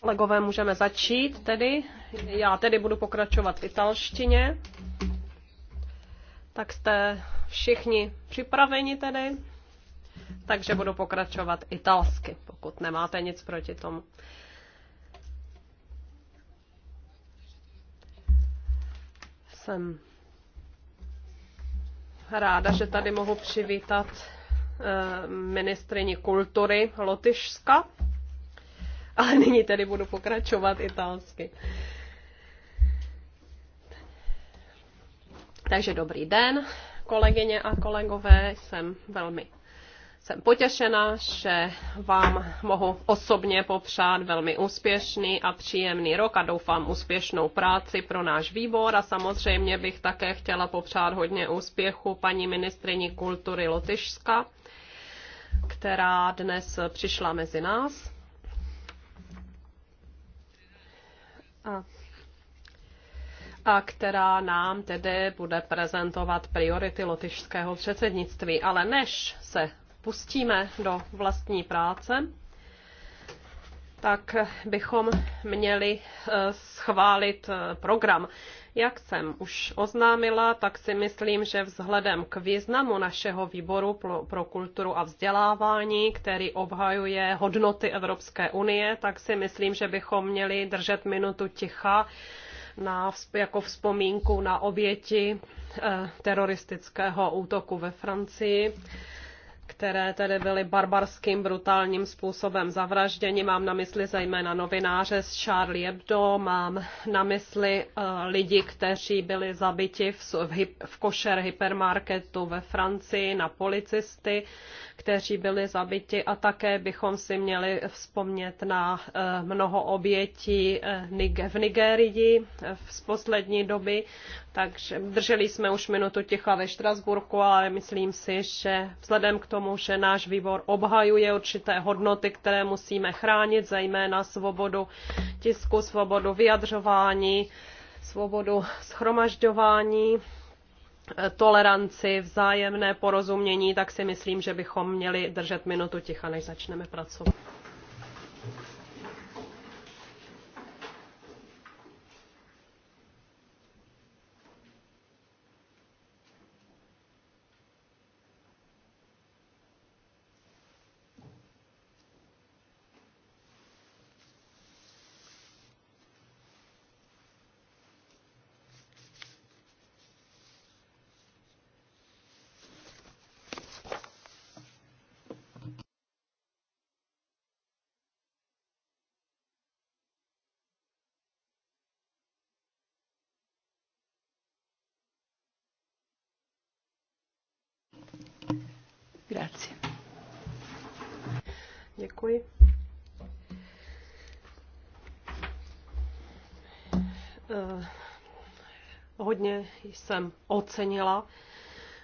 Kolegové, můžeme začít tedy. Já tedy budu pokračovat v italštině. Tak jste všichni připraveni tedy, takže budu pokračovat italsky, pokud nemáte nic proti tomu. Jsem ráda, že tady mohu přivítat eh, ministrini kultury Lotyšska, ale nyní tedy budu pokračovat italsky. Takže dobrý den, kolegyně a kolegové, jsem velmi jsem potěšena, že vám mohu osobně popřát velmi úspěšný a příjemný rok a doufám úspěšnou práci pro náš výbor a samozřejmě bych také chtěla popřát hodně úspěchu paní ministrině kultury Lotyšska, která dnes přišla mezi nás. A a která nám tedy bude prezentovat priority lotyšského předsednictví. Ale než se pustíme do vlastní práce, tak bychom měli eh, schválit eh, program. Jak jsem už oznámila, tak si myslím, že vzhledem k významu našeho výboru pro kulturu a vzdělávání, který obhajuje hodnoty Evropské unie, tak si myslím, že bychom měli držet minutu ticha na, jako vzpomínku na oběti eh, teroristického útoku ve Francii které tedy byly barbarským, brutálním způsobem zavražděni. Mám na mysli zejména novináře z Charlie Hebdo, mám na mysli uh, lidi, kteří byli zabiti v, v, v košer hypermarketu ve Francii, na policisty, kteří byli zabiti a také bychom si měli vzpomnět na uh, mnoho obětí uh, v Nigerii v poslední doby. Takže drželi jsme už minutu ticha ve Štrasburku, ale myslím si, že vzhledem k tomu, že náš výbor obhajuje určité hodnoty, které musíme chránit, zejména svobodu tisku, svobodu vyjadřování, svobodu schromažďování, toleranci, vzájemné porozumění, tak si myslím, že bychom měli držet minutu ticha, než začneme pracovat. Grazie. Děkuji. Eh, hodně jsem ocenila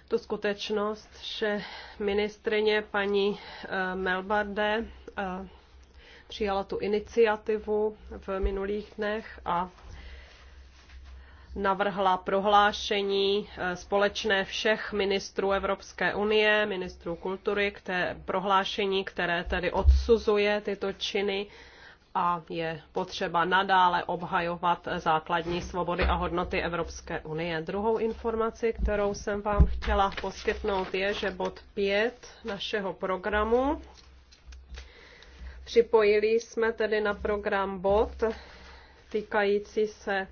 tu skutečnost, že ministrině paní eh, Melbarde eh, přijala tu iniciativu v minulých dnech a navrhla prohlášení eh, společné všech ministrů Evropské unie, ministrů kultury, které, prohlášení, které tedy odsuzuje tyto činy a je potřeba nadále obhajovat základní svobody a hodnoty Evropské unie. Druhou informaci, kterou jsem vám chtěla poskytnout, je, že bod 5 našeho programu připojili jsme tedy na program bod týkající se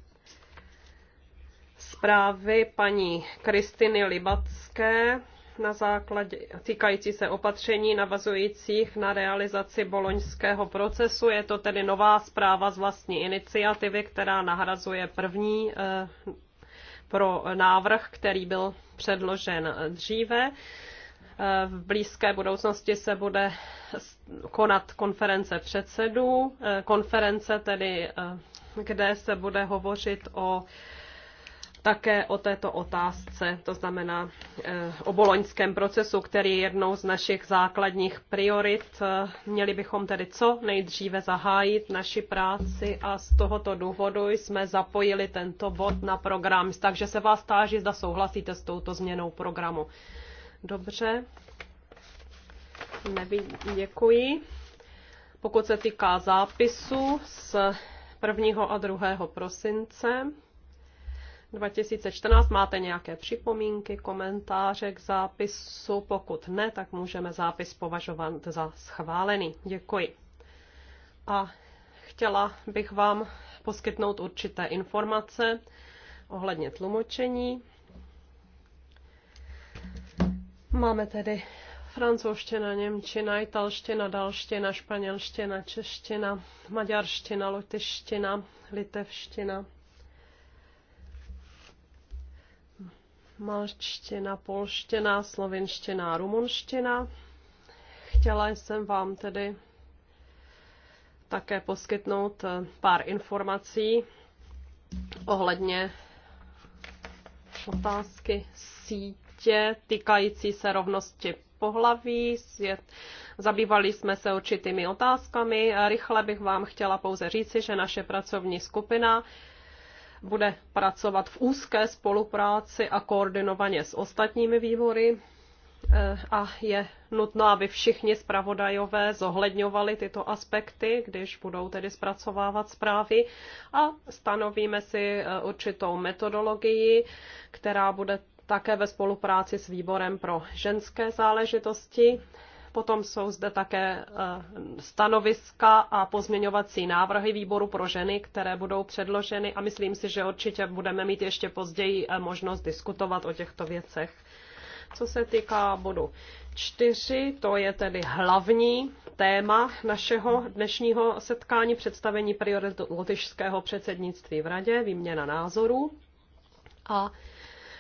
zprávy paní Kristiny Libacké na základě týkající se opatření navazujících na realizaci boloňského procesu. Je to tedy nová zpráva z vlastní iniciativy, která nahrazuje první eh, pro návrh, který byl předložen dříve. Eh, v blízké budoucnosti se bude konat konference předsedů, eh, konference tedy, kde se bude hovořit o také o této otázce, to znamená eh, o boloňském procesu, který je jednou z našich základních priorit. Měli bychom tedy co nejdříve zahájit naši práci a z tohoto důvodu jsme zapojili tento bod na program. Takže se vás táží, zda souhlasíte s touto změnou programu. Dobře. Neví, děkuji. Pokud se týká zápisu z 1. a 2. prosince, 2014. Máte nějaké připomínky, komentáře k zápisu? Pokud ne, tak můžeme zápis považovat za schválený. Děkuji. A chtěla bych vám poskytnout určité informace ohledně tlumočení. Máme tedy francouzština, němčina, italština, dalština, španělština, čeština, maďarština, lotyština, litevština, malčtina, polština, slovinština, rumunština. Chtěla jsem vám tedy také poskytnout eh, pár informací ohledně otázky sítě týkající se rovnosti pohlaví. zabývali jsme se určitými otázkami. Rychle bych vám chtěla pouze říci, že naše pracovní skupina bude pracovat v úzké spolupráci a koordinovaně s ostatními výbory e, a je nutno, aby všichni zpravodajové zohledňovali tyto aspekty, když budou tedy zpracovávat zprávy a stanovíme si e, určitou metodologii, která bude také ve spolupráci s výborem pro ženské záležitosti potom jsou zde také eh, stanoviska a pozměňovací návrhy výboru pro ženy, které budou předloženy a myslím si, že určitě budeme mít ještě později eh, možnost diskutovat o těchto věcech. Co se týká bodu čtyři. to je tedy hlavní téma našeho dnešního setkání představení priorit lotyšského předsednictví v radě, výměna názorů. A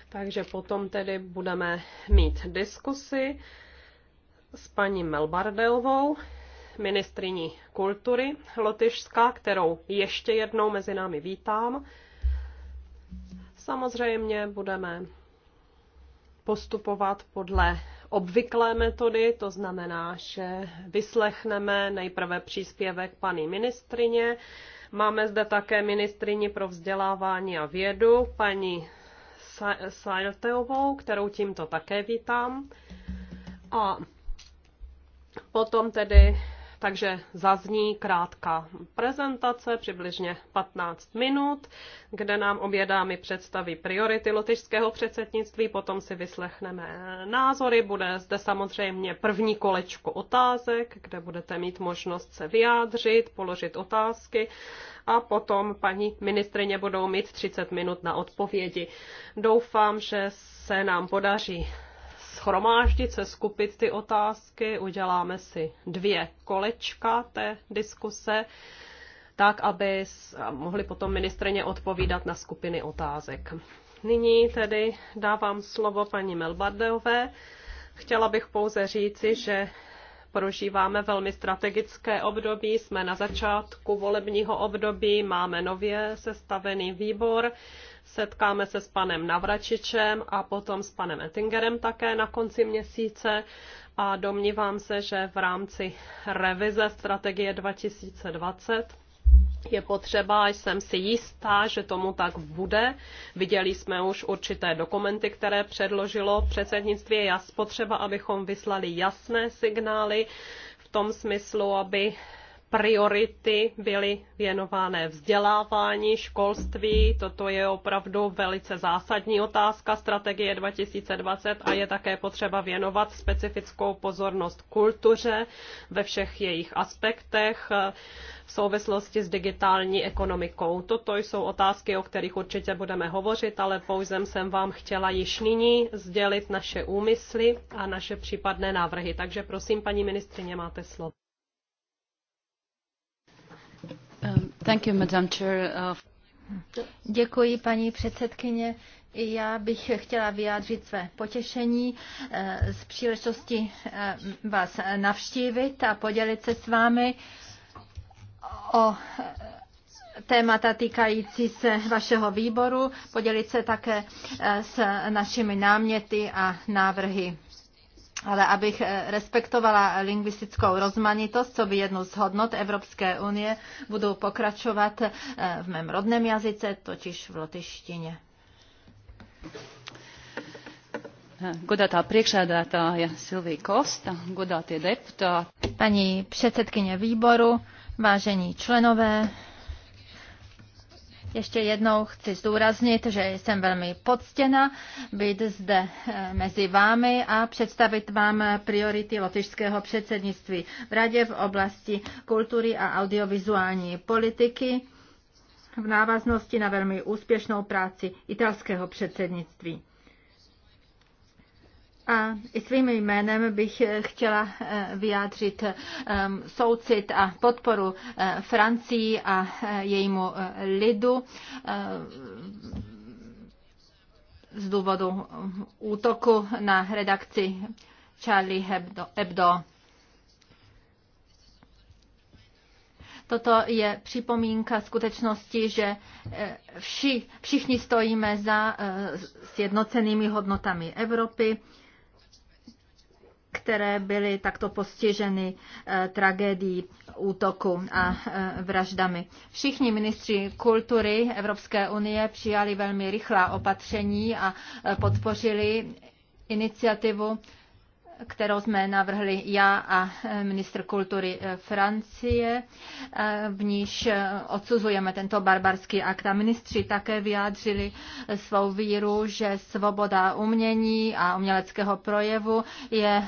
takže potom tedy budeme mít diskusy s paní Melbardelovou, ministriní kultury Lotyšska, kterou ještě jednou mezi námi vítám. Samozřejmě budeme postupovat podle obvyklé metody, to znamená, že vyslechneme nejprve příspěvek paní ministrině. Máme zde také ministrině pro vzdělávání a vědu, paní Sajlteovou, kterou tímto také vítám. A Potom tedy, takže zazní krátká prezentace, přibližně 15 minut, kde nám obě dámy představí priority lotyšského předsednictví, potom si vyslechneme názory, bude zde samozřejmě první kolečko otázek, kde budete mít možnost se vyjádřit, položit otázky a potom paní ministrině budou mít 30 minut na odpovědi. Doufám, že se nám podaří schromáždit, se skupit ty otázky, uděláme si dvě kolečka té diskuse, tak, aby mohli potom ministrně odpovídat na skupiny otázek. Nyní tedy dávám slovo paní Melbardeové. Chtěla bych pouze říci, že prožíváme velmi strategické období, jsme na začátku volebního období, máme nově sestavený výbor, setkáme se s panem Navračičem a potom s panem Ettingerem také na konci měsíce a domnívám se, že v rámci revize strategie 2020 je potřeba, jsem si jistá, že tomu tak bude. Viděli jsme už určité dokumenty, které předložilo předsednictví. Je potřeba, abychom vyslali jasné signály v tom smyslu, aby priority byly věnované vzdělávání, školství. Toto je opravdu velice zásadní otázka strategie 2020 a je také potřeba věnovat specifickou pozornost kultuře ve všech jejich aspektech v souvislosti s digitální ekonomikou. Toto jsou otázky, o kterých určitě budeme hovořit, ale pouze jsem vám chtěla již nyní sdělit naše úmysly a naše případné návrhy. Takže prosím, paní ministrině, máte slovo. Thank you, Madam Chair. Uh, Děkuji, paní předsedkyně. Já bych chtěla vyjádřit své potěšení eh, z příležitosti eh, vás navštívit a podělit se s vámi o eh, témata týkající se vašeho výboru, podělit se také s našimi náměty a návrhy ale abych eh, respektovala lingvistickou rozmanitost, co by jednu z hodnot Evropské unie, budu pokračovat eh, v mém rodném jazyce, totiž v lotyštině. Godātā je Silvija Kost, godatý deputát. Paní předsedkyně výboru, vážení členové, ještě jednou chci zdůraznit, že jsem velmi poctěna být zde eh, mezi vámi a představit vám priority lotyšského předsednictví v Radě v oblasti kultury a audiovizuální politiky v návaznosti na velmi úspěšnou práci italského předsednictví. A i svým jménem bych eh, chtěla eh, vyjádřit eh, soucit a podporu Francii a jejímu lidu z důvodu útoku na redakci Charlie Hebdo. Toto je připomínka skutečnosti, že vši, všichni stojíme za sjednocenými hodnotami Evropy, které byly takto postiženy eh, tragédií útoku a eh, vraždami. Všichni ministři kultury Evropské unie přijali velmi rychlá opatření a eh, podpořili iniciativu kterou jsme navrhli já a eh, ministr kultury eh, Francie, eh, v níž odsuzujeme tento barbarský akt. A ministři také vyjádřili svou víru, že svoboda umění a uměleckého projevu je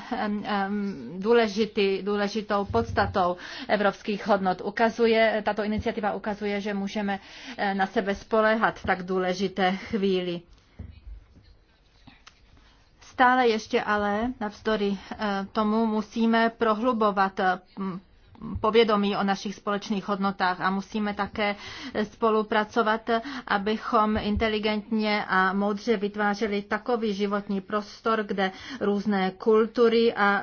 důležitý, důležitou podstatou evropských hodnot. Ukazuje, tato iniciativa ukazuje, že můžeme na sebe spolehat tak důležité chvíli. Stále ještě ale navzdory eh, tomu musíme prohlubovat eh, povědomí o našich společných hodnotách a musíme také spolupracovat, abychom inteligentně a moudře vytvářeli takový životní prostor, kde různé kultury a e,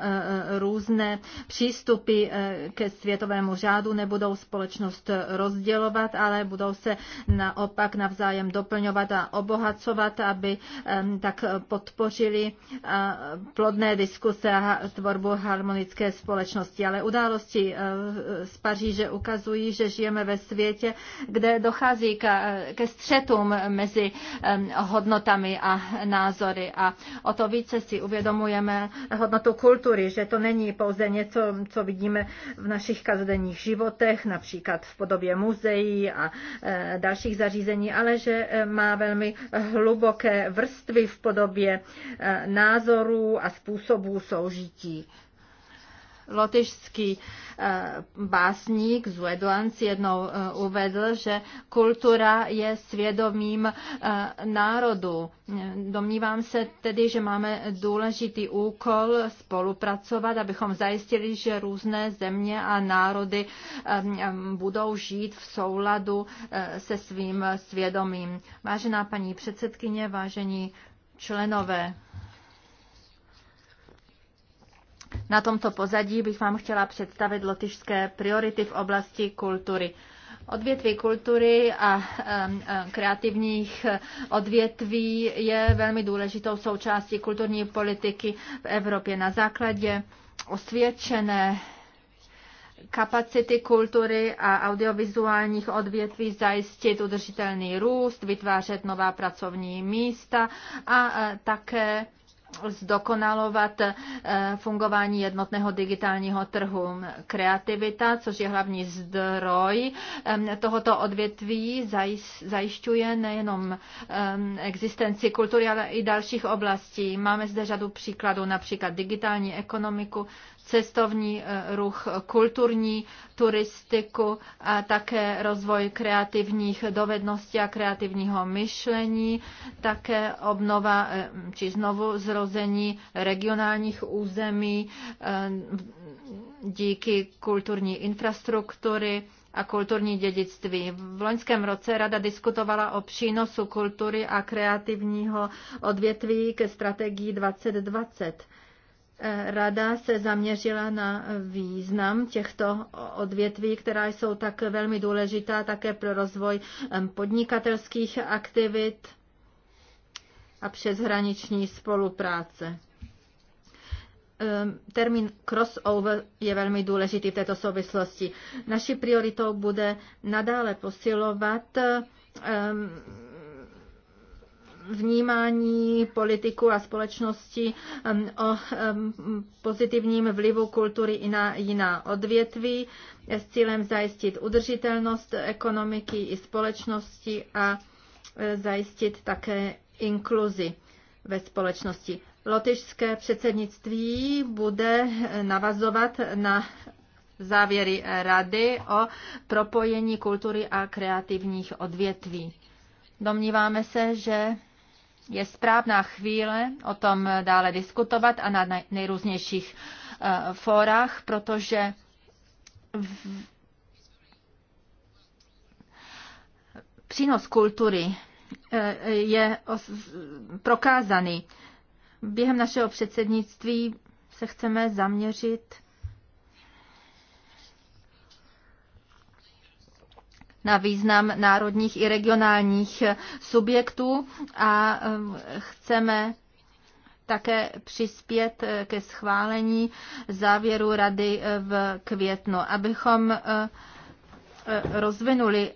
e, různé přístupy e, ke světovému řádu nebudou společnost rozdělovat, ale budou se naopak navzájem doplňovat a obohacovat, aby tak podpořili plodné diskuse a tvorbu harmonické společnosti. Ale události z Paříže ukazují, že žijeme ve světě, kde dochází ke střetům mezi hodnotami a názory. A o to více si uvědomujeme hodnotu kultury, že to není pouze něco, co vidíme v našich každodenních životech, například v podobě muzeí a e, dalších zařízení, ale že e, má velmi hluboké vrstvy v podobě e, názorů a způsobů soužití lotyšský eh, básník Zuedoans jednou eh, uvedl, že kultura je svědomím eh, národu. Domnívám se tedy, že máme důležitý úkol spolupracovat, abychom zajistili, že různé země a národy budou žít v souladu se svým svědomím. Vážená paní předsedkyně, vážení členové na tomto pozadí bych vám chtěla představit lotyšské priority v oblasti kultury. Odvětví kultury a kreativních eh, odvětví je velmi důležitou součástí kulturní politiky v Evropě. Na základě osvědčené kapacity kultury a audiovizuálních odvětví zajistit udržitelný růst, vytvářet nová pracovní místa a eh, také zdokonalovat eh, fungování jednotného digitálního trhu. Kreativita, což je hlavní zdroj eh, tohoto odvětví, zajišťuje nejenom eh, existenci kultury, ale i dalších oblastí. Máme zde řadu příkladů, například digitální ekonomiku, cestovní eh, ruch, kulturní turistiku a také rozvoj kreativních dovedností a kreativního myšlení, také obnova eh, či znovu zrození regionálních území eh, díky kulturní infrastruktury a kulturní dědictví. V loňském roce rada diskutovala o přínosu kultury a kreativního odvětví ke strategii 2020. Eh, Rada se zaměřila na význam těchto odvětví, která jsou tak velmi důležitá také pro rozvoj eh, podnikatelských aktivit a přeshraniční spolupráce. Eh, termín crossover je velmi důležitý v této souvislosti. Naší prioritou bude nadále posilovat vnímání politiku a společnosti um, o um, pozitivním vlivu kultury i na jiná odvětví s cílem zajistit udržitelnost ekonomiky i společnosti a e, zajistit také inkluzi ve společnosti. Lotyšské předsednictví bude navazovat na závěry Rady o propojení kultury a kreativních odvětví. Domníváme se, že je správná chvíle o tom dále diskutovat a na nejrůznějších eh, fórach, protože přínos kultury eh, je prokázaný. Během našeho předsednictví se chceme zaměřit na význam národních i regionálních subjektů a um, chceme také přispět eh, ke schválení závěru rady eh, v květnu, abychom eh, rozvinuli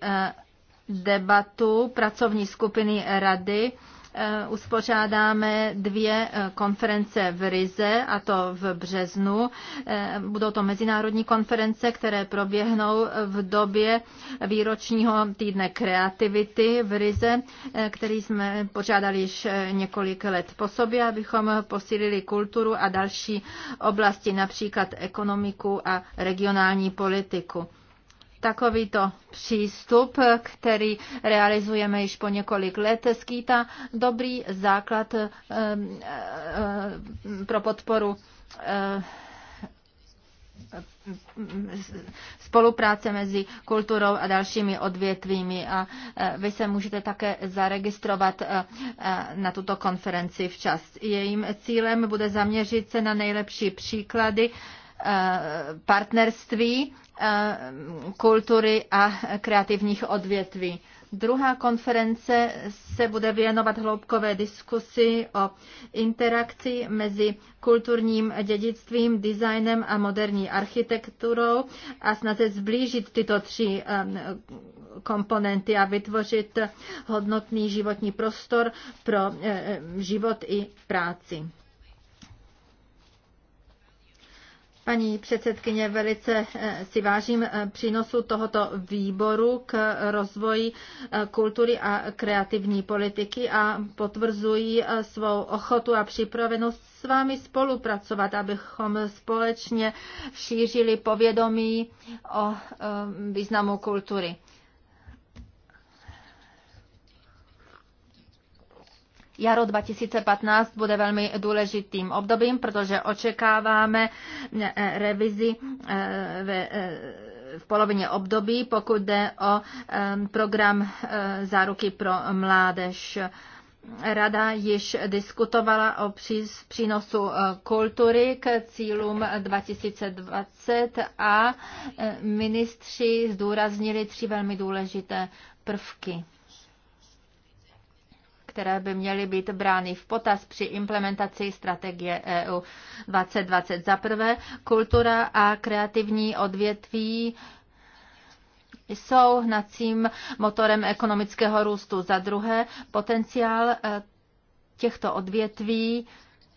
debatu pracovní skupiny rady Eh, uspořádáme dvě eh, konference v Rize, a to v březnu. Eh, budou to mezinárodní konference, které proběhnou v době výročního týdne kreativity v Rize, který jsme pořádali již několik let po sobě, abychom posílili kulturu a další oblasti, například ekonomiku a regionální politiku. Takovýto přístup, který realizujeme již po několik let, skýtá dobrý základ eh, eh, pro podporu eh, spolupráce mezi kulturou a dalšími odvětvími a vy se můžete také zaregistrovat na tuto konferenci včas. Jejím cílem bude zaměřit se na nejlepší příklady Eh, partnerství eh, kultury a kreativních odvětví. Druhá konference se bude věnovat hloubkové diskusi o interakci mezi kulturním dědictvím, designem a moderní architekturou a snaze zblížit tyto tři eh, komponenty a vytvořit hodnotný životní prostor pro život i práci. Paní předsedkyně, velice eh, si vážím eh, přínosu tohoto výboru k rozvoji eh, kultury a kreativní politiky a potvrzuji svou ochotu a připravenost s vámi spolupracovat, abychom společně šířili povědomí o významu kultury. jaro 2015 bude velmi důležitým obdobím, protože očekáváme eh, revizi eh, ve eh, v polovině období, pokud jde o program záruky pro mládež. Rada již diskutovala o přínosu kultury k cílům 2020 a ministři zdůraznili tři velmi důležité prvky které by měly být brány v potaz při implementaci strategie EU 2020. Za prvé, kultura a kreativní odvětví jsou hnacím motorem ekonomického růstu. Za druhé, potenciál e, těchto odvětví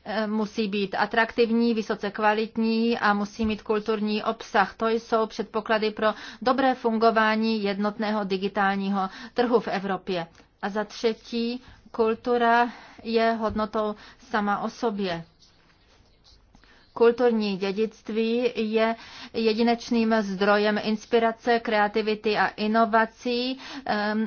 e, musí být atraktivní, vysoce kvalitní a musí mít kulturní obsah. To jsou předpoklady pro dobré fungování jednotného digitálního trhu v Evropě. A za třetí, Kultura je hodnotou sama o sobě. Kulturní dědictví je jedinečným zdrojem inspirace, kreativity a inovací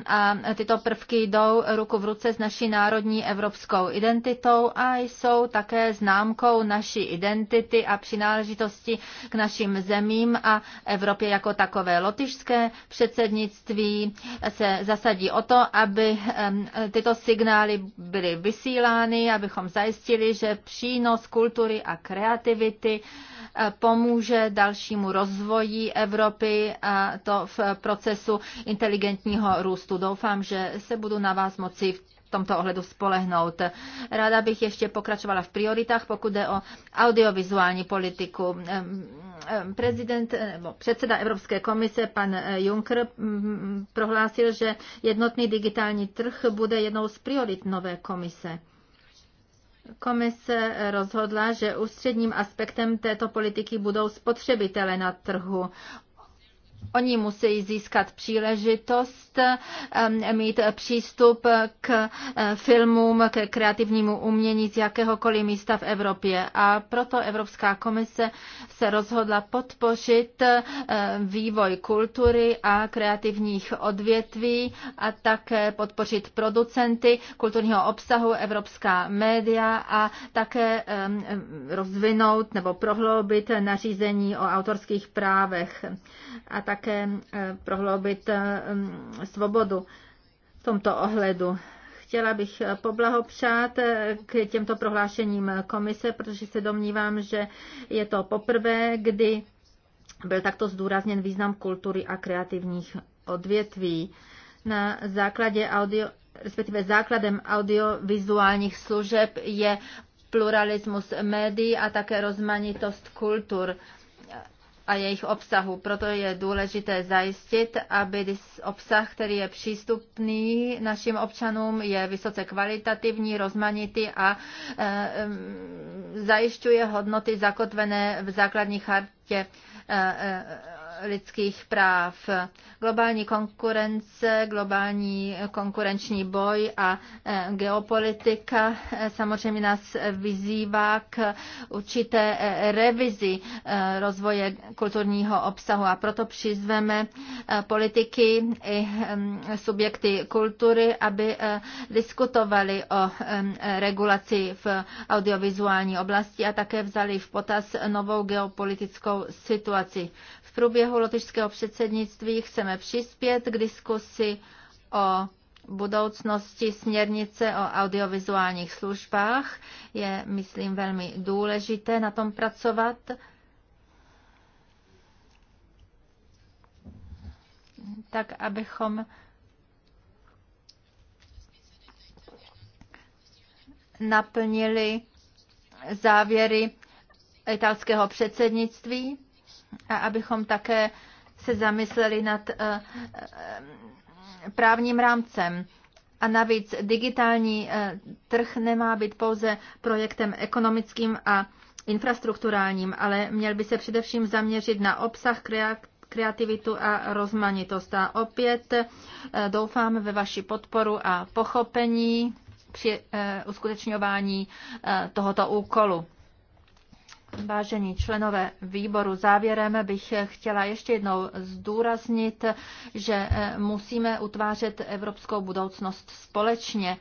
a tyto prvky jdou ruku v ruce s naší národní evropskou identitou a jsou také známkou naší identity a přináležitosti k našim zemím a Evropě jako takové. Lotyšské předsednictví se zasadí o to, aby tyto signály byly vysílány, abychom zajistili, že přínos kultury a kreativity aktivity eh, pomůže dalšímu rozvoji Evropy a to v procesu inteligentního růstu. Doufám, že se budu na vás moci v tomto ohledu spolehnout. Ráda bych ještě pokračovala v prioritách, pokud jde o audiovizuální politiku. Prezident, eh, nebo předseda Evropské komise, pan eh, Juncker, mm, prohlásil, že jednotný digitální trh bude jednou z priorit nové komise. Komise rozhodla, že ústředním aspektem této politiky budou spotřebitele na trhu. Oni musí získat příležitost Eh, mít přístup k eh, filmům, k kreativnímu umění z jakéhokoliv místa v Evropě. A proto Evropská komise se rozhodla podpořit eh, vývoj kultury a kreativních odvětví a také podpořit producenty kulturního obsahu, evropská média a také rozvinout nebo prohloubit nařízení o autorských právech a také prohloubit svobodu v tomto ohledu. Chtěla bych poblahopřát k těmto prohlášením komise, protože se domnívám, že je to poprvé, kdy byl takto zdůrazněn význam kultury a kreativních odvětví. Na základě audio, respektive základem audiovizuálních služeb je pluralismus médií a také rozmanitost kultur a jejich obsahu. Proto je důležité zajistit, aby obsah, který je přístupný našim občanům, je vysoce kvalitativní, rozmanitý a eh, zajišťuje hodnoty zakotvené v základní chartě eh, eh, lidských práv. Globální konkurence, globální konkurenční boj a e, geopolitika e, samozřejmě nás vyzývá k určité e, revizi rozvoje kulturního obsahu a proto přizveme politiky i subjekty kultury, aby diskutovali o regulaci v audiovizuální oblasti a také vzali v potaz novou geopolitickou situaci průběhu lotyšského předsednictví chceme přispět k diskusi o budoucnosti směrnice o audiovizuálních službách. Je, myslím, velmi důležité na tom pracovat. Tak, abychom naplnili závěry italského předsednictví a abychom také se zamysleli nad eh, eh, právním rámcem. A navíc digitální eh, trh nemá být pouze projektem ekonomickým a infrastrukturálním, ale měl by se především zaměřit na obsah kreativitu a rozmanitost. A opět doufám ve vaši podporu a pochopení při uskutečňování tohoto úkolu. Vážení členové výboru, závěrem bych chtěla ještě jednou zdůraznit, že eh, musíme utvářet evropskou budoucnost společně.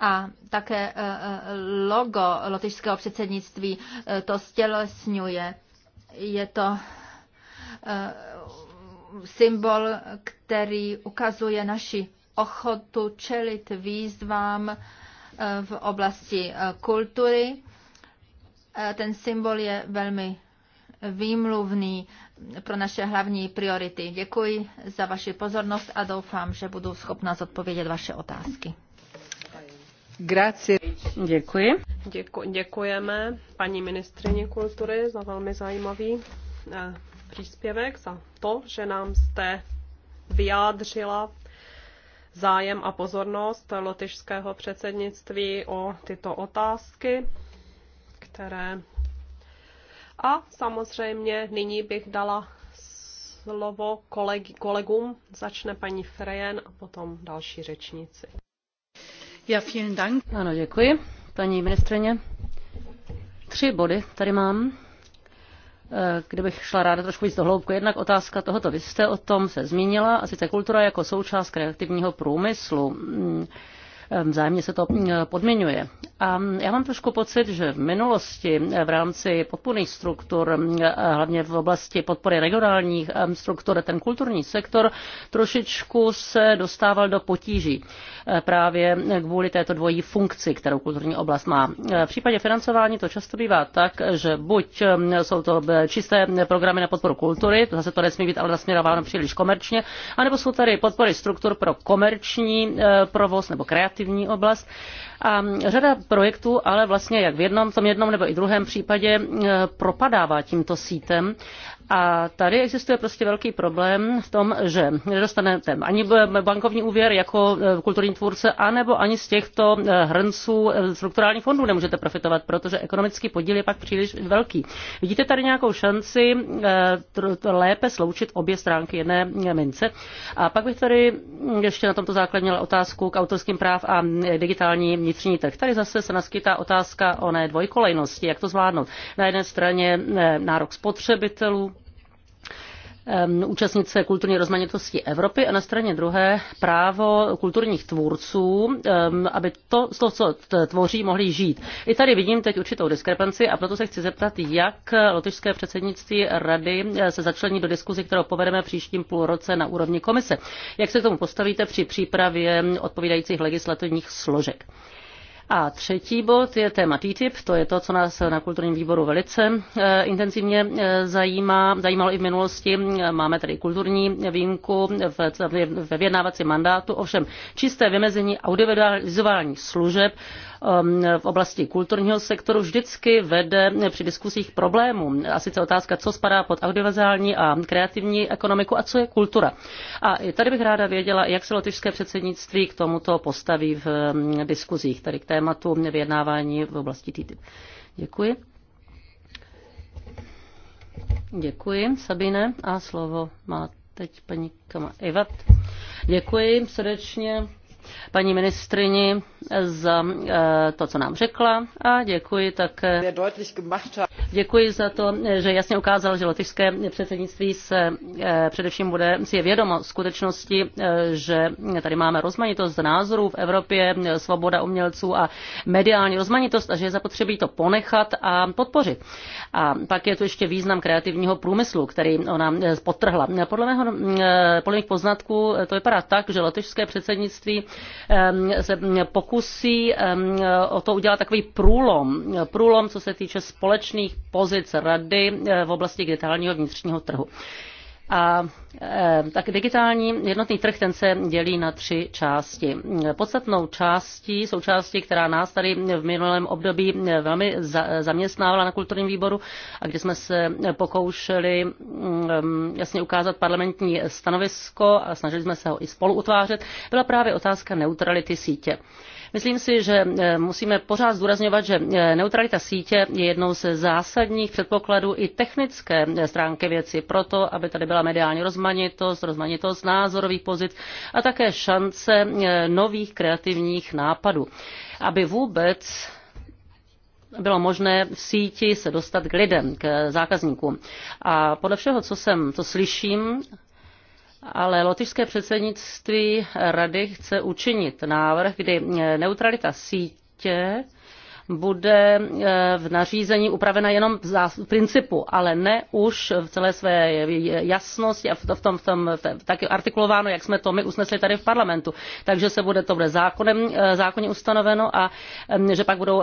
A také eh, eh, logo lotyšského předsednictví to stělesňuje. Je to symbol, který ukazuje naši ochotu čelit výzvám v oblasti kultury Eh, ten symbol je velmi výmluvný pro naše hlavní priority. Děkuji za vaši pozornost a doufám, že budu schopna zodpovědět vaše otázky. Grazie. Děkuji. Děku, děkujeme paní ministrině kultury za velmi zajímavý eh, příspěvek, za to, že nám jste vyjádřila zájem a pozornost lotyšského předsednictví o tyto otázky které... A samozřejmě nyní bych dala slovo koleg- kolegům. Začne paní Frejen a potom další řečníci. Já vielen Dank. Ano, děkuji, paní ministrině. Tři body tady mám eh, kdybych šla ráda trošku víc do hloubku. Jednak otázka tohoto, vy jste o tom se zmínila, a sice kultura jako součást kreativního průmyslu. Mm, vzájemně se to mm, podmiňuje. A já mám trošku pocit, že v minulosti eh, v rámci podpůrných struktur, mm, eh, hlavně v oblasti podpory regionálních eh, struktur, ten kulturní sektor trošičku se dostával do potíží právě kvůli této dvojí funkci, kterou kulturní oblast má. V případě financování to často bývá tak, že buď jsou to čisté programy na podporu kultury, to zase to nesmí být ale nasměrováno příliš komerčně, anebo jsou tady podpory struktur pro komerční provoz nebo kreativní aktivní oblast. A řada projektů, ale vlastně jak v jednom, tom jednom nebo i druhém případě eh, propadává tímto sítem a tady existuje prostě velký problém v tom, že nedostanete ani bankovní úvěr jako eh, kulturní tvůrce, anebo ani z těchto eh, hrnců eh, strukturálních fondů nemůžete profitovat, protože ekonomický podíl je pak příliš velký. Vidíte tady nějakou šanci lépe sloučit obě stránky jedné mince? A pak bych tady ještě na tomto základě měla otázku k autorským práv a digitální vnitřní trh. Tady zase se naskytá otázka o ne dvojkolejnosti, jak to zvládnout. Na jedné straně nárok spotřebitelů, účastnit se kulturní rozmanitosti Evropy a na straně druhé právo kulturních tvůrců, aby to, to co tvoří, mohli žít. I tady vidím teď určitou diskrepanci a proto se chci zeptat, jak lotyšské předsednictví rady eh, se začlení do diskuzi, kterou povedeme v příštím půlroce na úrovni komise. Jak se k tomu postavíte při přípravě odpovídajících legislativních složek? A třetí bod je téma TTIP, to je to, co nás na kulturním výboru velice eh, intenzivně eh, zajímá, zajímalo i v minulosti. Máme tady kulturní výjimku ve vyjednávacím mandátu, ovšem čisté vymezení audiovizuálních služeb Um, v oblasti kulturního sektoru vždycky vede při diskusích problémů. A sice otázka, co spadá pod audiovizuální a kreativní ekonomiku a co je kultura. A tady bych ráda věděla, jak se lotyšské předsednictví k tomuto postaví v um, diskuzích, tedy k tématu vyjednávání v oblasti TTIP. Děkuji. Děkuji, Sabine. A slovo má teď paní Kama Evat. Děkuji srdečně paní ministrini za eh, to, co nám řekla a děkuji také. Děkuji za to, že jasně ukázal, že lotyšské předsednictví se eh, především bude si je vědomo skutečnosti, eh, že tady máme rozmanitost názorů v Evropě, svoboda umělců a mediální rozmanitost a že je zapotřebí to ponechat a podpořit. A pak je tu ještě význam kreativního průmyslu, který ona potrhla. Podle, mého, podle mých poznatků to vypadá tak, že lotyšské předsednictví Ehm, se pokusí ehm, o to udělat takový průlom, průlom, co se týče společných pozic rady eh, v oblasti digitálního vnitřního trhu. A eh, tak digitální jednotný trh ten se dělí na tři části. Podstatnou částí jsou části, která nás tady v minulém období eh, velmi zaměstnávala na kulturním výboru a kde jsme se pokoušeli mm, eh, jasně ukázat parlamentní stanovisko a snažili jsme se ho i spolu utvářet, byla právě otázka neutrality sítě. Myslím si, že eh, musíme pořád zdůrazňovat, že eh, neutralita sítě je jednou z zásadních předpokladů i technické eh, stránky věci proto, aby tady byla mediální rozmanitost, rozmanitost názorových pozic a také šance nových kreativních nápadů. Aby vůbec bylo možné v síti se dostat k lidem, k zákazníkům. A podle všeho, co jsem, co slyším, ale lotyšské předsednictví rady chce učinit návrh, kdy neutralita sítě bude eh, v nařízení upravena jenom v principu, ale ne už v celé své jasnosti a v tom, v tom v taky artikulováno, jak jsme to my usnesli tady v parlamentu. Takže se bude to bude zákonem, eh, zákonně ustanoveno a že pak budou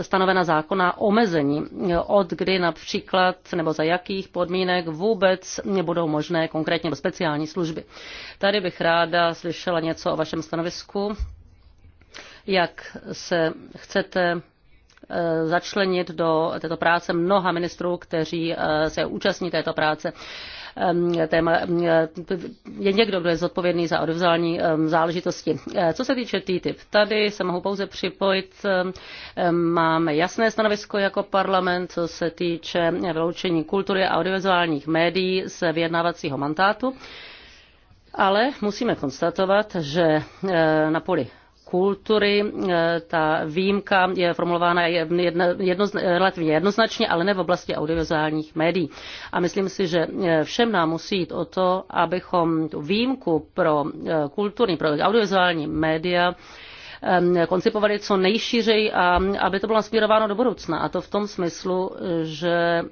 stanovena zákona omezení, eh, od kdy například nebo za jakých podmínek vůbec budou možné konkrétně do speciální služby. Tady bych ráda slyšela něco o vašem stanovisku, jak se chcete Eh, začlenit do této práce mnoha ministrů, kteří eh, se účastní této práce. Ehm, téma, eh, je někdo, kdo je zodpovědný za odevzální ehm, záležitosti. Co se týče TTIP, tady se mohu pouze připojit. Ehm, máme jasné stanovisko jako parlament, co se týče vyloučení kultury a audiovizuálních médií z vyjednávacího mandátu. Ale musíme konstatovat, že na poli kultury. E, ta výjimka je formulována jedno, relativně jednoznačně, ale ne v oblasti audiovizuálních médií. A myslím si, že e, všem nám musí jít o to, abychom tu výjimku pro e, kulturní, pro audiovizuální média Ehm, koncipovali co nejšířej a aby to bylo nasměrováno do budoucna. A to v tom smyslu, že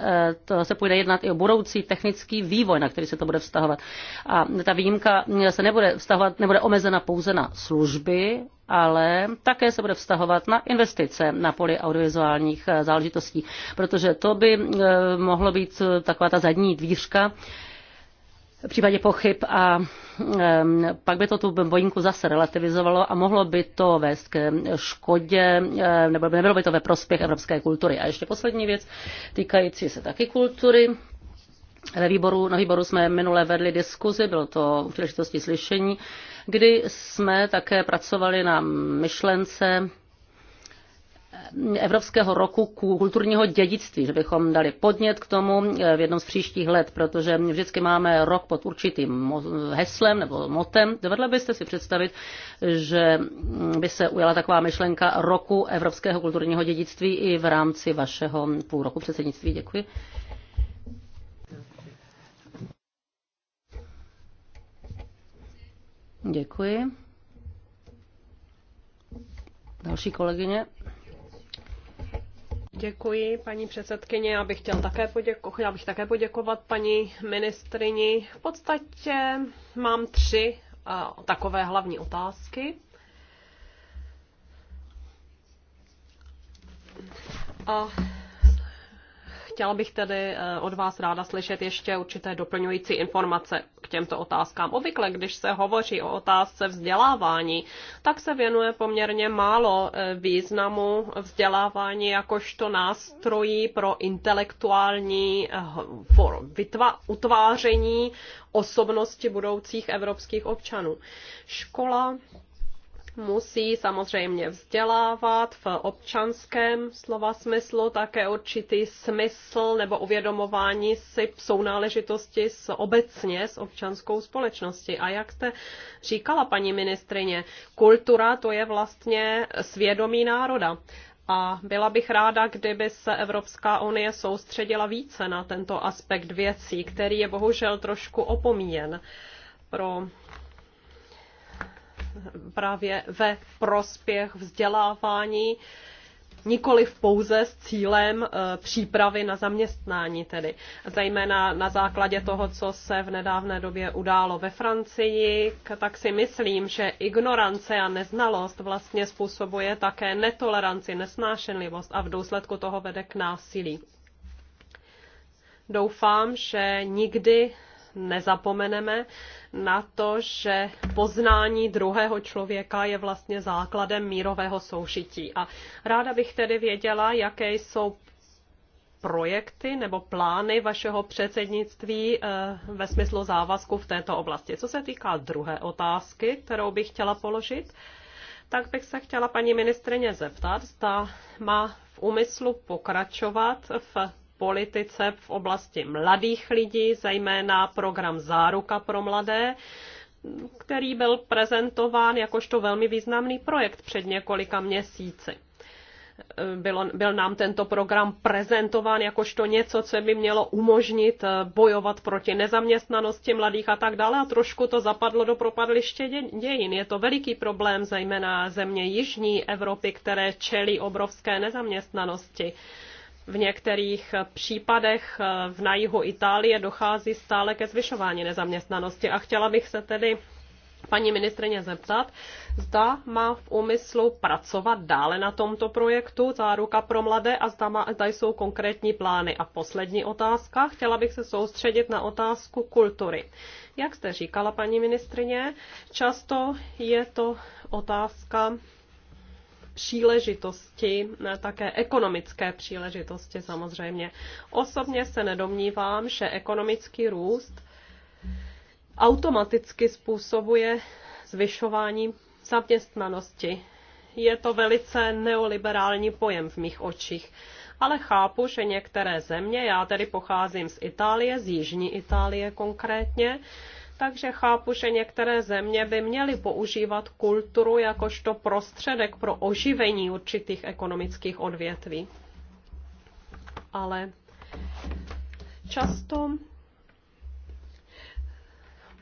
eh, to se půjde jednat i o budoucí technický vývoj, na který se to bude vztahovat. A ta výjimka se nebude vztahovat, nebude omezena pouze na služby, ale také se bude vztahovat na investice na poli audiovizuálních eh, záležitostí, protože to by eh, mohlo být taková ta zadní dvířka, v případě pochyb a pak by to tu bojinku zase relativizovalo a mohlo by to vést k škodě, nebo nebylo by to ve prospěch evropské kultury. A ještě poslední věc, týkající se taky kultury. Ve výboru, na výboru jsme minule vedli diskuzi, bylo to u příležitosti slyšení, kdy jsme také pracovali na myšlence Evropského roku kulturního dědictví, že bychom dali podnět k tomu eh, v jednom z příštích let, protože vždycky máme rok pod určitým heslem nebo motem. Dovedla byste si představit, že mm, by se ujala taková myšlenka roku Evropského kulturního dědictví i v rámci vašeho půl roku předsednictví? Děkuji. Děkuji. Další kolegyně. Děkuji, paní předsedkyně. Já bych, chtěl také poděko- já bych také poděkovat paní ministrini. V podstatě mám tři uh, takové hlavní otázky. A Chtěla bych tedy eh, od vás ráda slyšet ještě určité doplňující informace k těmto otázkám. Obvykle, když se hovoří o otázce vzdělávání, tak se věnuje poměrně málo eh, významu vzdělávání jakožto nástrojí pro intelektuální eh, utváření osobnosti budoucích evropských občanů. Škola musí samozřejmě vzdělávat v občanském slova smyslu, také určitý smysl nebo uvědomování si sounáležitosti s obecně s občanskou společností. A jak jste říkala, paní ministrině, kultura to je vlastně svědomí národa. A byla bych ráda, kdyby se Evropská unie soustředila více na tento aspekt věcí, který je bohužel trošku opomíjen pro právě ve prospěch vzdělávání, nikoli pouze s cílem eh, přípravy na zaměstnání tedy. Zejména na základě toho, co se v nedávné době událo ve Francii, tak si myslím, že ignorance a neznalost vlastně způsobuje také netoleranci, nesnášenlivost a v důsledku toho vede k násilí. Doufám, že nikdy nezapomeneme na to, že poznání druhého člověka je vlastně základem mírového soužití. A ráda bych tedy věděla, jaké jsou projekty nebo plány vašeho předsednictví eh, ve smyslu závazku v této oblasti. Co se týká druhé otázky, kterou bych chtěla položit, tak bych se chtěla paní ministrině zeptat, zda má v úmyslu pokračovat v politice v oblasti mladých lidí, zejména program Záruka pro mladé, který byl prezentován jakožto velmi významný projekt před několika měsíci. Bylo, byl nám tento program prezentován jakožto něco, co by mělo umožnit eh, bojovat proti nezaměstnanosti mladých a tak dále a trošku to zapadlo do propadliště dějin. Je to veliký problém, zejména země Jižní Evropy, které čelí obrovské nezaměstnanosti v některých případech eh, v na jihu Itálie dochází stále ke zvyšování nezaměstnanosti. A chtěla bych se tedy paní ministrině zeptat, zda má v úmyslu pracovat dále na tomto projektu Záruka pro mladé a zda, má, zda jsou konkrétní plány. A poslední otázka, chtěla bych se soustředit na otázku kultury. Jak jste říkala, paní ministrině, často je to otázka příležitosti, také ekonomické příležitosti samozřejmě. Osobně se nedomnívám, že ekonomický růst automaticky způsobuje zvyšování zaměstnanosti. Je to velice neoliberální pojem v mých očích ale chápu, že některé země, já tedy pocházím z Itálie, z jižní Itálie konkrétně, takže chápu, že některé země by měly používat kulturu jakožto prostředek pro oživení určitých ekonomických odvětví. Ale často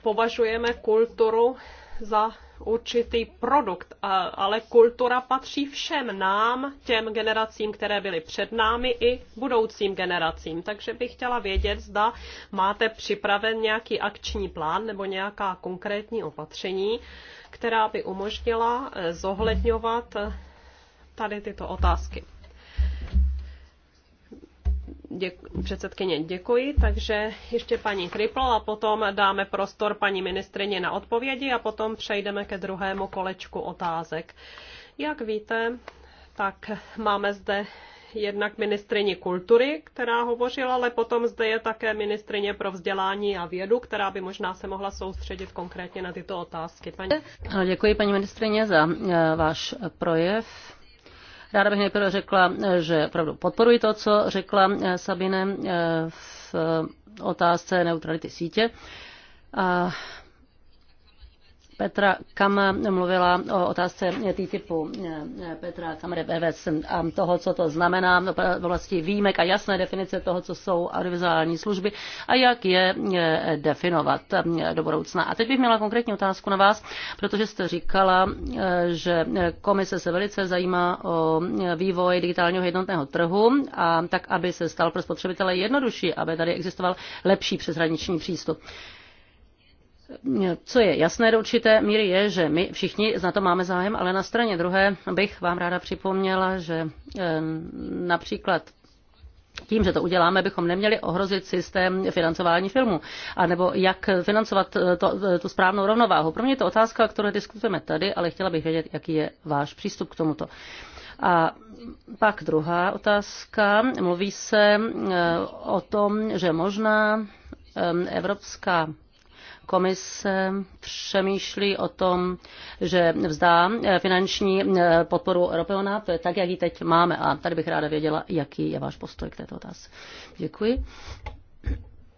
považujeme kulturu za určitý produkt, ale kultura patří všem nám, těm generacím, které byly před námi i budoucím generacím. Takže bych chtěla vědět, zda máte připraven nějaký akční plán nebo nějaká konkrétní opatření, která by umožnila eh, zohledňovat eh, tady tyto otázky. Děkuji, předsedkyně, děkuji. Takže ještě paní Kripl a potom dáme prostor paní ministrině na odpovědi a potom přejdeme ke druhému kolečku otázek. Jak víte, tak máme zde jednak ministrině kultury, která hovořila, ale potom zde je také ministrině pro vzdělání a vědu, která by možná se mohla soustředit konkrétně na tyto otázky. Paní... Děkuji paní ministrině za eh, váš projev. Ráda bych nejprve řekla, že opravdu podporuji to, co řekla eh, Sabine eh, v eh, otázce neutrality sítě. A Petra Kam mluvila o otázce TTIPu eh, eh, Petra kam Bevec a toho, co to znamená v oblasti výjimek a jasné definice toho, co jsou audiovizuální služby a jak je eh, definovat do budoucna. A teď bych měla konkrétní otázku na vás, protože jste říkala, že komise se velice zajímá o vývoj digitálního jednotného trhu a tak, aby se stal pro spotřebitele jednodušší, aby tady existoval lepší přeshraniční přístup co je jasné do určité míry, je, že my všichni na to máme zájem, ale na straně druhé bych vám ráda připomněla, že eh, například tím, že to uděláme, bychom neměli ohrozit systém financování filmu, a nebo jak financovat eh, to, eh, tu správnou rovnováhu. Pro mě je to otázka, kterou diskutujeme tady, ale chtěla bych vědět, jaký je váš přístup k tomuto. A pak druhá otázka. Mluví se o tom, že možná Evropská Komise přemýšlí o tom, že vzdá eh, finanční eh, podporu Europeona, to je tak, jak ji teď máme. A tady bych ráda věděla, jaký je váš postoj k této otázce. Děkuji.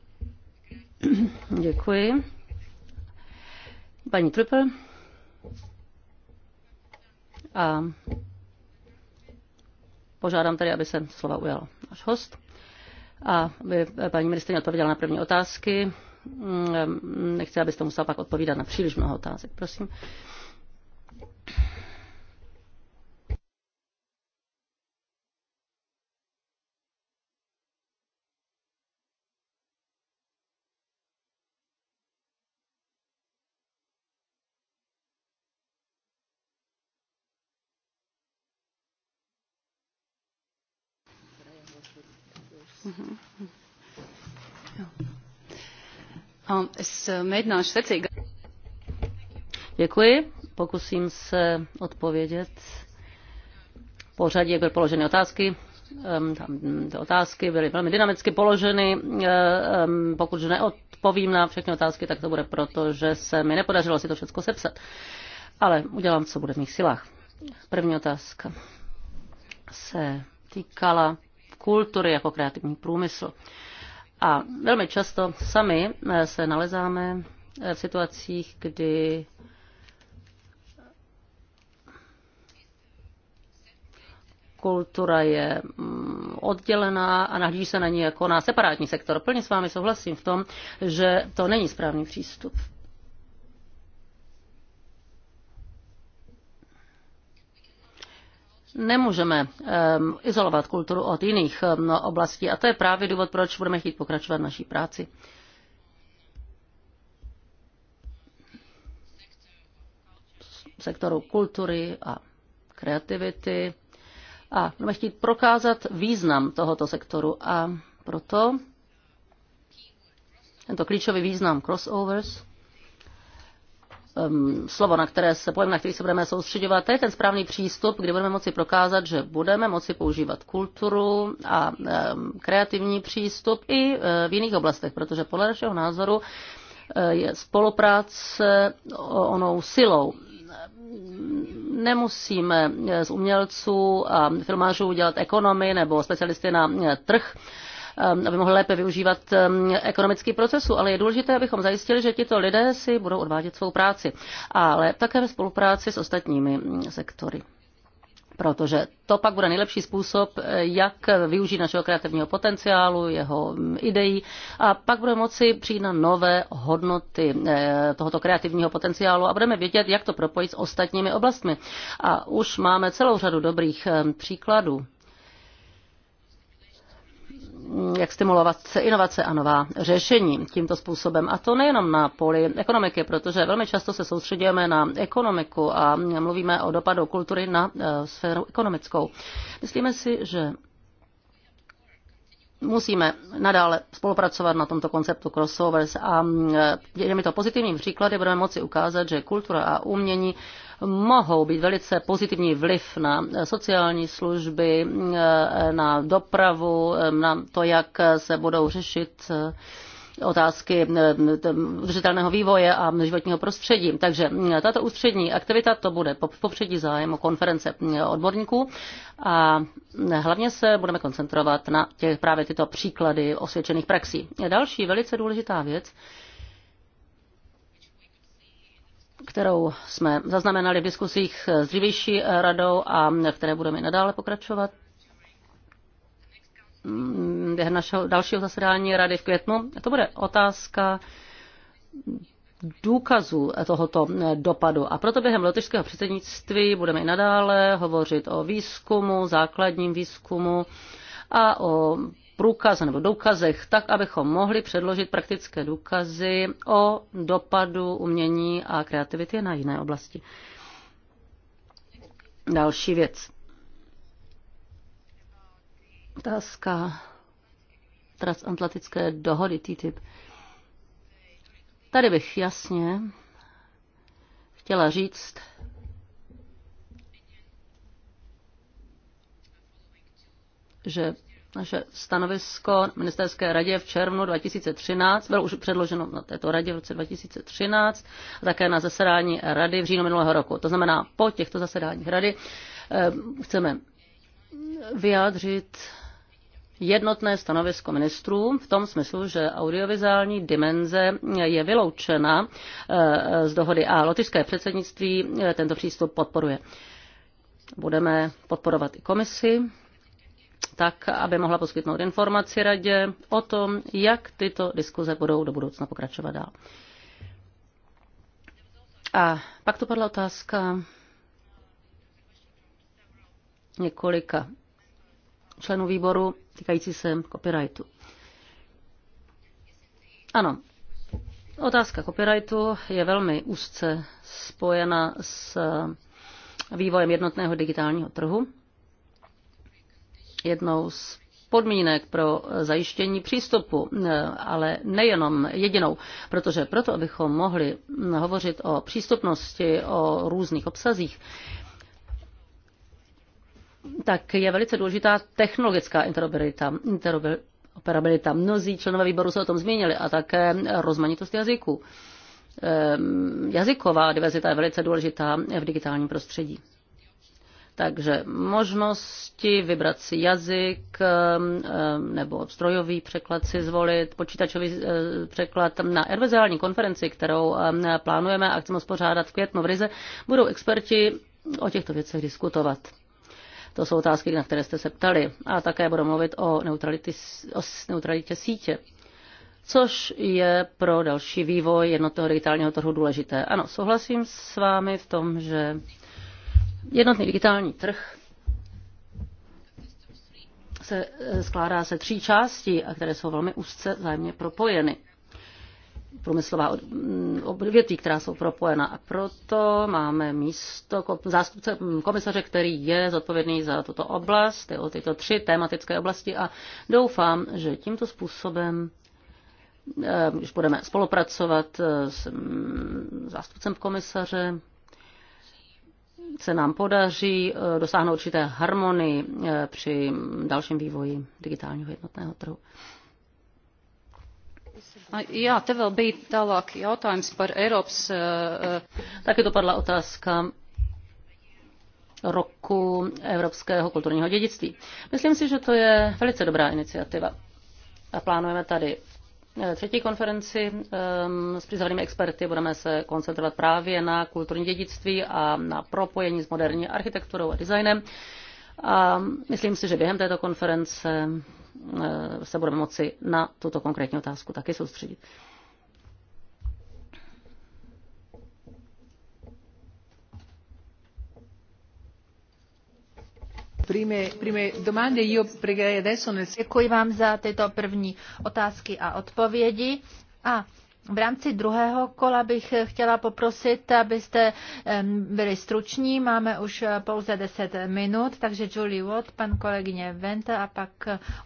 Děkuji. Paní Trupel. A požádám tedy, aby se slova ujal náš host a aby paní ministrině odpověděla na první otázky. Mm, nechci, abyste musela pak odpovídat na příliš mnoho otázek. Prosím. Mm-hmm. Děkuji. Pokusím se odpovědět pořadí, jak byly položeny otázky. Tam ty otázky byly velmi dynamicky položeny. Pokud neodpovím na všechny otázky, tak to bude proto, že se mi nepodařilo si to všechno sepsat. Ale udělám, co bude v mých silách. První otázka se týkala kultury jako kreativní průmysl. A velmi často sami eh, se nalezáme eh, v situacích, kdy kultura je mm, oddělená a nahlíží se na ní jako na separátní sektor. Plně s vámi souhlasím v tom, že to není správný přístup. nemůžeme ehm, izolovat kulturu od jiných ehm, oblastí a to je právě důvod, proč budeme chtít pokračovat v naší práci. V sektoru kultury a kreativity a budeme chtít prokázat význam tohoto sektoru a proto tento klíčový význam crossovers slovo, na které se pojem, na který se budeme soustředovat, to je ten správný přístup, kdy budeme moci prokázat, že budeme moci používat kulturu a kreativní přístup i e, v jiných oblastech, protože podle našeho názoru e, je spolupráce onou silou nemusíme e, z umělců a filmářů dělat ekonomy nebo specialisty na trh. Um, aby mohli lépe využívat um, ekonomický procesu, ale je důležité, abychom zajistili, že tito lidé si budou odvádět svou práci, ale také ve spolupráci s ostatními mm, sektory protože to pak bude nejlepší způsob, eh, jak využít našeho kreativního potenciálu, jeho mm, ideí a pak budeme moci přijít na nové hodnoty eh, tohoto kreativního potenciálu a budeme vědět, jak to propojit s ostatními oblastmi. A už máme celou řadu dobrých eh, příkladů jak stimulovat inovace a nová řešení tímto způsobem. A to nejenom na poli ekonomiky, protože velmi často se soustředujeme na ekonomiku a mluvíme o dopadu kultury na eh, sféru ekonomickou. Myslíme si, že musíme nadále spolupracovat na tomto konceptu crossovers a mm, e, mi to pozitivním příklady budeme moci ukázat, že kultura a umění mohou být velice pozitivní vliv na sociální služby, mm, e, na dopravu, e, na to, jak se budou řešit otázky eh, udržitelného vývoje a životního prostředí. Takže eh, tato ústřední aktivita to bude popředí zájem o konference eh, odborníků a hlavně se budeme koncentrovat na těch, právě tyto příklady osvědčených praxí. Další velice důležitá věc, kterou jsme zaznamenali v diskusích s dřívější radou a které budeme nadále pokračovat, Mm, během našeho dalšího zasedání rady v květnu. To bude otázka důkazů tohoto eh, dopadu. A proto během lotyšského předsednictví budeme i nadále hovořit o výzkumu, základním výzkumu a o průkaz nebo důkazech, tak, abychom mohli předložit praktické důkazy o dopadu umění a kreativity na jiné oblasti. Další věc. Otázka transatlantické dohody TTIP. Tady bych jasně chtěla říct, že naše stanovisko ministerské radě v červnu 2013 bylo už předloženo na této radě v roce 2013 a také na zasedání rady v říjnu minulého roku. To znamená, po těchto zasedáních rady eh, chceme vyjádřit jednotné stanovisko ministrů v tom smyslu, že audiovizuální dimenze je vyloučena eh, z dohody a lotyšské předsednictví eh, tento přístup podporuje. Budeme podporovat i komisi, tak, aby mohla poskytnout informaci radě o tom, jak tyto diskuze budou do budoucna pokračovat dál. A pak tu padla otázka několika členů výboru týkající se copyrightu. Ano, otázka copyrightu je velmi úzce spojena s vývojem jednotného digitálního trhu. Jednou z podmínek pro zajištění přístupu, ale nejenom jedinou, protože proto, abychom mohli hovořit o přístupnosti, o různých obsazích, tak je velice důležitá technologická interoperabilita. interoperabilita. Mnozí členové výboru se o tom zmínili a také rozmanitost jazyků. Ehm, jazyková diverzita je velice důležitá v digitálním prostředí. Takže možnosti vybrat si jazyk ehm, ehm, nebo strojový překlad si zvolit, počítačový eh, překlad na erveziální konferenci, kterou plánujeme a chceme spořádat v květnu v Rize, budou experti o těchto věcech diskutovat. To jsou otázky, na které jste se ptali. A také budu mluvit o, o neutralitě sítě což je pro další vývoj jednotného digitálního trhu důležité. Ano, souhlasím s vámi v tom, že jednotný digitální trh se eh, skládá se tří částí, a které jsou velmi úzce zájemně propojeny průmyslová mm, odvětví, která jsou propojena. A proto máme místo zástupce mm, komisaře, který je zodpovědný za tuto oblast, o tyto tři tematické oblasti a doufám, že tímto způsobem eh, když budeme spolupracovat eh, s mm, zástupcem komisaře, se nám podaří eh, dosáhnout určité harmonii při dalším vývoji digitálního jednotného trhu. Jā, te vēl bija tālāk jautājums par Eiropas... Eh, eh, Taky dopadla otázka roku evropského kulturního dědictví. Myslím si, že to je velice dobrá iniciativa. A plánujeme tady eh, třetí konferenci s přizvanými experty. Budeme se koncentrovat právě na kulturní dědictví a na propojení s moderní architekturou a designem. A myslím si, že během této konference Eh, se budeme moci na tuto konkrétní otázku taky soustředit. Děkuji vám za tyto první otázky a odpovědi. A v rámci druhého kola bych chtěla poprosit, abyste byli struční. Máme už pouze 10 minut, takže Julie Watt, pan kolegyně Venta a pak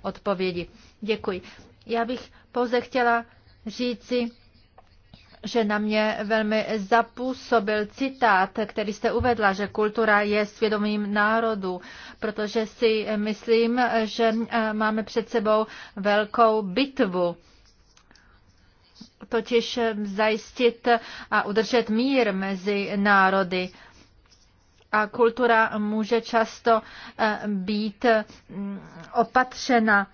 odpovědi. Děkuji. Já bych pouze chtěla říci, že na mě velmi zapůsobil citát, který jste uvedla, že kultura je svědomím národu, protože si myslím, že eh, máme před sebou velkou bitvu totiž zajistit a udržet mír mezi národy. A kultura může často eh, být mm, opatřena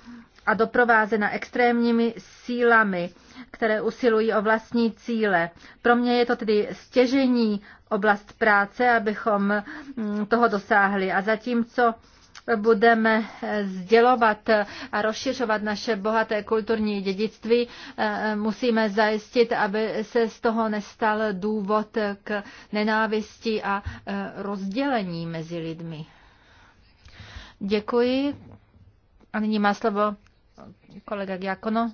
a doprovázena extrémními sílami, které usilují o vlastní cíle. Pro mě je to tedy stěžení oblast práce, abychom mm, toho dosáhli. A zatímco budeme sdělovat a rozšiřovat naše bohaté kulturní dědictví, musíme zajistit, aby se z toho nestal důvod k nenávisti a rozdělení mezi lidmi. Děkuji. A nyní má slovo kolega Giacono.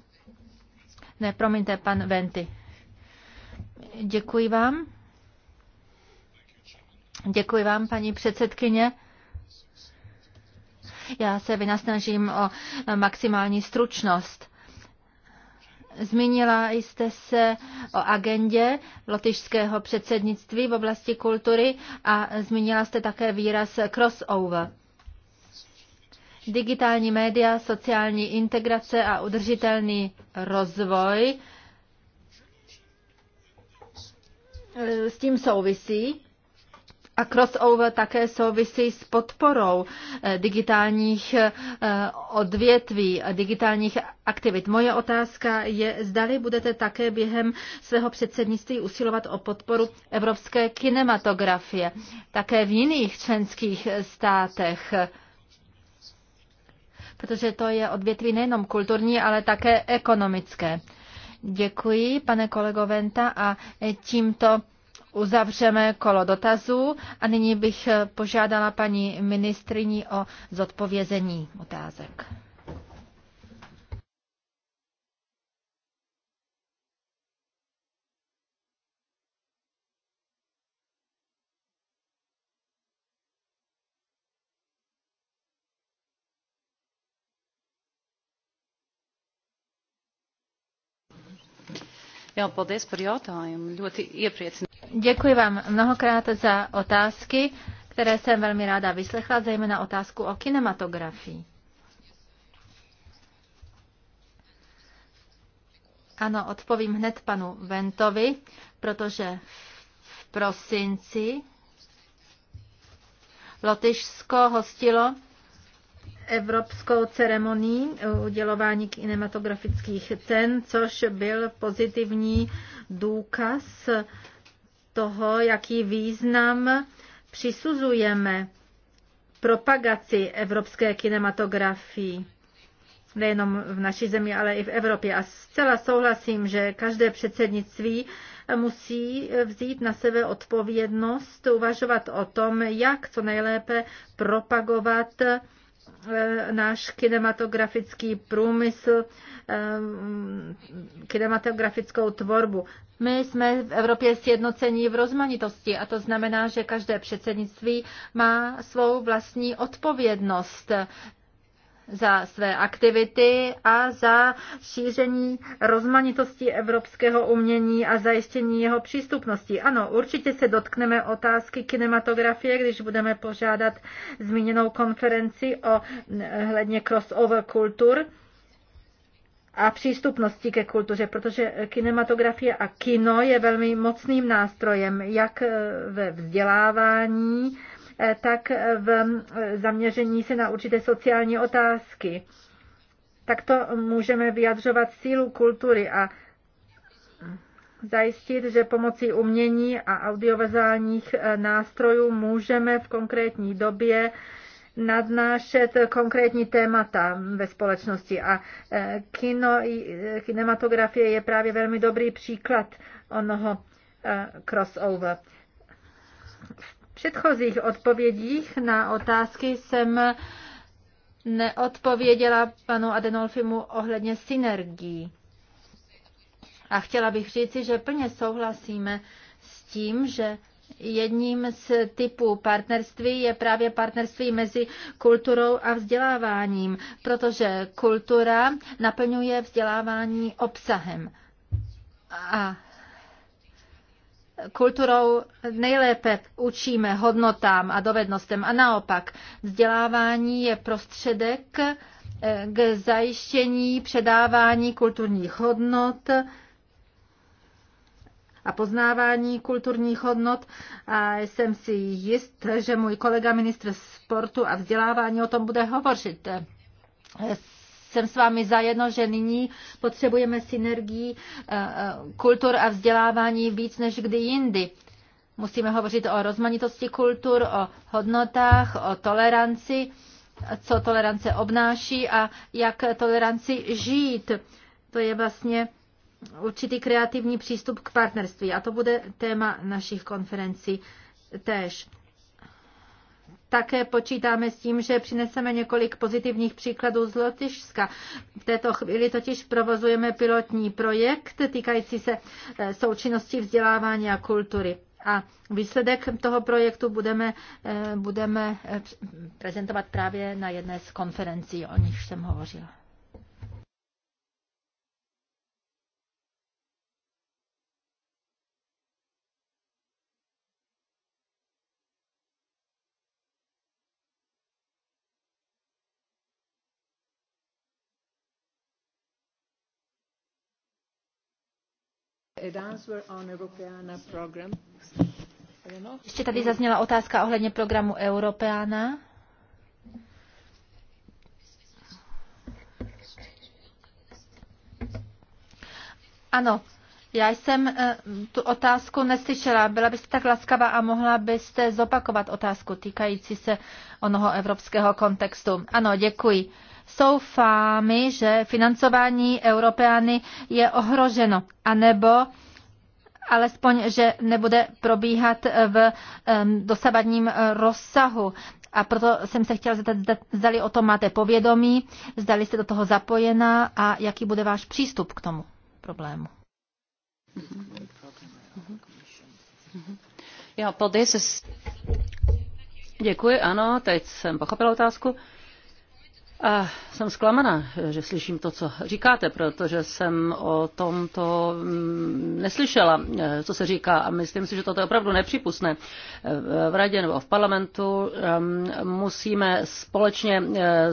Ne, promiňte, pan Venti. Děkuji vám. Děkuji vám, paní předsedkyně. Já se vynasnažím o maximální stručnost. Zmínila jste se o agendě lotyšského předsednictví v oblasti kultury a zmínila jste také výraz crossover. Digitální média, sociální integrace a udržitelný rozvoj s tím souvisí a crossover také souvisí s podporou eh, digitálních eh, odvětví, digitálních aktivit. Moje otázka je, zdali budete také během svého předsednictví usilovat o podporu evropské kinematografie, také v jiných členských státech protože to je odvětví nejenom kulturní, ale také ekonomické. Děkuji, pane kolego Venta, a tímto uzavřeme kolo dotazů a nyní bych požádala paní ministryni o zodpovězení otázek. Děkuji vám mnohokrát za otázky, které jsem velmi ráda vyslechla, zejména otázku o kinematografii. Ano, odpovím hned panu Ventovi, protože v prosinci Lotyšsko hostilo evropskou ceremonii eh, udělování kinematografických cen, což byl pozitivní důkaz toho, jaký význam přisuzujeme propagaci evropské kinematografii nejenom v naší zemi, ale i v Evropě. A zcela souhlasím, že každé předsednictví musí vzít na sebe odpovědnost, uvažovat o tom, jak co nejlépe propagovat Eh, náš kinematografický průmysl, eh, kinematografickou tvorbu. My jsme v Evropě sjednocení v rozmanitosti a to znamená, že každé předsednictví má svou vlastní odpovědnost za své aktivity a za šíření rozmanitosti evropského umění a zajištění jeho přístupnosti. Ano, určitě se dotkneme otázky kinematografie, když budeme požádat zmíněnou konferenci o hledně crossover kultur a přístupnosti ke kultuře, protože kinematografie a kino je velmi mocným nástrojem, jak ve vzdělávání, Eh, tak eh, v eh, zaměření se na určité sociální otázky. Takto můžeme vyjadřovat sílu kultury a zajistit, že pomocí umění a audiovizuálních nástrojů můžeme v konkrétní době nadnášet konkrétní témata ve společnosti. A kino, kinematografie je právě velmi dobrý příklad onoho crossover. V předchozích odpovědích na otázky jsem neodpověděla panu Adenolfimu ohledně synergií. A chtěla bych říci, že plně souhlasíme s tím, že jedním z typů partnerství je právě partnerství mezi kulturou a vzděláváním, protože kultura naplňuje vzdělávání obsahem. A kulturou nejlépe učíme hodnotám a dovednostem a naopak vzdělávání je prostředek eh, k zajištění předávání kulturních hodnot a poznávání kulturních hodnot a jsem si jist, že můj kolega ministr sportu a vzdělávání o tom bude hovořit jsem s vámi zajedno, že nyní potřebujeme synergii eh, eh, kultur a vzdělávání víc než kdy jindy. Musíme hovořit o rozmanitosti kultur, o hodnotách, o toleranci, co tolerance obnáší a jak toleranci žít. To je vlastně určitý kreativní přístup k partnerství a to bude téma našich konferencí též. Také počítáme s tím, že přineseme několik pozitivních příkladů z Lotyšska. V této chvíli totiž provozujeme pilotní projekt týkající se eh, součinnosti vzdělávání a kultury. A výsledek toho projektu budeme, eh, budeme eh, prezentovat právě na jedné z konferencí, o níž jsem hovořila. Ještě tady zazněla otázka ohledně programu Europeana. Ano, já jsem eh, tu otázku neslyšela. Byla byste tak laskavá a mohla byste zopakovat otázku týkající se onoho evropského kontextu. Ano, děkuji jsou fámy, že financování Europeany je ohroženo, anebo alespoň, že nebude probíhat v dosavadním eh, rozsahu. A proto jsem se chtěla zeptat, zdali o tom máte povědomí, zdali jste do toho zapojená a jaký bude váš přístup k tomu problému. Děkuji, ano, teď jsem pochopila otázku. A jsem zklamaná, že slyším to, co říkáte, protože jsem o tomto mm, neslyšela, eh, co se říká a myslím si, že toto je opravdu nepřípustné. Eh, v radě nebo v parlamentu ehm, musíme společně eh,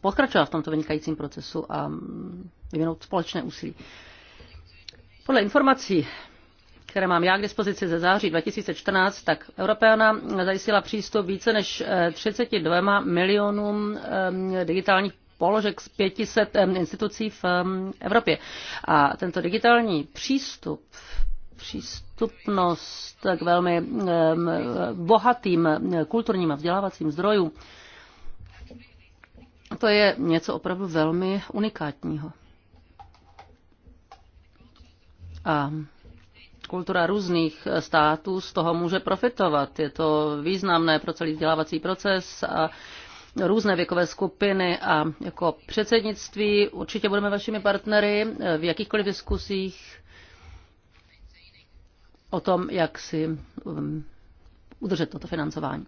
pokračovat v tomto vynikajícím procesu a vyvinout společné úsilí. Podle informací které mám já k dispozici ze září 2014, tak Europeana zajistila přístup více než 32 eh, milionům eh, digitálních položek z 500 eh, institucí v Evropě. A tento digitální přístup přístupnost k velmi bohatým kulturním a vzdělávacím zdrojům. To je něco opravdu velmi unikátního. A kultura různých eh, států z toho může profitovat. Je to významné pro celý vzdělávací proces a různé věkové skupiny a jako předsednictví určitě budeme vašimi partnery eh, v jakýchkoliv diskusích o tom, jak si um, udržet toto financování.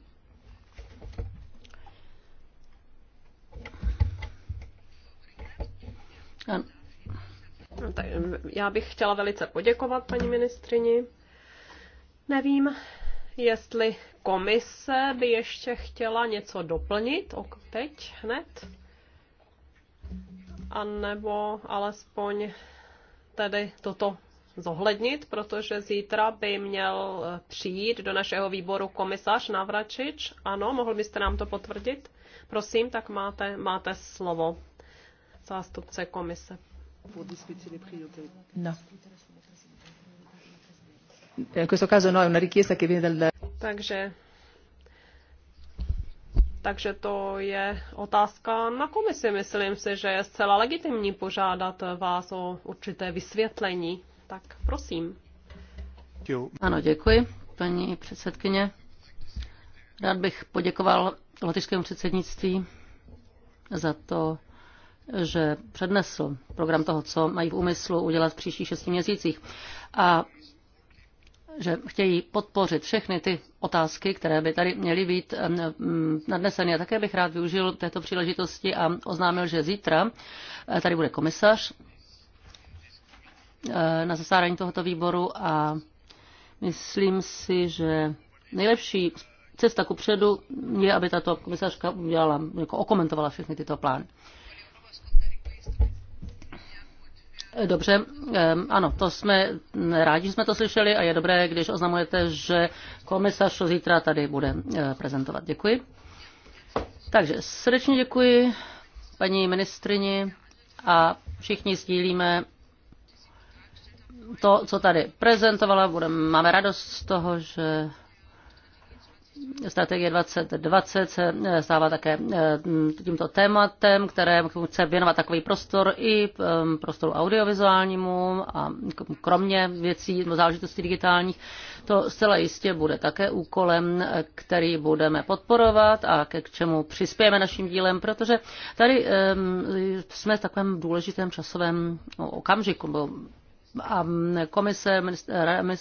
Ano. Tak já bych chtěla velice poděkovat paní ministrini. Nevím, jestli komise by ještě chtěla něco doplnit ok, teď hned, a nebo alespoň tedy toto zohlednit, protože zítra by měl přijít do našeho výboru komisař Navračič. Ano, mohl byste nám to potvrdit? Prosím, tak máte, máte slovo zástupce komise. Pour discuter le priorité. No. In questo caso no, è una richiesta che viene dal... Takže takže to je otázka na komisi. Myslím si, že je zcela legitimní požádat vás o určité vysvětlení. Tak prosím. Ano, děkuji, paní předsedkyně. Rád bych poděkoval lotyšskému předsednictví za to, že přednesl program toho, co mají v úmyslu udělat v příštích šesti měsících a že chtějí podpořit všechny ty otázky, které by tady měly být nadneseny. A také bych rád využil této příležitosti a oznámil, že zítra eh, tady bude komisař eh, na zasádání tohoto výboru a myslím si, že nejlepší cesta ku předu je, aby tato komisařka udělala, jako okomentovala všechny tyto plány. Dobře, ano, to jsme rádi, jsme to slyšeli a je dobré, když oznamujete, že komisař zítra tady bude e, prezentovat. Děkuji. Takže srdečně děkuji paní ministrini a všichni sdílíme to, co tady prezentovala. Budeme, máme radost z toho, že strategie 2020 se eh, stává také eh, mm, tímto tématem, které chce věnovat takový prostor i ehm, prostoru audiovizuálnímu a kromě věcí nebo záležitostí digitálních. To zcela jistě bude také úkolem, eh, který budeme podporovat a ke k čemu přispějeme naším dílem, protože tady ehm, jsme v takovém důležitém časovém okamžiku, a mm, komise,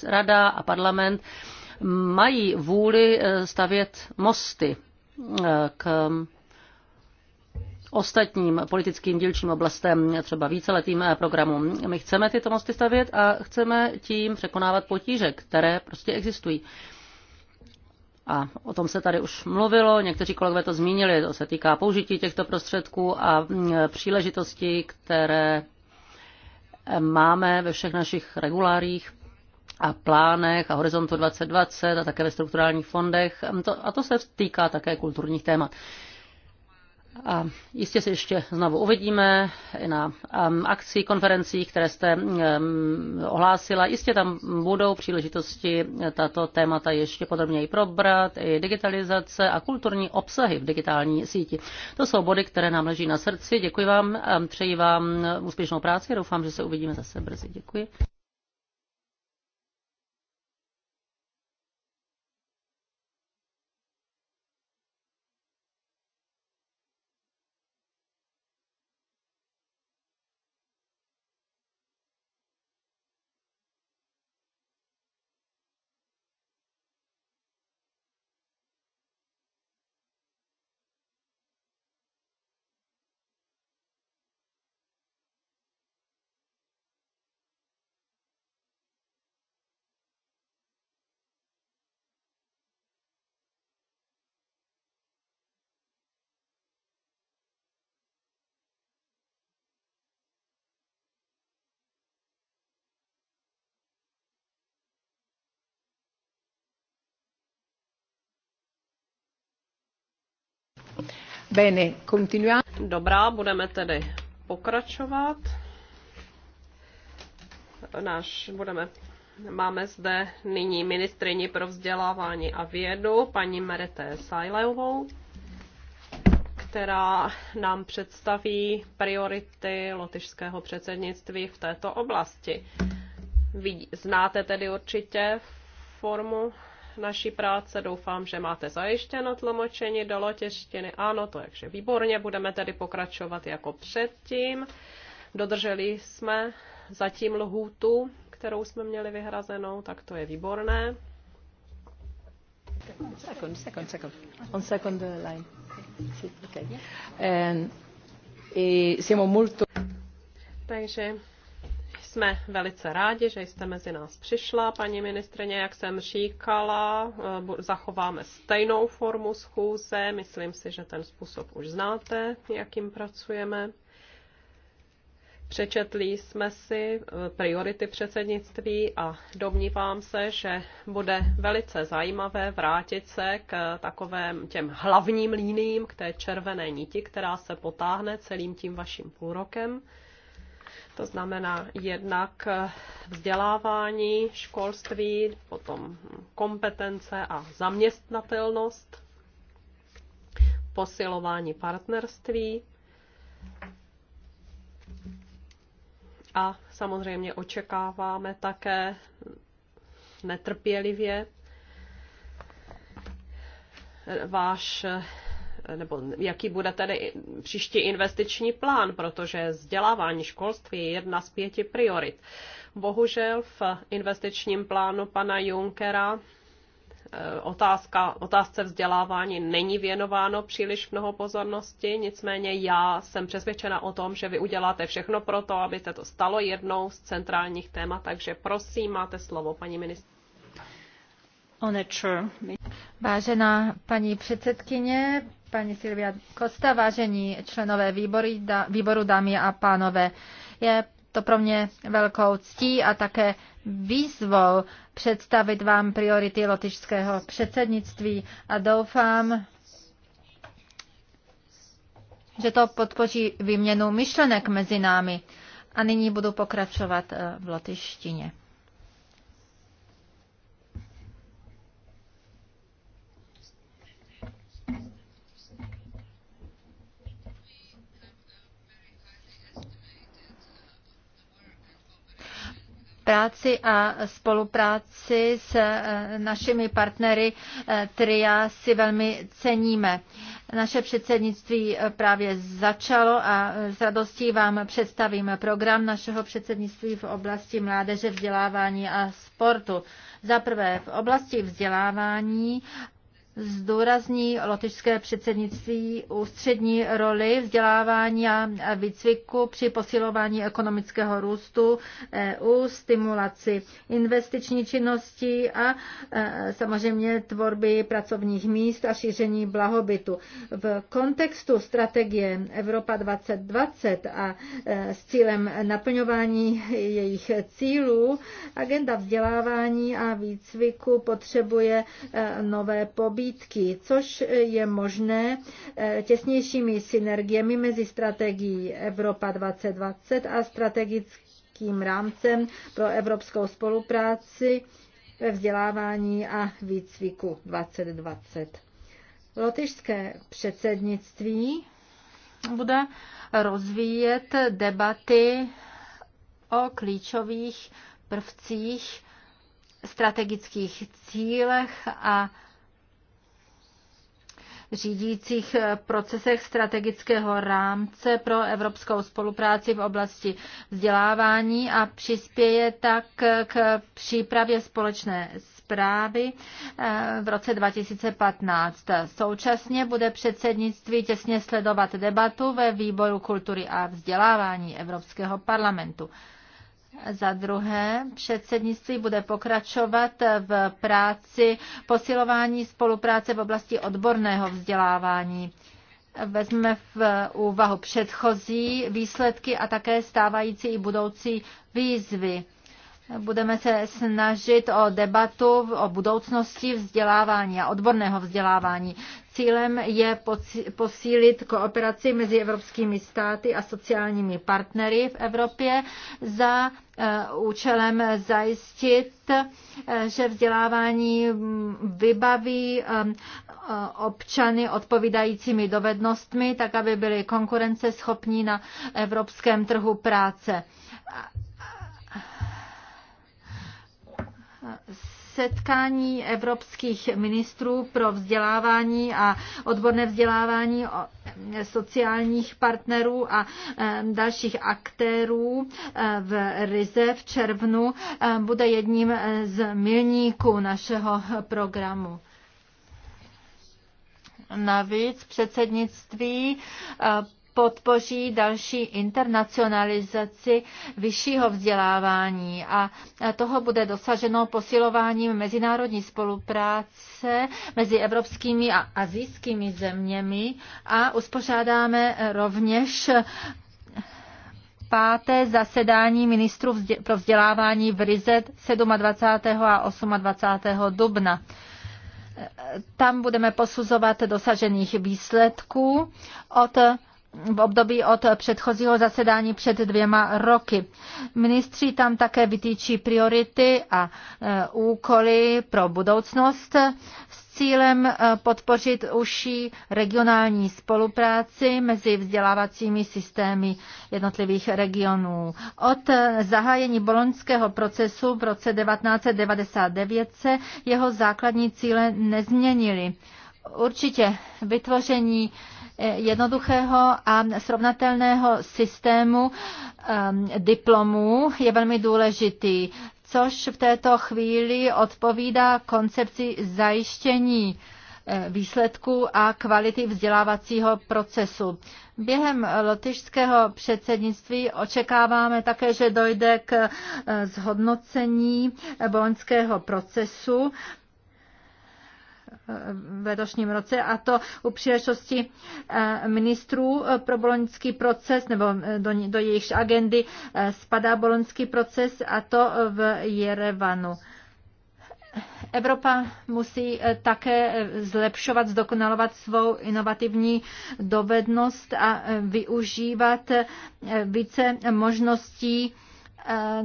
rada a parlament mají vůli eh, stavět mosty eh, k ostatním politickým dílčím oblastem, třeba víceletým eh, programům. My chceme tyto mosty stavět a chceme tím překonávat potíže, které prostě existují. A o tom se tady už mluvilo, někteří kolegové to zmínili, to se týká použití těchto prostředků a mm, příležitostí, které máme ve všech našich regulárních a plánech a Horizontu 2020 a také ve strukturálních fondech. A to se týká také kulturních témat. A jistě se ještě znovu uvidíme na um, akcích, konferencích, které jste um, ohlásila. Jistě tam budou příležitosti tato témata ještě podrobněji probrat, i digitalizace a kulturní obsahy v digitální síti. To jsou body, které nám leží na srdci. Děkuji vám, přeji vám úspěšnou práci a doufám, že se uvidíme zase brzy. Děkuji. Bene, continuiamo. Dobrá, budeme tedy pokračovat. Náš, budeme, máme zde nyní ministrině pro vzdělávání a vědu, paní Merete Sajlevou, která nám představí priority lotyšského předsednictví v této oblasti. Vy znáte tedy určitě formu naší práce. Doufám, že máte zajištěno tlumočení do lotěštiny. Ano, to takže výborně. Budeme tedy pokračovat jako předtím. Dodrželi jsme zatím lhůtu, kterou jsme měli vyhrazenou, tak to je výborné. Second, second, second. On second line. Okay. And, e, siamo molto... Takže jsme velice rádi, že jste mezi nás přišla, paní ministrině, jak jsem říkala, eh, zachováme stejnou formu schůze, myslím si, že ten způsob už znáte, jakým pracujeme. Přečetli jsme si eh, priority předsednictví a domnívám se, že bude velice zajímavé vrátit se k takovém těm hlavním líním, k té červené niti, která se potáhne celým tím vaším půlrokem. rokem to znamená jednak vzdělávání, školství, potom kompetence a zaměstnatelnost, posilování partnerství a samozřejmě očekáváme také netrpělivě váš nebo jaký bude tedy příští investiční plán, protože vzdělávání školství je jedna z pěti priorit. Bohužel v investičním plánu pana Junkera eh, otázka, otázce vzdělávání není věnováno příliš mnoho pozornosti, nicméně já jsem přesvědčena o tom, že vy uděláte všechno pro to, aby se to stalo jednou z centrálních témat, takže prosím, máte slovo, paní ministr. Vážená paní předsedkyně, Pani Silvia Kosta, vážení členové výbory, da, výboru, dámy a pánové. Je to pro mě velkou ctí a také výzvou představit vám priority lotyšského předsednictví a doufám, že to podpoří výměnu myšlenek mezi námi. A nyní budu pokračovat eh, v lotyštině. práci a spolupráci s eh, našimi partnery eh, TRIA si velmi ceníme. Naše předsednictví eh, právě začalo a s radostí vám představím program našeho předsednictví v oblasti mládeže, vzdělávání a sportu. Za prvé, v oblasti vzdělávání zdůrazní lotyšské předsednictví ústřední roli vzdělávání a výcviku při posilování ekonomického růstu EU, stimulaci investiční činnosti a e, samozřejmě tvorby pracovních míst a šíření blahobytu. V kontextu strategie Evropa 2020 a e, s cílem naplňování jejich cílů agenda vzdělávání a výcviku potřebuje e, nové pobídky nabídky, což je možné eh, těsnějšími synergiemi mezi strategií Evropa 2020 a strategickým rámcem pro evropskou spolupráci ve vzdělávání a výcviku 2020. Lotyšské předsednictví bude rozvíjet debaty o klíčových prvcích strategických cílech a řídících eh, procesech strategického rámce pro evropskou spolupráci v oblasti vzdělávání a přispěje tak k přípravě společné zprávy eh, v roce 2015. Současně bude předsednictví těsně sledovat debatu ve výboru kultury a vzdělávání Evropského parlamentu. Za druhé, předsednictví bude pokračovat v práci posilování spolupráce v oblasti odborného vzdělávání. Vezme v úvahu předchozí výsledky a také stávající i budoucí výzvy. Budeme se snažit o debatu o budoucnosti vzdělávání a odborného vzdělávání. Cílem je posílit kooperaci mezi evropskými státy a sociálními partnery v Evropě za eh, účelem zajistit, eh, že vzdělávání mm, vybaví eh, občany odpovídajícími dovednostmi, tak aby byli konkurenceschopní na evropském trhu práce setkání evropských ministrů pro vzdělávání a odborné vzdělávání eh, sociálních partnerů a eh, dalších aktérů eh, v Rize v červnu bude jedním z milníků našeho programu. Navíc předsednictví podpoří další internacionalizaci vyššího vzdělávání a toho bude dosaženo posilováním mezinárodní spolupráce mezi evropskými a azijskými zeměmi a uspořádáme rovněž páté zasedání ministrů pro vzdělávání v Rize 27. a 28. dubna. Tam budeme posuzovat dosažených výsledků od v období od předchozího zasedání před dvěma roky. Ministři tam také vytýčí priority a e, úkoly pro budoucnost s cílem e, podpořit užší regionální spolupráci mezi vzdělávacími systémy jednotlivých regionů. Od e, zahájení bolonského procesu v roce 1999 se jeho základní cíle nezměnily. Určitě vytvoření jednoduchého a srovnatelného systému ehm, diplomů je velmi důležitý, což v této chvíli odpovídá koncepci zajištění eh, výsledků a kvality vzdělávacího procesu. Během lotyšského předsednictví očekáváme také, že dojde k eh, zhodnocení eh, boloňského procesu v letošním roce a to u příležitosti eh, ministrů eh, pro boloňský proces nebo eh, do, do jejich agendy spadá boloňský proces a to v Jerevanu. Evropa musí také zlepšovat, zdokonalovat svou inovativní dovednost a využívat více možností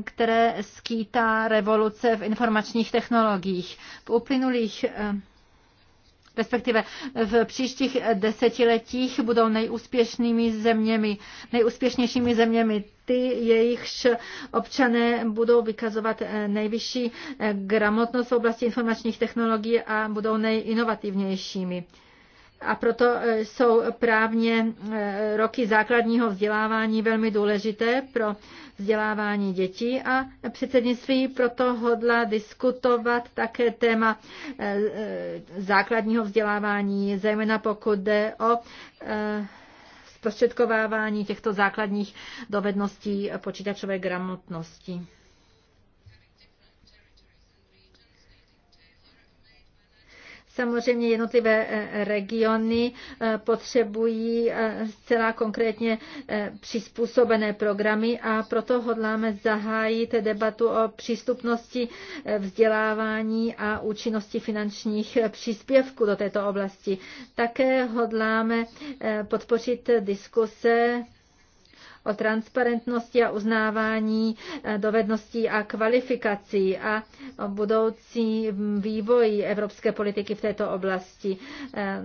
které skýtá revoluce v informačních technologiích. V uplynulých respektive v příštích desetiletích budou nejúspěšnými zeměmi, nejúspěšnějšími zeměmi ty, jejichž občané budou vykazovat eh, nejvyšší eh, gramotnost v oblasti informačních technologií a budou nejinovativnějšími. A proto eh, jsou právně roky základního vzdělávání velmi důležité pro vzdělávání dětí a předsednictví proto hodla diskutovat také téma eh, eh, základního vzdělávání, zejména pokud jde o eh, zprostředkovávání těchto základních dovedností počítačové gramotnosti. Samozřejmě jednotlivé eh, regiony eh, potřebují eh, zcela konkrétně přizpůsobené programy a proto hodláme zahájit debatu o přístupnosti vzdělávání a účinnosti finančních příspěvků do této oblasti. Také hodláme podpořit diskuse o transparentnosti a uznávání eh, dovedností a kvalifikací a o budoucí vývoji evropské politiky v této oblasti. Eh,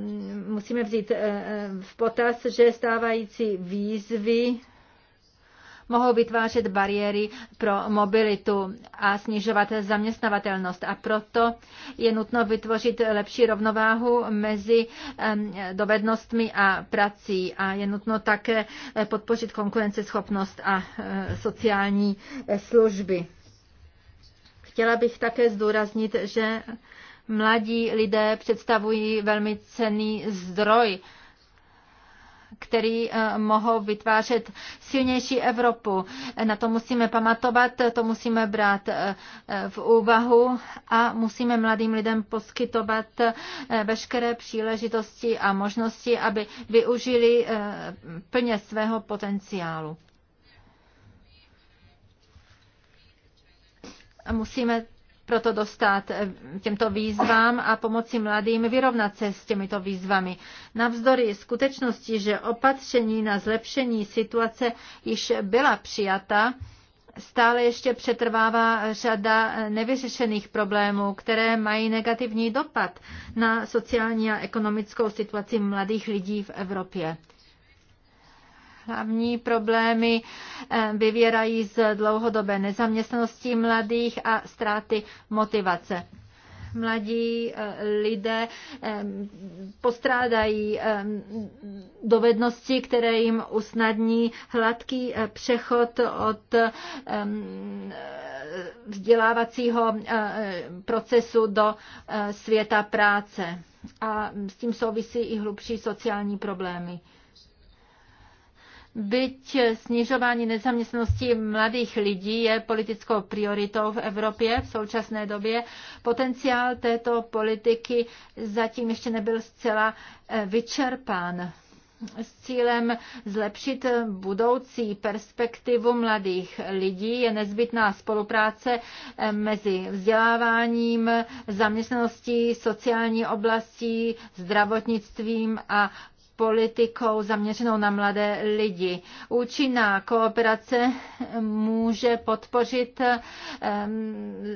musíme vzít eh, v potaz, že stávající výzvy mohou vytvářet bariéry pro mobilitu a snižovat zaměstnavatelnost. A proto je nutno vytvořit lepší rovnováhu mezi dovednostmi a prací. A je nutno také podpořit konkurenceschopnost a e, sociální e, služby. Chtěla bych také zdůraznit, že mladí lidé představují velmi cený zdroj který eh, mohou vytvářet silnější Evropu. Na to musíme pamatovat, to musíme brát eh, eh, v úvahu a musíme mladým lidem poskytovat veškeré příležitosti a možnosti, aby využili plně svého potenciálu. Musíme proto dostat eh, těmto výzvám a pomoci mladým vyrovnat se s těmito výzvami. Navzdory skutečnosti, že opatření na zlepšení situace již byla přijata, stále ještě přetrvává řada nevyřešených problémů, které mají negativní dopad na sociální a ekonomickou situaci mladých lidí v Evropě. Hlavní problémy eh, vyvěrají z dlouhodobé nezaměstnanosti mladých a ztráty motivace mladí eh, lidé eh, postrádají dovednosti, které jim usnadní hladký přechod od vzdělávacího procesu do světa práce. A s tím souvisí i hlubší sociální problémy. Byť snižování nezaměstnanosti mladých lidí je politickou prioritou v Evropě v současné době, potenciál této politiky zatím ještě nebyl zcela eh, vyčerpán s cílem zlepšit budoucí perspektivu mladých lidí je nezbytná spolupráce eh, mezi vzděláváním, zaměstnaností, sociální oblastí, zdravotnictvím a politikou zaměřenou na mladé lidi. Účinná kooperace může podpořit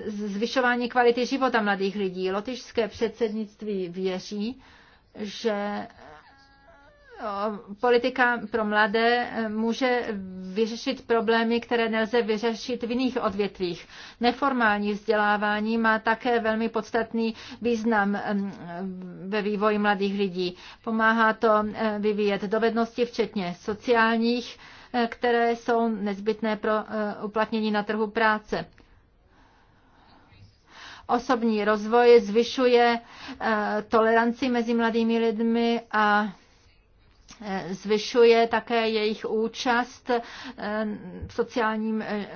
zvyšování kvality života mladých lidí. Lotyšské předsednictví věří, že Eh, politika pro mladé eh, může vyřešit problémy, které nelze vyřešit v jiných odvětvích. Neformální vzdělávání má také velmi podstatný význam eh, ve vývoji mladých lidí. Pomáhá to vyvíjet dovednosti, včetně sociálních, které jsou nezbytné pro uplatnění na trhu práce osobní rozvoj zvyšuje toleranci mezi mladými lidmi a zvyšuje také jejich účast eh, v sociálním eh,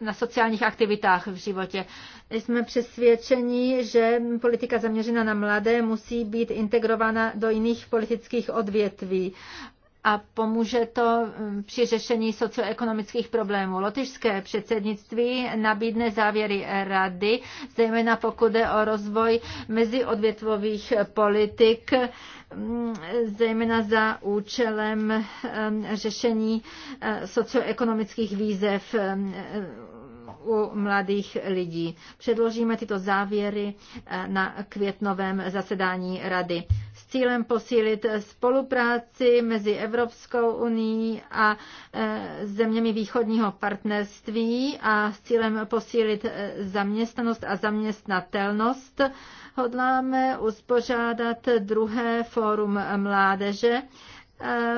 na sociálních aktivitách v životě. Jsme přesvědčeni, že politika zaměřená na mladé musí být integrována do jiných politických odvětví a pomůže to hm, při řešení socioekonomických problémů. Lotyšské předsednictví nabídne závěry rady, zejména pokud jde o rozvoj meziodvětvových politik Mm, zejména za účelem řešení eh, socioekonomických výzev u mladých lidí. Předložíme tyto závěry eh, na květnovém zasedání rady cílem posílit spolupráci mezi Evropskou unii a e, zeměmi východního partnerství a s cílem posílit e, zaměstnanost a zaměstnatelnost hodláme uspořádat druhé fórum mládeže e,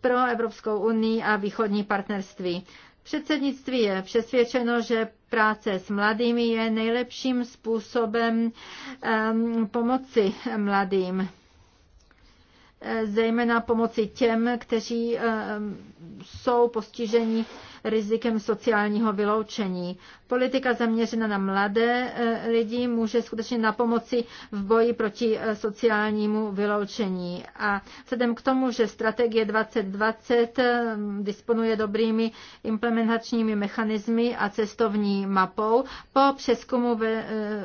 pro Evropskou unii a východní partnerství. Předsednictví je přesvědčeno, že práce s mladými je nejlepším způsobem um, pomoci mladým. Eh, zejména pomoci těm, kteří eh, jsou postiženi rizikem sociálního vyloučení. Politika zaměřena na mladé eh, lidi může skutečně na pomoci v boji proti eh, sociálnímu vyloučení. A vzhledem k tomu, že strategie 2020 eh, disponuje dobrými implementačními mechanismy a cestovní mapou, po přeskumu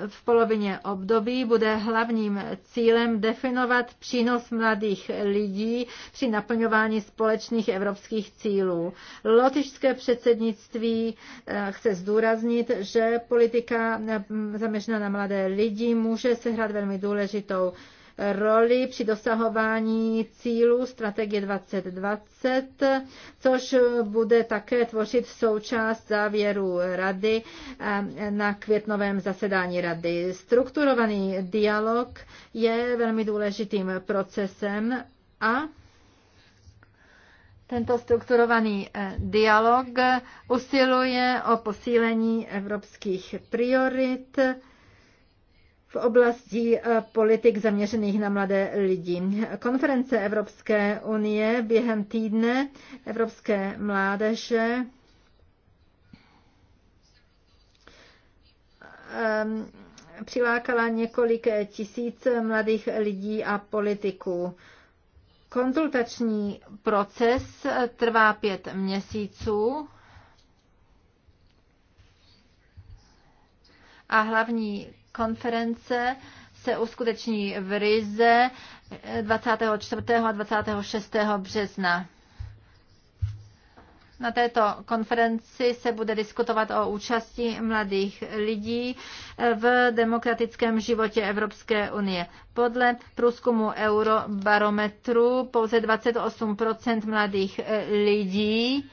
v polovině období bude hlavním cílem definovat přínos mladých lidí při naplňování společných evropských cílů. Lotyšské předsednictví chce zdůraznit, zmínit, že politika zaměřená na mladé lidi může sehrát velmi důležitou roli při dosahování cílů strategie 2020, což bude také tvořit součást závěru rady na květnovém zasedání rady. Strukturovaný dialog je velmi důležitým procesem a tento strukturovaný eh, dialog usiluje o posílení evropských priorit v oblasti eh, politik zaměřených na mladé lidi. Konference Evropské unie během týdne Evropské mládeže ehm, přilákala několik tisíc mladých lidí a politiků. Konzultační proces trvá pět měsíců a hlavní konference se uskuteční v Rize 24. a 26. března. Na této konferenci se bude diskutovat o účasti mladých lidí v demokratickém životě Evropské unie. Podle průzkumu Eurobarometru pouze 28 mladých eh, lidí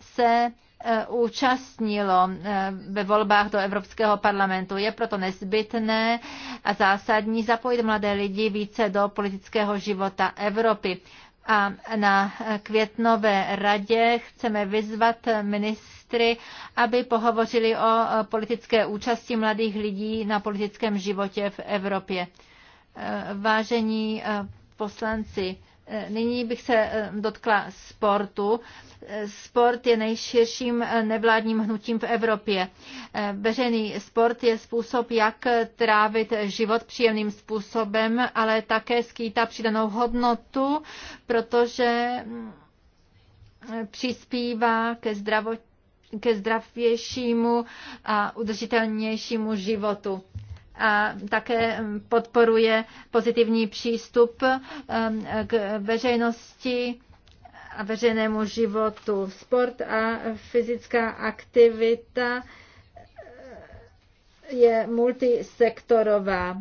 se eh, účastnilo eh, ve volbách do Evropského parlamentu. Je proto nezbytné a zásadní zapojit mladé lidi více do politického života Evropy. A na květnové radě chceme vyzvat ministry, aby pohovořili o politické účasti mladých lidí na politickém životě v Evropě. Vážení eh, poslanci, Nyní bych se eh, dotkla sportu. Sport je nejširším eh, nevládním hnutím v Evropě. Eh, veřejný sport je způsob, jak trávit život příjemným způsobem, ale také skýtá přidanou hodnotu, protože mm, přispívá ke zdravotní ke zdravějšímu a udržitelnějšímu životu a také podporuje pozitivní přístup eh, k veřejnosti a veřejnému životu. Sport a fyzická aktivita eh, je multisektorová.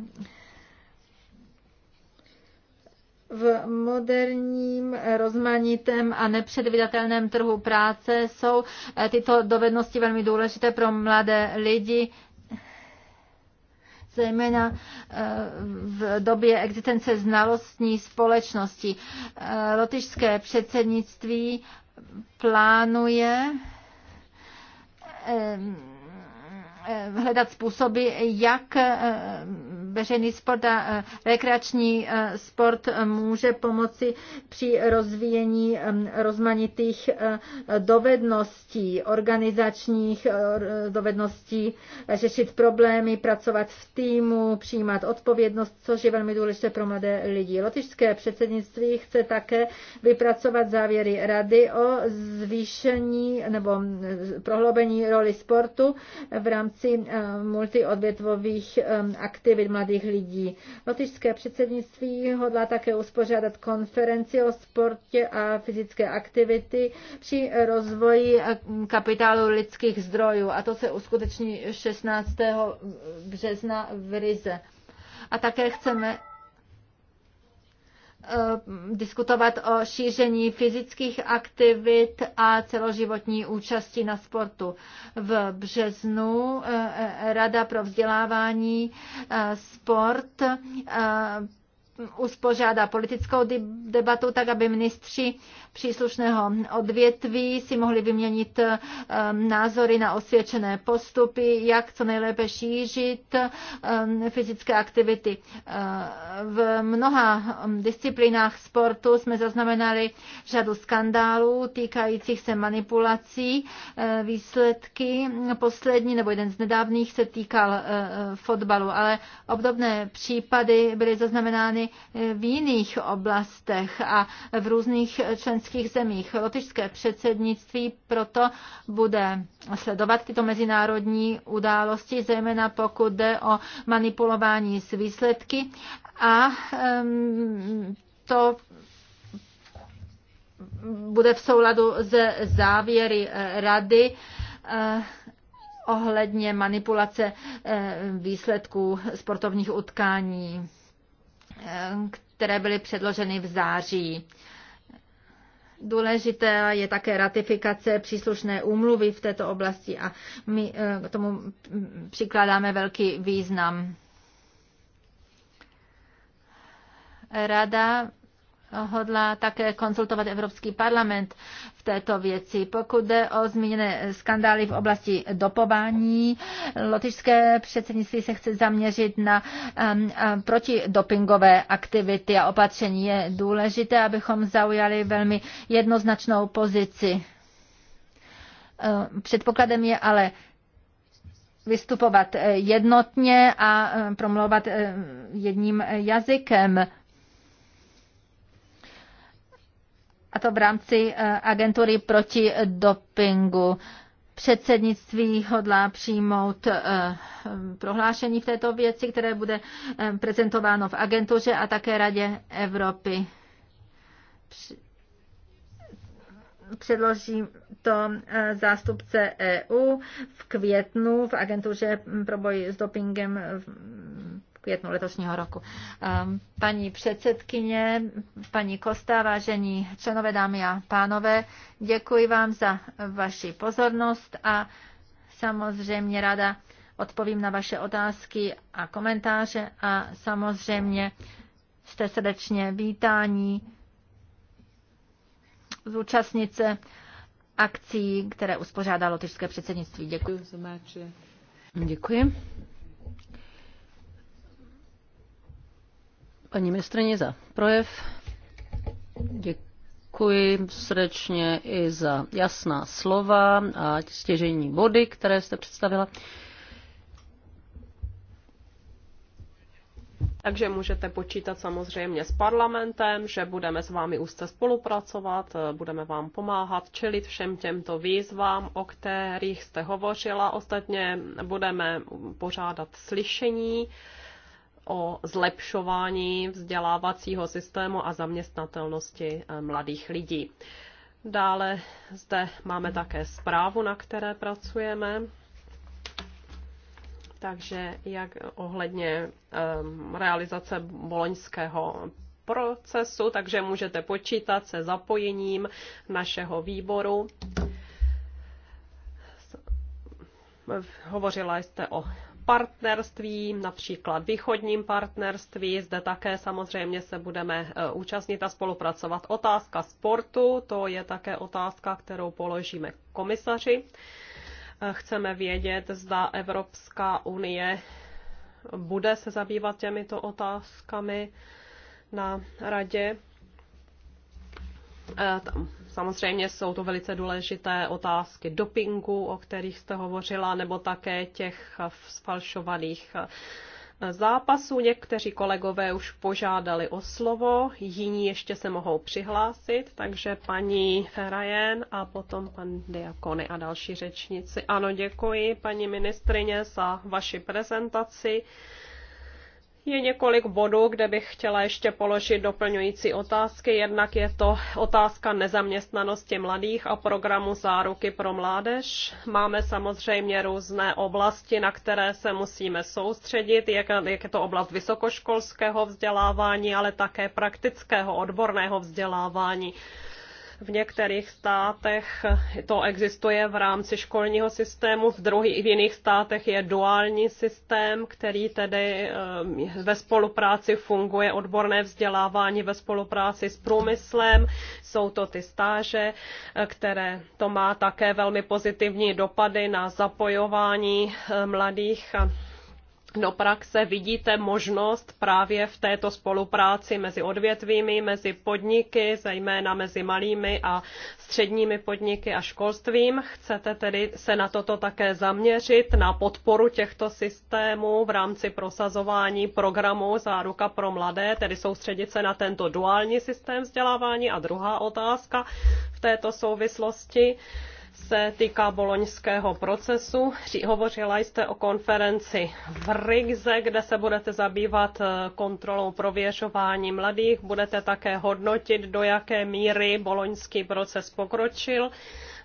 V moderním, rozmanitém a nepředvídatelném trhu práce jsou eh, tyto dovednosti velmi důležité pro mladé lidi zejména eh, v době existence znalostní společnosti. Eh, lotyšské předsednictví plánuje eh, hledat způsoby, jak veřejný sport a e, rekreační e, sport e, může pomoci při rozvíjení rozmanitých dovedností, organizačních dovedností, řešit problémy, pracovat v týmu, přijímat odpovědnost, což je velmi důležité pro mladé lidi. Lotyšské předsednictví chce také vypracovat závěry rady o zvýšení nebo prohloubení roli sportu v rámci multiodvětvových aktivit mladých mladých lidí. Lotyšské předsednictví hodlá také uspořádat konferenci o sportě a fyzické aktivity při rozvoji kapitálu lidských zdrojů. A to se uskuteční 16. března v Rize. A také chceme Eh, diskutovat o šíření fyzických aktivit a celoživotní účasti na sportu. V březnu eh, eh, Rada pro vzdělávání sport uspořádá politickou debatu, tak aby ministři příslušného odvětví si mohli vyměnit eh, názory na osvědčené postupy, jak co nejlépe šířit eh, fyzické aktivity. Eh, v mnoha mm, disciplinách sportu jsme zaznamenali řadu skandálů týkajících se manipulací. Výsledky poslední nebo jeden z nedávných se týkal fotbalu, ale obdobné případy byly zaznamenány Eh, v jiných oblastech a v různých eh, členských zemích. Lotyšské předsednictví proto bude sledovat tyto mezinárodní události, zejména pokud jde o manipulování s výsledky a ehm, to bude v souladu s závěry eh, rady ohledně manipulace výsledků sportovních utkání které byly předloženy v září. Důležité je také ratifikace příslušné úmluvy v této oblasti a my eh, k tomu přikládáme velký význam. Rada hodlá také konzultovat Evropský parlament v této věci. Pokud jde o zmíněné skandály v oblasti dopování, lotyšské předsednictví se chce zaměřit na um, um, protidopingové aktivity a opatření. Je důležité, abychom zaujali velmi jednoznačnou pozici. Um, předpokladem je ale vystupovat jednotně a um, promlouvat um, jedním jazykem. a to v rámci eh, agentury proti dopingu. Předsednictví hodlá přijmout eh, prohlášení v této věci, které bude eh, prezentováno v agentuře a také Radě Evropy. Předloží to zástupce EU v květnu v agentuře pro boj s dopingem květnu letošního roku. Ehm, paní předsedkyně, paní Kosta, vážení členové dámy a pánové, děkuji vám za vaši pozornost a samozřejmě ráda odpovím na vaše otázky a komentáře a samozřejmě jste srdečně vítání zúčastnit se akcí, které uspořádalo tyžské předsednictví. Děkuji. Děkuji. paní ministrině za projev. Děkuji srdečně i za jasná slova a stěžení body, které jste představila. Takže můžete počítat samozřejmě s parlamentem, že budeme s vámi úzce spolupracovat, budeme vám pomáhat čelit všem těmto výzvám, o kterých jste hovořila. Ostatně budeme pořádat slyšení o zlepšování vzdělávacího systému a zaměstnatelnosti eh, mladých lidí. Dále zde máme také zprávu, na které pracujeme. Takže jak ohledně um, realizace boloňského procesu, takže můžete počítat se zapojením našeho výboru. Hovořila jste o partnerství, například východním partnerství. Zde také samozřejmě se budeme eh, účastnit a spolupracovat. Otázka sportu, to je také otázka, kterou položíme komisaři. Eh, chceme vědět, zda Evropská unie bude se zabývat těmito otázkami na radě. Eh, Samozřejmě jsou to velice důležité otázky dopingu, o kterých jste hovořila, nebo také těch sfalšovaných zápasů. Někteří kolegové už požádali o slovo, jiní ještě se mohou přihlásit, takže paní Ferajen a potom pan Diakony a další řečníci. Ano, děkuji paní ministrině za vaši prezentaci. Je několik bodů, kde bych chtěla ještě položit doplňující otázky. Jednak je to otázka nezaměstnanosti mladých a programu záruky pro mládež. Máme samozřejmě různé oblasti, na které se musíme soustředit, jak, je to oblast vysokoškolského vzdělávání, ale také praktického odborného vzdělávání. V některých státech to existuje v rámci školního systému, v druhých v jiných státech je duální systém, který tedy eh, ve spolupráci funguje odborné vzdělávání ve spolupráci s průmyslem. Jsou to ty stáže, eh, které to má také velmi pozitivní dopady na zapojování eh, mladých do praxe vidíte možnost právě v této spolupráci mezi odvětvími, mezi podniky, zejména mezi malými a středními podniky a školstvím. Chcete tedy se na toto také zaměřit, na podporu těchto systémů v rámci prosazování programu Záruka pro mladé, tedy soustředit se na tento duální systém vzdělávání. A druhá otázka v této souvislosti se týká boloňského procesu. Hovořila jste o konferenci v Rigze, kde se budete zabývat eh, kontrolou prověřování mladých. Budete také hodnotit, do jaké míry boloňský proces pokročil.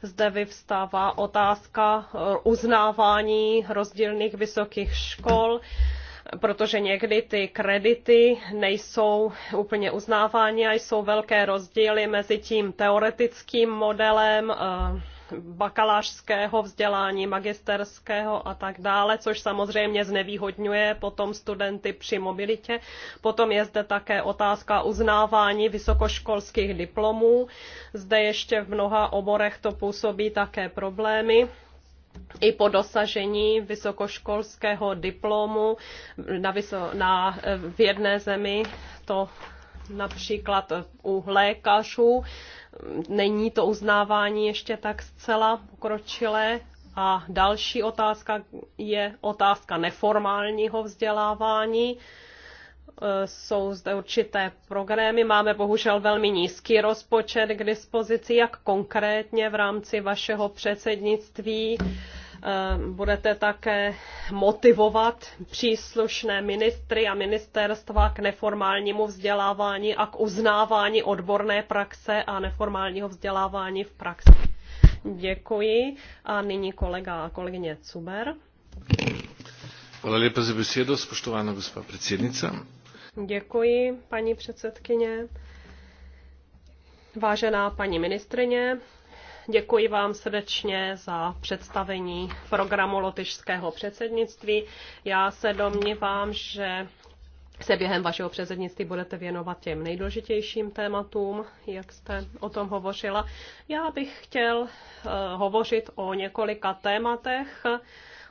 Zde vyvstává otázka eh, uznávání rozdílných vysokých škol protože někdy ty kredity nejsou úplně uznávány a jsou velké rozdíly mezi tím teoretickým modelem eh, bakalářského vzdělání, magisterského a tak dále, což samozřejmě znevýhodňuje potom studenty při mobilitě. Potom je zde také otázka uznávání vysokoškolských diplomů. Zde ještě v mnoha oborech to působí také problémy i po dosažení vysokoškolského diplomu na, vyso, na v jedné zemi to například u lékařů. Není to uznávání ještě tak zcela pokročilé. A další otázka je otázka neformálního vzdělávání jsou zde určité programy. Máme bohužel velmi nízký rozpočet k dispozici, jak konkrétně v rámci vašeho předsednictví Eh, budete také motivovat příslušné ministry a ministerstva k neformálnímu vzdělávání a k uznávání odborné praxe a neformálního vzdělávání v praxi. Děkuji. A nyní kolega a kolegyně Cuber. Hvala lepa za besedo, spoštovana gospa predsednica. Děkuji, paní předsedkyně. Vážená paní ministrině, Děkuji vám srdečně za představení programu lotyšského předsednictví. Já se domnívám, že se během vašeho předsednictví budete věnovat těm nejdůležitějším tématům, jak jste o tom hovořila. Já bych chtěl eh, hovořit o několika tématech,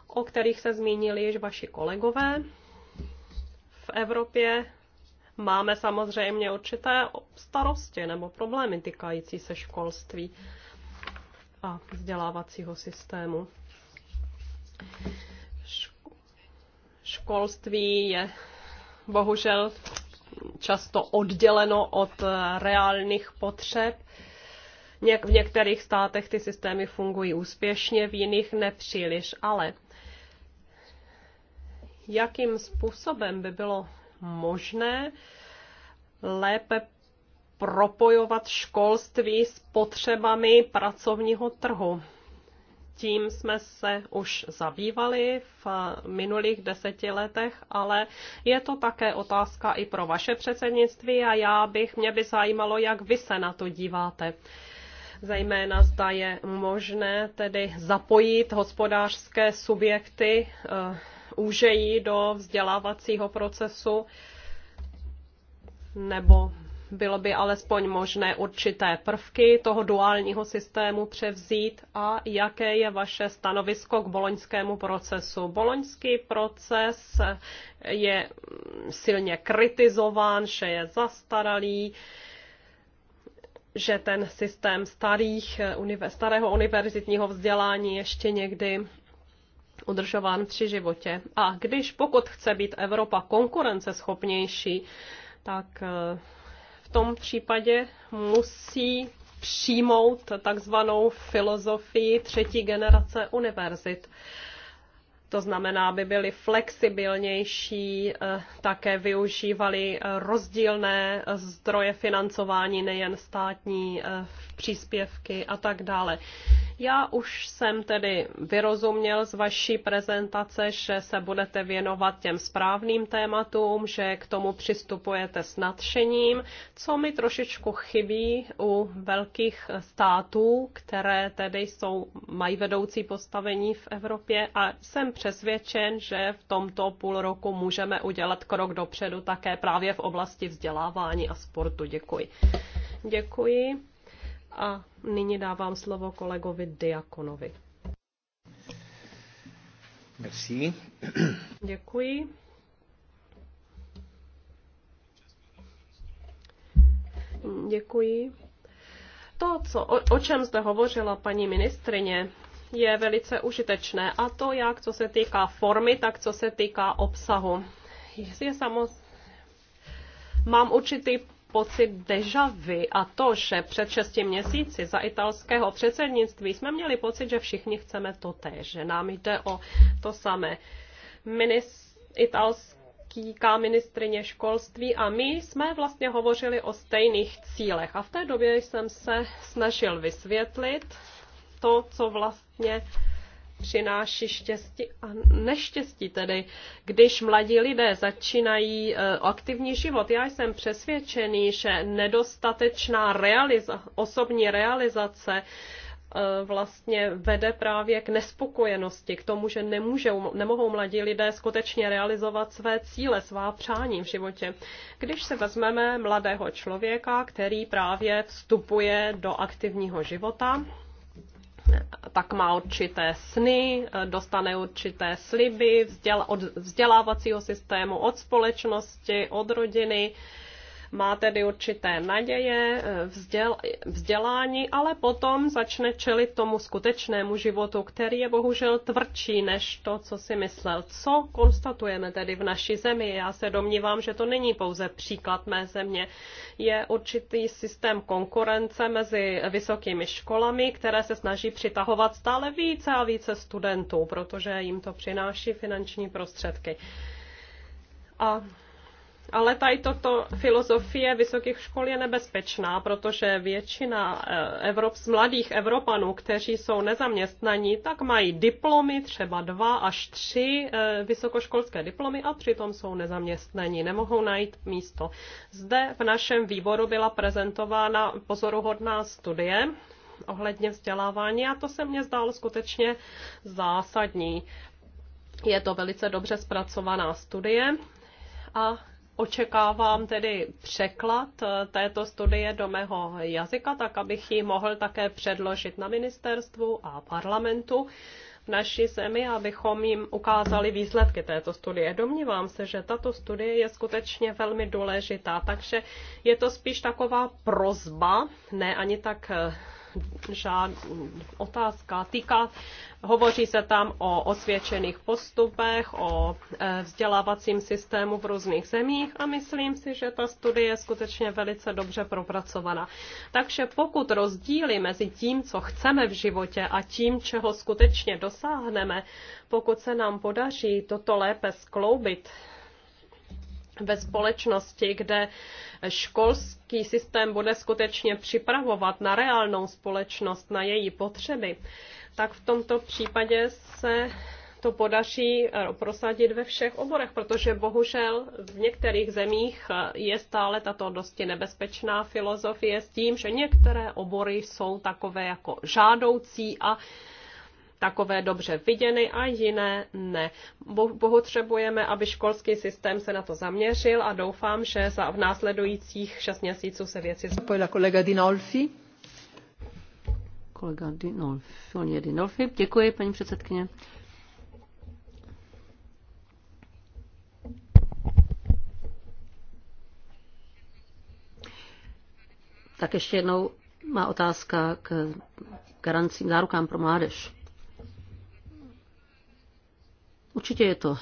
o kterých se zmínili již vaši kolegové. V Evropě máme samozřejmě určité starosti nebo problémy týkající se školství a vzdělávacího systému. Školství je bohužel často odděleno od eh, reálných potřeb. V některých státech ty systémy fungují úspěšně, v jiných nepříliš, ale jakým způsobem by bylo možné lépe propojovat školství s potřebami pracovního trhu. Tím jsme se už zabývali v minulých deseti letech, ale je to také otázka i pro vaše předsednictví a já bych, mě by zajímalo, jak vy se na to díváte zejména zda je možné tedy zapojit hospodářské subjekty eh, úžejí do vzdělávacího procesu, nebo bylo by alespoň možné určité prvky toho duálního systému převzít a jaké je vaše stanovisko k boloňskému procesu. Boloňský proces je silně kritizován, že je zastaralý že ten systém starých, starého univerzitního vzdělání ještě někdy udržován při životě. A když pokud chce být Evropa konkurenceschopnější, tak eh, v tom případě musí přijmout takzvanou filozofii třetí generace univerzit. To znamená, aby byly flexibilnější, eh, také využívali eh, rozdílné eh, zdroje financování, nejen státní příspěvky a tak dále. Já už jsem tedy vyrozuměl z vaší prezentace, že se budete věnovat těm správným tématům, že k tomu přistupujete s nadšením, co mi trošičku chybí u velkých států, které tedy jsou, mají vedoucí postavení v Evropě a jsem přesvědčen, že v tomto půl roku můžeme udělat krok dopředu také právě v oblasti vzdělávání a sportu. Děkuji. Děkuji. A nyní dávám slovo kolegovi Diakonovi. Merci. Děkuji. Děkuji. To, co, o, o čem zde hovořila paní ministrině, je velice užitečné. A to jak co se týká formy, tak co se týká obsahu. Je samoz... Mám určitý pocit deja vu a to, že před šesti měsíci za italského předsednictví jsme měli pocit, že všichni chceme to též, že nám jde o to samé. Minis, italský ministrině školství a my jsme vlastně hovořili o stejných cílech a v té době jsem se snažil vysvětlit to, co vlastně přináší štěstí a neštěstí, tedy když mladí lidé začínají eh, aktivní život. Já jsem přesvědčený, že nedostatečná realiza- osobní realizace eh, vlastně vede právě k nespokojenosti, k tomu, že nemůže, nemohou mladí lidé skutečně realizovat své cíle, svá přání v životě. Když se vezmeme mladého člověka, který právě vstupuje do aktivního života, tak má určité sny, eh, dostane určité sliby od vzdělávacího systému, od společnosti, od rodiny má tedy určité naděje, eh, vzděl, vzdělání, ale potom začne čelit tomu skutečnému životu, který je bohužel tvrdší než to, co si myslel. Co konstatujeme tedy v naší zemi? Já se domnívám, že to není pouze příklad mé země. Je určitý systém konkurence mezi vysokými školami, které se snaží přitahovat stále více a více studentů, protože jim to přináší finanční prostředky. A ale tady toto filozofie vysokých škol je nebezpečná, protože většina eh, Evrop, mladých Evropanů, kteří jsou nezaměstnaní, tak mají diplomy, třeba dva až tři eh, vysokoškolské diplomy a přitom jsou nezaměstnaní, nemohou najít místo. Zde v našem výboru byla prezentována pozoruhodná studie ohledně vzdělávání a to se mně zdálo skutečně zásadní. Je to velice dobře zpracovaná studie a Očekávám tedy překlad eh, této studie do mého jazyka, tak abych ji mohl také předložit na ministerstvu a parlamentu v naší zemi, abychom jim ukázali výsledky této studie. Domnívám se, že tato studie je skutečně velmi důležitá, takže je to spíš taková prozba, ne ani tak eh, žád, otázka. Týká, hovoří se tam o osvědčených postupech, o e, vzdělávacím systému v různých zemích a myslím si, že ta studie je skutečně velice dobře propracovaná. Takže pokud rozdíly mezi tím, co chceme v životě a tím, čeho skutečně dosáhneme, pokud se nám podaří toto lépe skloubit, ve společnosti, kde školský systém bude skutečně připravovat na reálnou společnost, na její potřeby, tak v tomto případě se to podaří eh, prosadit ve všech oborech, protože bohužel v některých zemích eh, je stále tato dosti nebezpečná filozofie s tím, že některé obory jsou takové jako žádoucí a takové dobře viděny a jiné ne. Bohu třebujeme, aby školský systém se na to zaměřil a doufám, že za v následujících šest měsíců se věci... zpojila kolega Dinolfi. Kolega Dinolfi, Dinolfi. Děkuji, paní předsedkyně. Tak ještě jednou má otázka k garancím, zárukám pro mládež. Určitě je to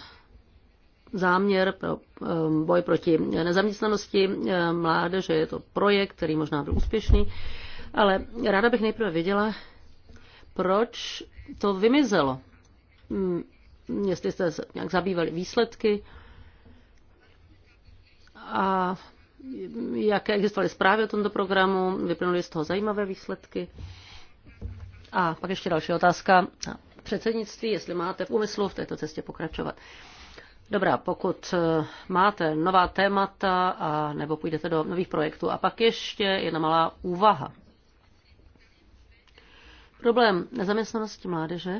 záměr pro um, boj proti nezaměstnanosti um, mládeže, je to projekt, který možná byl úspěšný, ale ráda bych nejprve věděla, proč to vymizelo. Hmm, jestli jste se nějak zabývali výsledky a jaké existovaly zprávy o tomto programu, vyplynuly z toho zajímavé výsledky. A pak ještě další otázka předsednictví, jestli máte v úmyslu v této cestě pokračovat. Dobrá, pokud eh, máte nová témata a nebo půjdete do nových projektů. A pak ještě jedna malá úvaha. Problém nezaměstnanosti mládeže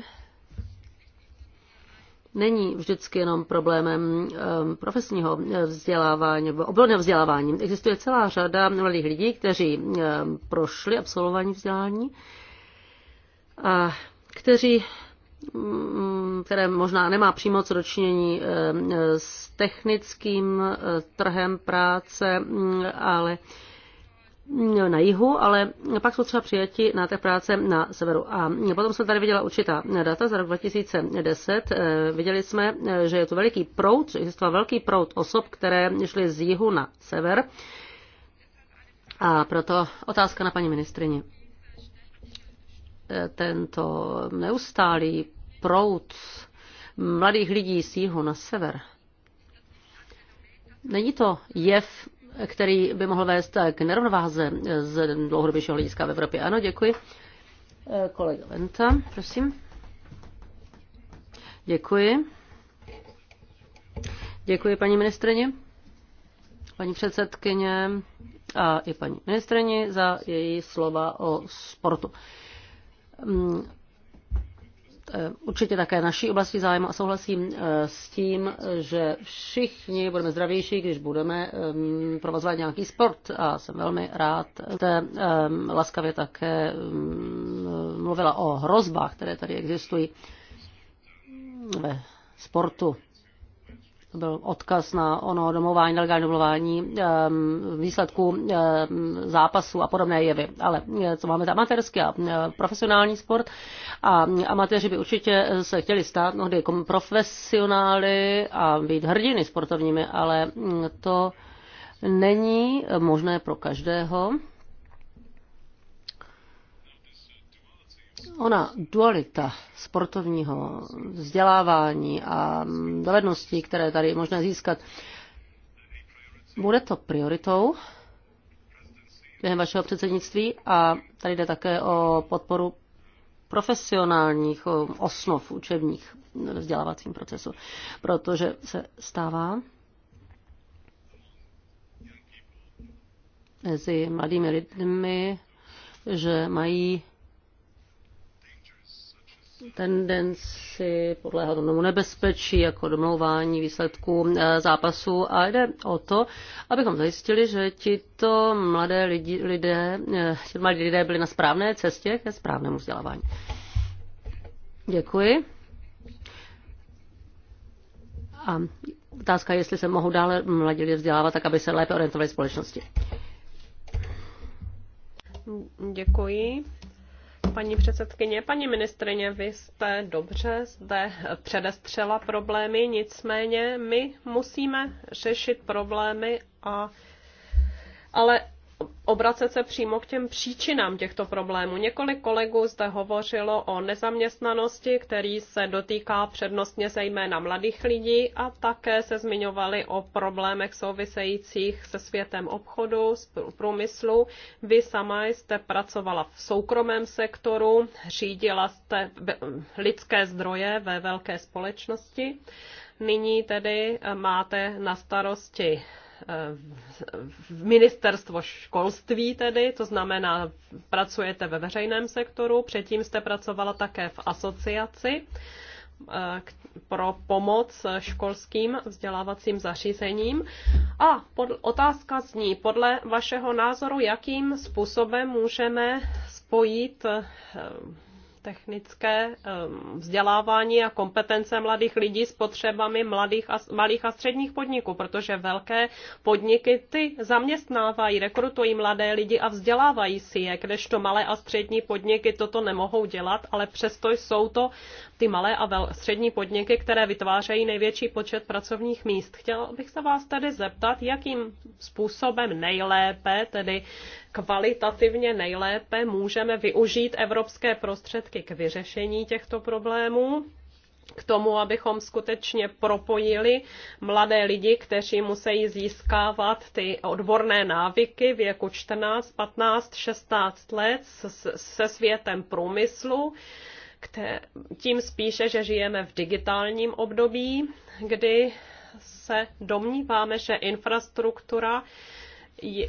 není vždycky jenom problémem eh, profesního vzdělávání nebo obrovného vzdělávání. Existuje celá řada mladých lidí, kteří eh, prošli absolvování vzdělání a kteří Mm, které možná nemá přímo co dočinění eh, s technickým eh, trhem práce, mm, ale mm, na jihu, ale pak jsou třeba přijati na té práce na severu. A potom jsem tady viděla určitá data za rok 2010. Eh, viděli jsme, že je to veliký proud, existoval velký proud osob, které šly z jihu na sever. A proto otázka na paní ministrině. Tento neustálý proud mladých lidí z jihu na sever. Není to jev, který by mohl vést k nerovnováze z dlouhodobějšího hlediska v Evropě. Ano, děkuji. Eh, kolega Lenta, prosím. Děkuji. Děkuji paní ministrině, paní předsedkyně a i paní ministrině za její slova o sportu. Mm, Eh, určitě také naší oblasti zájmu a souhlasím eh, s tím, že všichni budeme zdravější, když budeme ehm, provozovat nějaký sport a jsem velmi rád. Jste ehm, laskavě také ehm, mluvila o hrozbách, které tady existují ve sportu byl odkaz na ono domování, nelegální domování ehm, výsledků ehm, zápasů a podobné jevy. Ale eh, co máme za amatérský a eh, profesionální sport a mm, amatéři by určitě se chtěli stát mnohdy profesionály a být hrdiny sportovními, ale mm, to není možné pro každého. ona dualita sportovního vzdělávání a dovedností, které tady je možné získat, bude to prioritou během vašeho předsednictví a tady jde také o podporu profesionálních osnov učebních vzdělávacím procesu, protože se stává mezi mladými lidmi, že mají tendenci podléhat tomu nebezpečí, jako domlouvání výsledků eh, zápasu a jde o to, abychom zajistili, že tito mladé lidi, lidé, eh, ti mladí lidé byli na správné cestě ke správnému vzdělávání. Děkuji. A otázka, jestli se mohou dále mladí lidé vzdělávat, tak aby se lépe orientovali v společnosti. Děkuji paní předsedkyně. Paní ministrině, vy jste dobře zde předestřela problémy, nicméně my musíme řešit problémy, a, ale obracet se přímo k těm příčinám těchto problémů. Několik kolegů zde hovořilo o nezaměstnanosti, který se dotýká přednostně zejména mladých lidí a také se zmiňovali o problémech souvisejících se světem obchodu, s průmyslu. Vy sama jste pracovala v soukromém sektoru, řídila jste lidské zdroje ve velké společnosti. Nyní tedy eh, máte na starosti ministerstvo školství tedy, to znamená, pracujete ve veřejném sektoru, předtím jste pracovala také v asociaci eh, pro pomoc školským vzdělávacím zařízením. A pod, otázka zní, podle vašeho názoru, jakým způsobem můžeme spojit eh, technické ehm, vzdělávání a kompetence mladých lidí s potřebami mladých a, malých a středních podniků, protože velké podniky ty zaměstnávají, rekrutují mladé lidi a vzdělávají si je, kdežto malé a střední podniky toto nemohou dělat, ale přesto jsou to ty malé a vel, střední podniky, které vytvářejí největší počet pracovních míst. Chtěla bych se vás tedy zeptat, jakým způsobem nejlépe tedy kvalitativně nejlépe můžeme využít evropské prostředky k vyřešení těchto problémů k tomu, abychom skutečně propojili mladé lidi, kteří musí získávat ty odborné návyky věku 14, 15, 16 let se světem průmyslu, tím spíše, že žijeme v digitálním období, kdy se domníváme, že infrastruktura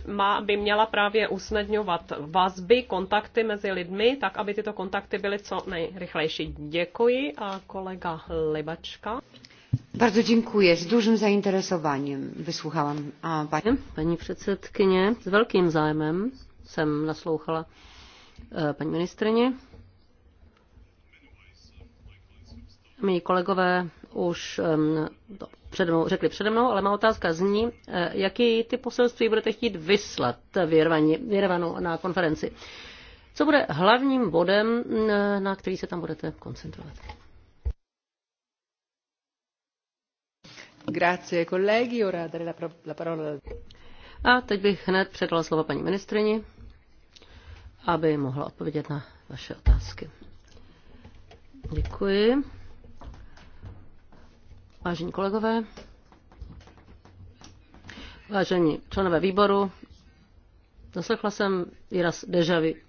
má, by měla právě usnadňovat vazby, kontakty mezi lidmi, tak aby tyto kontakty byly co nejrychlejší. Děkuji a kolega Libačka. Bardzo dziękuję. Z dużym zainteresowaniem wysłuchałam a pani. Paní předsedkyně, s velkým zájmem jsem naslouchala e, paní ministrině. Mí kolegové už to přede mnou, řekli přede mnou, ale má otázka zní, eh, jaký ty poselství budete chtít vyslat v na konferenci. Co bude hlavním bodem, mm, eh, na který se tam budete koncentrovat? Grazie, colleghi. Ora dare la, la parola. A teď bych hned předala slovo paní ministrini, aby mohla odpovědět na vaše otázky. Děkuji. Vážení kolegové, vážení členové výboru, zaslechla jsem výraz dežavy.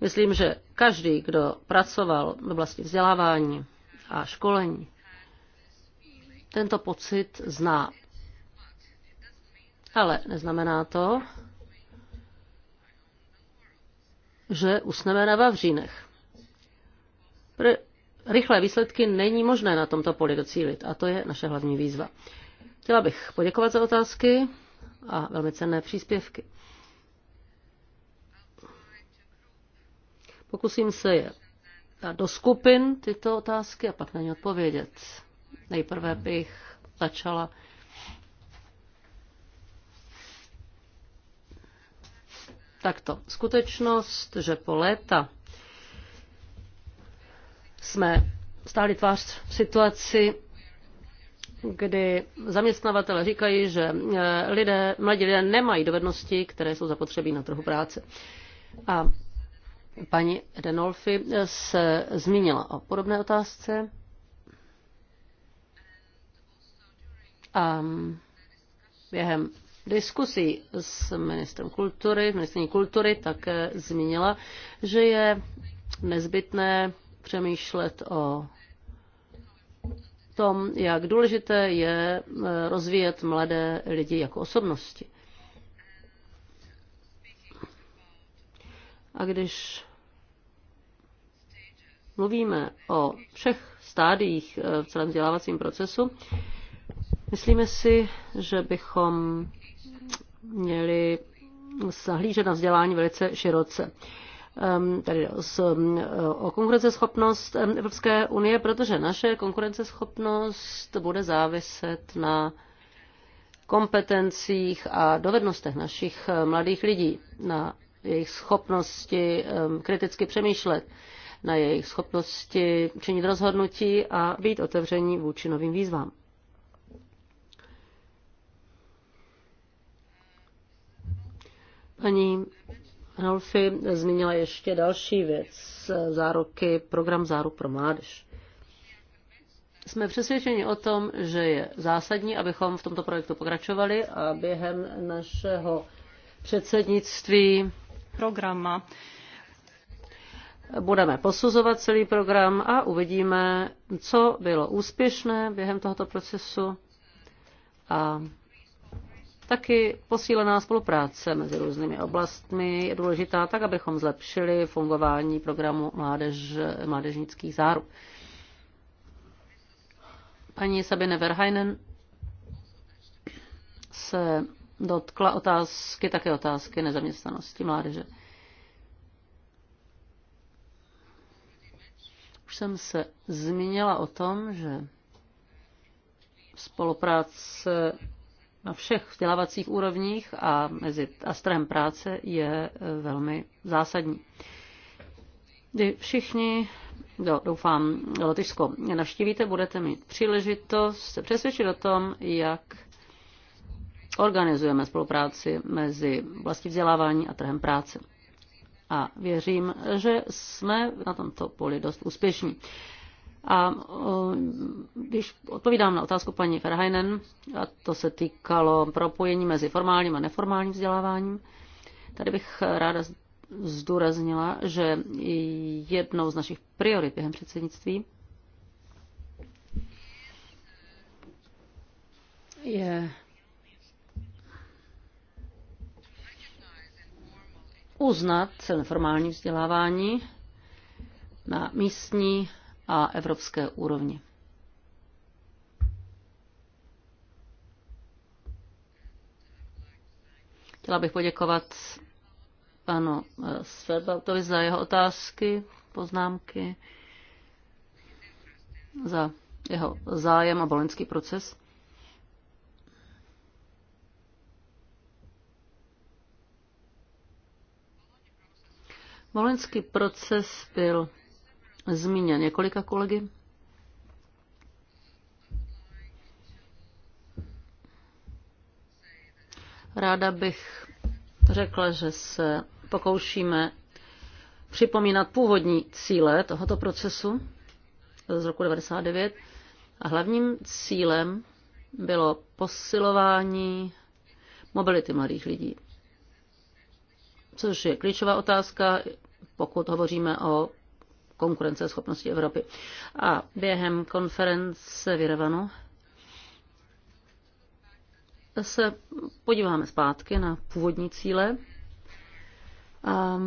Myslím, že každý, kdo pracoval v oblasti vzdělávání a školení, tento pocit zná. Ale neznamená to, že usneme na Vavřínech rychlé výsledky není možné na tomto poli docílit a to je naše hlavní výzva. Chtěla bych poděkovat za otázky a velmi cenné příspěvky. Pokusím se je dát do skupin tyto otázky a pak na ně odpovědět. Nejprve bych začala takto. Skutečnost, že po léta jsme stáli tvář v situaci, kdy zaměstnavatele říkají, že e, lidé, mladí lidé nemají dovednosti, které jsou zapotřebí na trhu práce. A paní Denolfi se zmínila o podobné otázce. A během diskusí s ministrem kultury, ministrní kultury také zmínila, že je nezbytné přemýšlet o tom, jak důležité je eh, rozvíjet mladé lidi jako osobnosti. A když mluvíme o všech stádiích eh, v celém vzdělávacím procesu, myslíme si, že bychom měli zahlížet na vzdělání velice široce tady o konkurenceschopnost Evropské unie, protože naše konkurenceschopnost bude záviset na kompetencích a dovednostech našich mladých lidí, na jejich schopnosti kriticky přemýšlet, na jejich schopnosti činit rozhodnutí a být otevření vůči novým výzvám. Paní Rolfi zmínila ještě další věc, záruky, program záruk pro mládež. Jsme přesvědčeni o tom, že je zásadní, abychom v tomto projektu pokračovali a během našeho předsednictví programa budeme posuzovat celý program a uvidíme, co bylo úspěšné během tohoto procesu a Taky posílená spolupráce mezi různými oblastmi je důležitá tak, abychom zlepšili fungování programu mládež, mládežnických záruk. Paní Sabine Verheinen se dotkla otázky, také otázky nezaměstnanosti mládeže. Už jsem se zmínila o tom, že spolupráce na všech vzdělávacích úrovních a mezi a trhem práce je e, velmi zásadní. Kdy všichni, do, doufám, Lotyšsko navštívíte, budete mít příležitost se přesvědčit o tom, jak organizujeme spolupráci mezi vlastní vzdělávání a trhem práce. A věřím, že jsme na tomto poli dost úspěšní. A eh, když odpovídám na otázku paní Ferhajnen, a to se týkalo propojení mezi formálním a neformálním vzděláváním, tady bych ráda zdůraznila, že jednou z našich priorit během předsednictví je uznat formální vzdělávání na místní a evropské úrovni. Chtěla bych poděkovat panu eh, Svedbaltovi za jeho otázky, poznámky, za jeho zájem a bolenský proces. Bolenský proces byl zmíněn několika kolegy. Ráda bych řekla, že se pokoušíme připomínat původní cíle tohoto procesu z roku 99 a hlavním cílem bylo posilování mobility mladých lidí, což je klíčová otázka, pokud hovoříme o konkurenceschopnosti Evropy. A během konference v Jerevanu se podíváme zpátky na původní cíle. A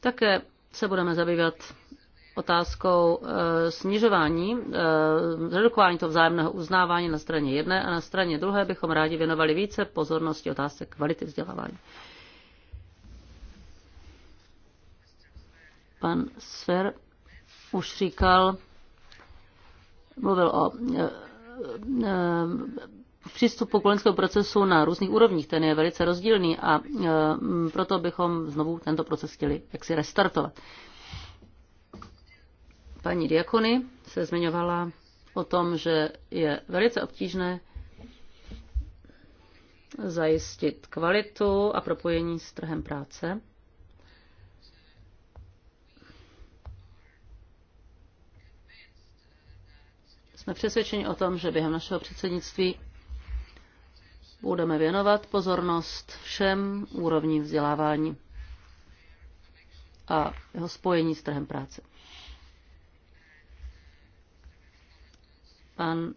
také se budeme zabývat otázkou e, snižování, e, eh, zredukování toho vzájemného uznávání na straně jedné a na straně druhé bychom rádi věnovali více pozornosti otázce kvality vzdělávání. Pan Sfer už říkal, mluvil o e, e přístupu k procesu na různých úrovních, ten je velice rozdílný a e, proto bychom znovu tento proces chtěli jaksi restartovat. Paní Diakony se zmiňovala o tom, že je velice obtížné zajistit kvalitu a propojení s trhem práce. Jsme přesvědčeni o tom, že během našeho předsednictví budeme věnovat pozornost všem úrovním vzdělávání a jeho spojení s trhem práce. Pan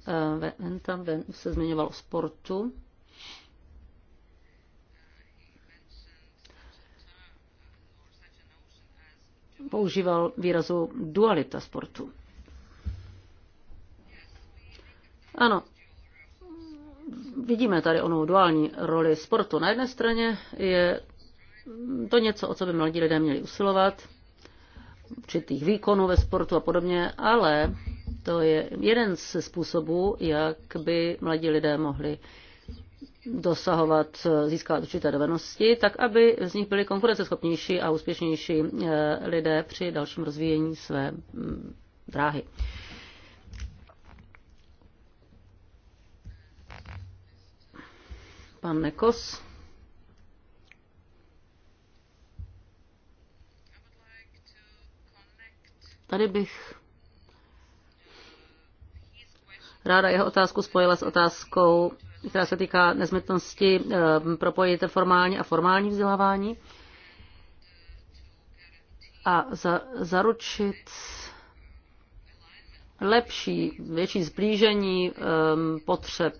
eh, Ventam ven, se zmiňoval o sportu. Používal výrazu dualita sportu. Ano, vidíme tady onou duální roli sportu. Na jedné straně je to něco, o co by mladí lidé měli usilovat, určitých výkonů ve sportu a podobně, ale to je jeden z způsobů, jak by mladí lidé mohli dosahovat, získávat určité dovednosti, tak aby z nich byli konkurenceschopnější a úspěšnější eh, lidé při dalším rozvíjení své mm, dráhy. Tady bych ráda jeho otázku spojila s otázkou, která se týká nezbytnosti eh, propojit formální a formální vzdělávání a za, zaručit lepší, větší zblížení potřeb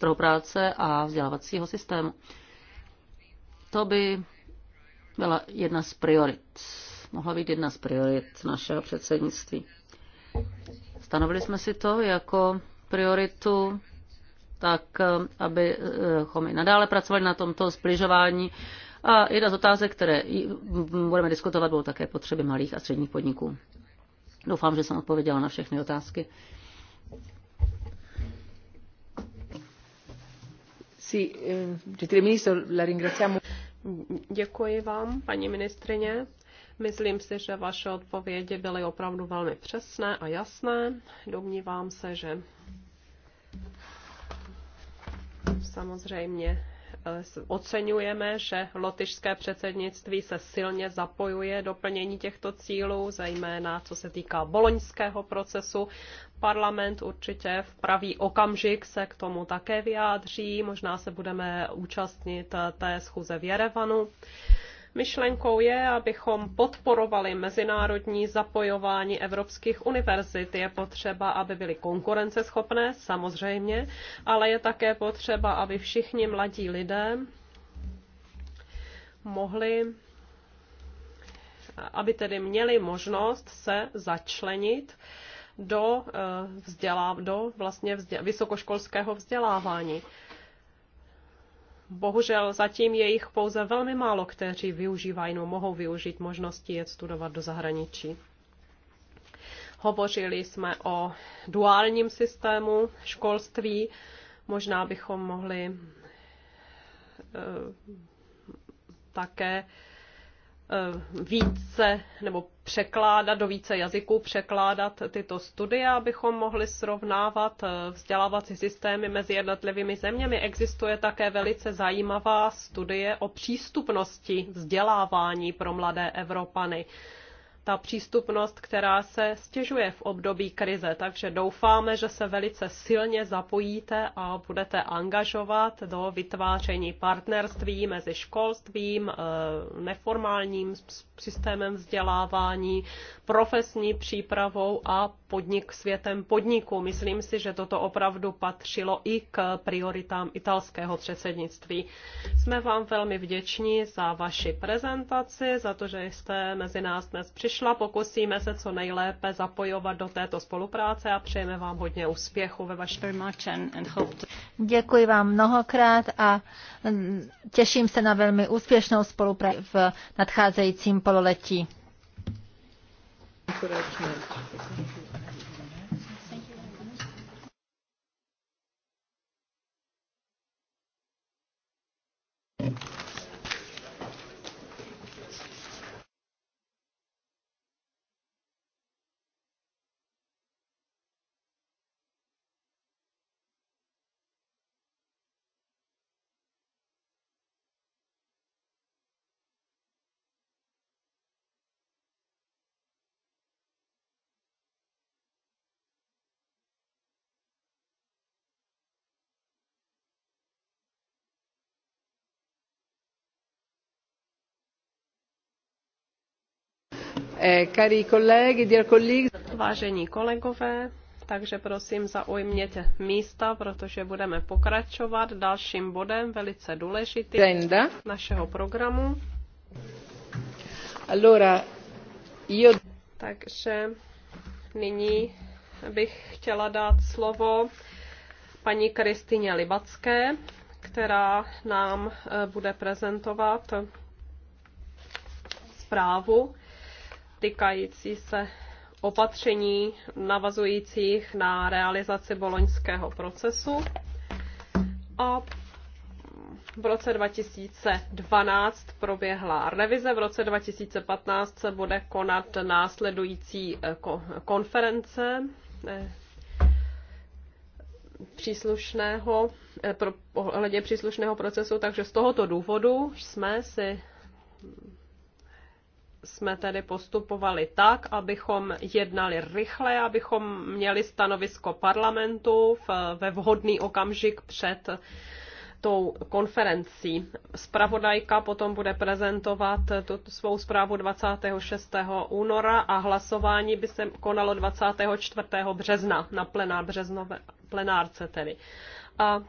trhu práce a vzdělávacího systému. To by byla jedna z priorit. Mohla být jedna z priorit našeho předsednictví. Stanovili jsme si to jako prioritu, tak abychom i nadále pracovali na tomto zbližování. A jedna z otázek, které budeme diskutovat, budou také potřeby malých a středních podniků. Doufám, že jsem odpověděla na všechny otázky. Eh, Děkuji vám, paní ministrině. Myslím si, že vaše odpovědi byly opravdu velmi přesné a jasné. Domnívám se, že samozřejmě Oceňujeme, že lotyšské předsednictví se silně zapojuje do plnění těchto cílů, zejména co se týká boloňského procesu. Parlament určitě v pravý okamžik se k tomu také vyjádří. Možná se budeme účastnit té schůze v Jerevanu. Myšlenkou je, abychom podporovali mezinárodní zapojování evropských univerzit. Je potřeba, aby byly konkurenceschopné, samozřejmě, ale je také potřeba, aby všichni mladí lidé mohli aby tedy měli možnost se začlenit do, eh, vzdělá, do vlastně vzdě, vysokoškolského vzdělávání bohužel zatím je jich pouze velmi málo, kteří využívají nebo mohou využít možnosti jet studovat do zahraničí. Hovořili jsme o duálním systému školství. Možná bychom mohli eh, také Eh, více nebo překládat do více jazyků, překládat tyto studie, abychom mohli srovnávat eh, vzdělávací systémy mezi jednotlivými zeměmi. Existuje také velice zajímavá studie o přístupnosti vzdělávání pro mladé Evropany ta přístupnost, která se stěžuje v období krize. Takže doufáme, že se velice silně zapojíte a budete angažovat do vytváření partnerství mezi školstvím, eh, neformálním systémem vzdělávání, profesní přípravou a podnik světem podniku. Myslím si, že toto opravdu patřilo i k prioritám italského předsednictví. Jsme vám velmi vděční za vaši prezentaci, za to, že jste mezi nás dnes přišla. Pokusíme se co nejlépe zapojovat do této spolupráce a přejeme vám hodně úspěchu ve vaší. Děkuji vám mnohokrát a těším se na velmi úspěšnou spolupráci v nadcházejícím pololetí. Eh, Vážení kolegové, takže prosím zaujměte místa, protože budeme pokračovat dalším bodem velice důležitým našeho programu. Allora, io... Takže nyní bych chtěla dát slovo paní Kristině Libacké, která nám eh, bude prezentovat zprávu týkající se opatření navazujících na realizaci boloňského procesu. A v roce 2012 proběhla revize, v roce 2015 se bude konat následující eh, konference eh, příslušného, eh, ohledně příslušného procesu, takže z tohoto důvodu jsme si jsme tedy postupovali tak, abychom jednali rychle, abychom měli stanovisko parlamentu ve vhodný okamžik před tou konferencí. Spravodajka potom bude prezentovat tu svou zprávu 26. února a hlasování by se konalo 24. března na plenár, březnové, plenárce tedy. A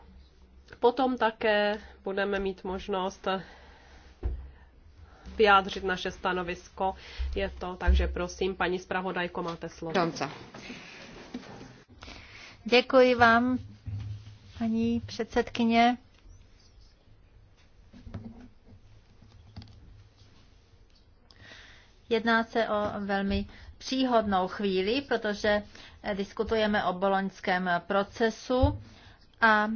potom také budeme mít možnost vyjádřit naše stanovisko. Je to, takže prosím, paní zpravodajko, máte slovo. Konca. Děkuji vám, paní předsedkyně. Jedná se o velmi příhodnou chvíli, protože diskutujeme o boloňském procesu a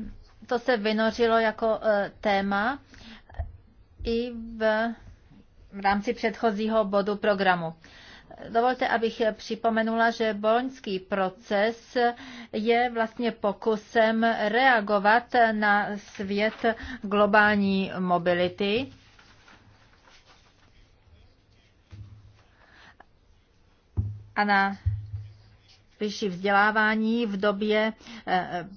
to se vynořilo jako e, téma i v v rámci předchozího bodu programu. Dovolte, abych připomenula, že boloňský proces je vlastně pokusem reagovat na svět globální mobility. A na vyšší vzdělávání v době eh,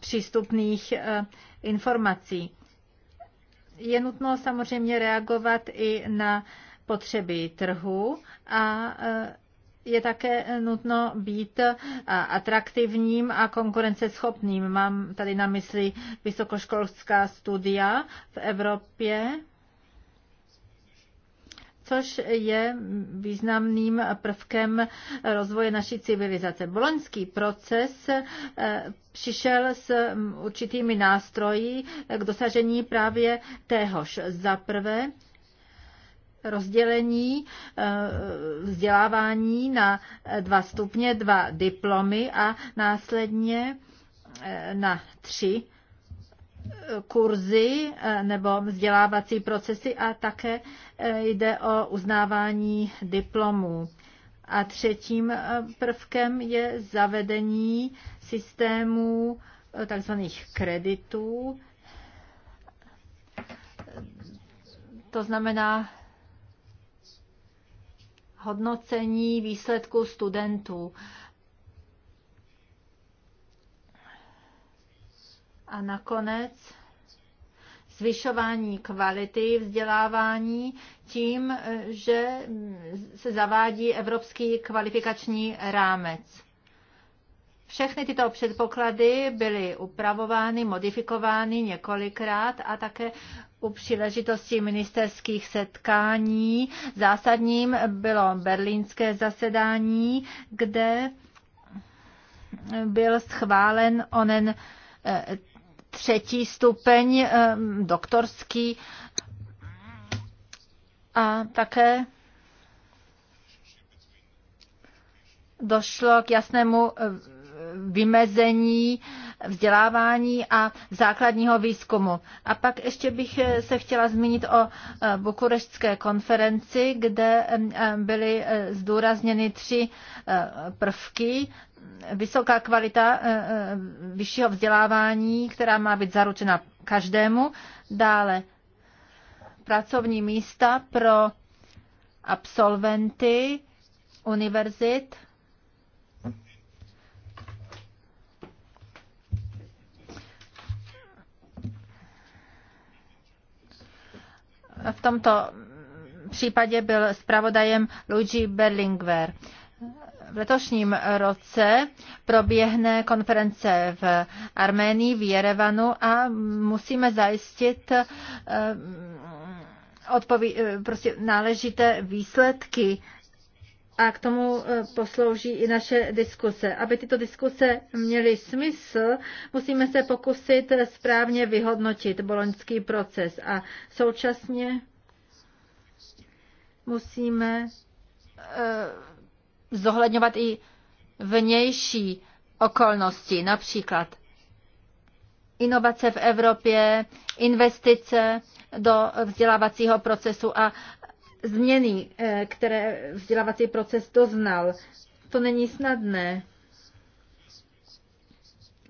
přístupných eh, informací. Je nutno samozřejmě reagovat i na potřeby trhu a eh, je také nutno být eh, atraktivním a konkurenceschopným. Mám tady na mysli vysokoškolská studia v Evropě což je významným prvkem rozvoje naší civilizace. Boloňský proces eh, přišel s mm, určitými nástroji k dosažení právě téhož. Za prvé, rozdělení eh, vzdělávání na dva stupně, dva diplomy a následně eh, na tři kurzy eh, nebo vzdělávací procesy a také eh, jde o uznávání diplomů. A třetím eh, prvkem je zavedení systému tzv. kreditů. To znamená hodnocení výsledků studentů A nakonec zvyšování kvality vzdělávání tím, že se zavádí evropský kvalifikační rámec. Všechny tyto předpoklady byly upravovány, modifikovány několikrát a také u příležitosti ministerských setkání. Zásadním bylo berlínské zasedání, kde byl schválen onen eh, třetí stupeň, eh, doktorský a také došlo k jasnému eh, vymezení vzdělávání a základního výzkumu. A pak ještě bych eh, se chtěla zmínit o bukureštské konferenci, kde byly zdůrazněny tři prvky vysoká kvalita eh, eh, vyššího vzdělávání, která má být zaručena každému. Dále pracovní místa pro absolventy univerzit. V tomto případě byl zpravodajem Luigi Berlinguer. V letošním roce proběhne konference v Arménii, v Jerevanu a musíme zajistit eh, odpoví- eh, prostě náležité výsledky a k tomu eh, poslouží i naše diskuse. Aby tyto diskuse měly smysl, musíme se pokusit správně vyhodnotit boloňský proces a současně musíme zohledňovat i vnější okolnosti, například inovace v Evropě, investice do vzdělávacího procesu a změny, eh, které vzdělávací proces doznal. To není snadné.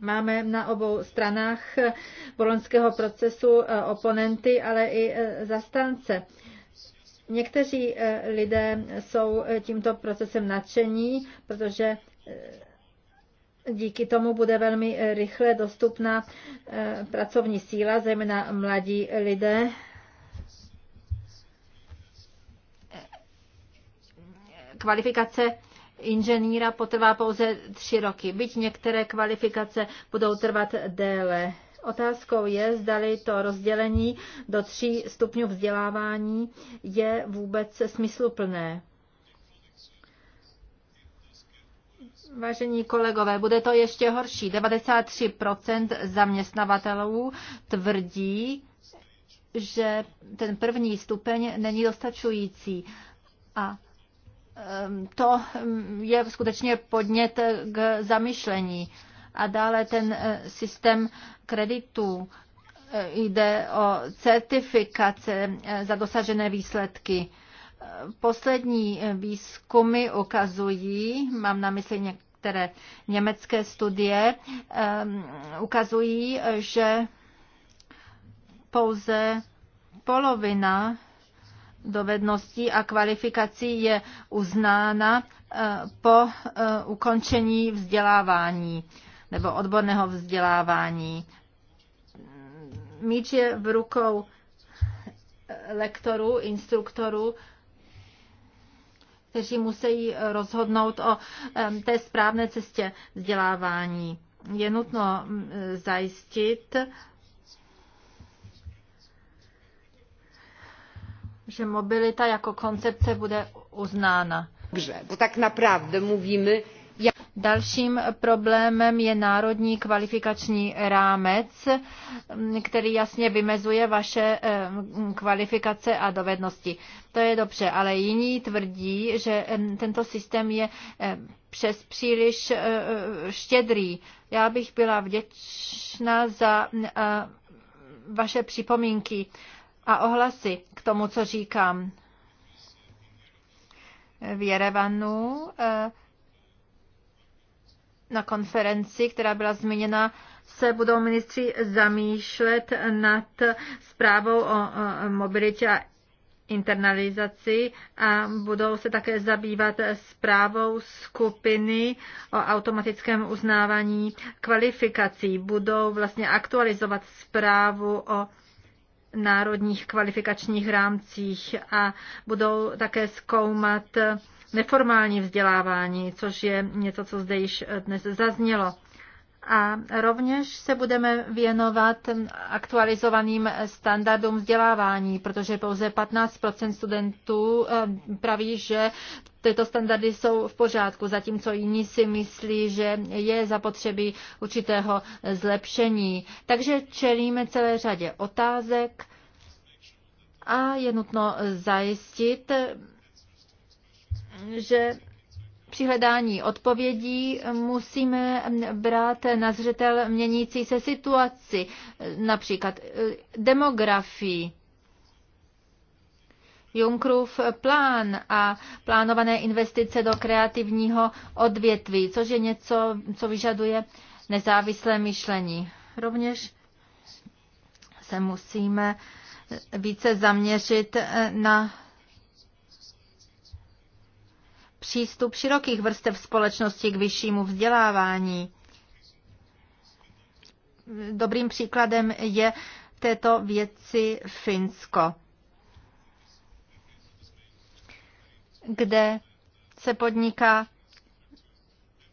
Máme na obou stranách eh, bolonského procesu eh, oponenty, ale i zastánce Někteří eh, lidé jsou eh, tímto procesem nadšení, protože eh, díky tomu bude velmi rychle dostupná pracovní síla, zejména mladí lidé. Kvalifikace inženýra potrvá pouze tři roky, byť některé kvalifikace budou trvat déle. Otázkou je, zdali to rozdělení do tří stupňů vzdělávání je vůbec smysluplné. Vážení kolegové, bude to ještě horší. 93% zaměstnavatelů tvrdí, že ten první stupeň není dostačující. A ehm, to ehm, je skutečně podnět k zamyšlení. A dále ten eh, systém kreditů eh, jde o certifikace eh, za dosažené výsledky. Poslední výzkumy ukazují, mám na mysli některé německé studie, ehm, ukazují, že pouze polovina dovedností a kvalifikací je uznána po ukončení vzdělávání nebo odborného vzdělávání. Míč je v rukou lektorů, instruktorů, kteří musí rozhodnout o té správné cestě vzdělávání. Je nutno zajistit, že mobilita jako koncepce bude uznána. Bo tak naprawdę mówimy Dalším problémem je národní kvalifikační rámec, který jasně vymezuje vaše eh, kvalifikace a dovednosti. To je dobře, ale jiní tvrdí, že eh, tento systém je eh, přes příliš štědrý. Já bych byla vděčná za vaše připomínky a ohlasy k tomu, co říkám. Věrevanu, na konferenci, která byla zmíněna, se budou ministři zamýšlet nad zprávou o mobilitě a internalizaci a budou se také zabývat zprávou skupiny o automatickém uznávání kvalifikací. Budou vlastně aktualizovat zprávu o národních kvalifikačních rámcích a budou také zkoumat neformální vzdělávání, což je něco, co zde již dnes zaznělo. A rovněž se budeme věnovat aktualizovaným standardům vzdělávání, protože pouze 15 studentů eh, praví, že tyto standardy jsou v pořádku, zatímco jiní si myslí, že je zapotřebí určitého zlepšení. Takže čelíme celé řadě otázek a je nutno zajistit, že při hledání odpovědí musíme brát na zřetel měnící se situaci, například e, demografii. Junkrův plán a plánované investice do kreativního odvětví, což je něco, co vyžaduje nezávislé myšlení. Rovněž se musíme více zaměřit e, na přístup širokých vrstev společnosti k vyššímu vzdělávání. Dobrým příkladem je této věci Finsko, kde se podniká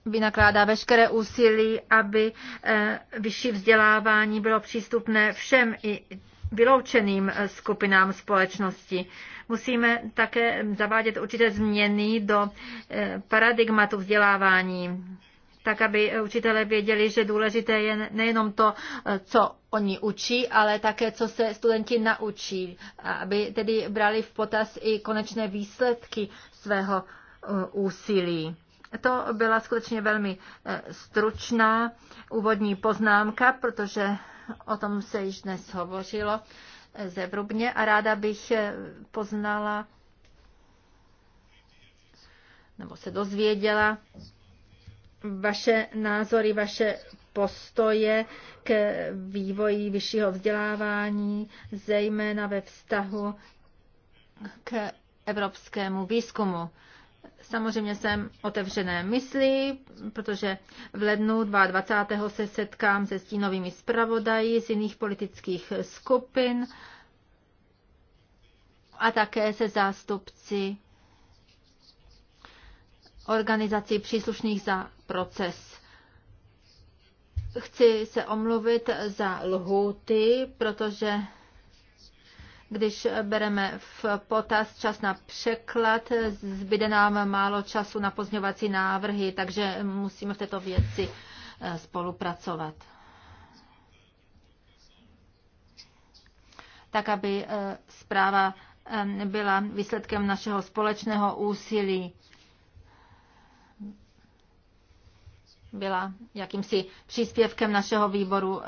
vynakládá veškeré úsilí, aby eh, vyšší vzdělávání bylo přístupné všem i vyloučeným eh, skupinám společnosti. Musíme také zavádět určité změny do eh, paradigmatu vzdělávání tak aby učitelé věděli, že důležité je nejenom to, eh, co oni učí, ale také, co se studenti naučí, aby tedy brali v potaz i konečné výsledky svého úsilí. To byla skutečně velmi eh, stručná úvodní poznámka, protože o tom se již dnes hovořilo eh, zevrubně a ráda bych eh, poznala nebo se dozvěděla vaše názory, vaše postoje k vývoji vyššího vzdělávání, zejména ve vztahu k evropskému výzkumu. Samozřejmě jsem otevřené mysli, protože v lednu 22. se setkám se stínovými zpravodaji z jiných politických skupin a také se zástupci organizací příslušných za proces. Chci se omluvit za lhuty, protože když bereme v potaz čas na překlad, zbyde nám málo času na pozňovací návrhy, takže musíme v této věci eh, spolupracovat. Tak, aby eh, zpráva eh, byla výsledkem našeho společného úsilí. byla jakýmsi příspěvkem našeho výboru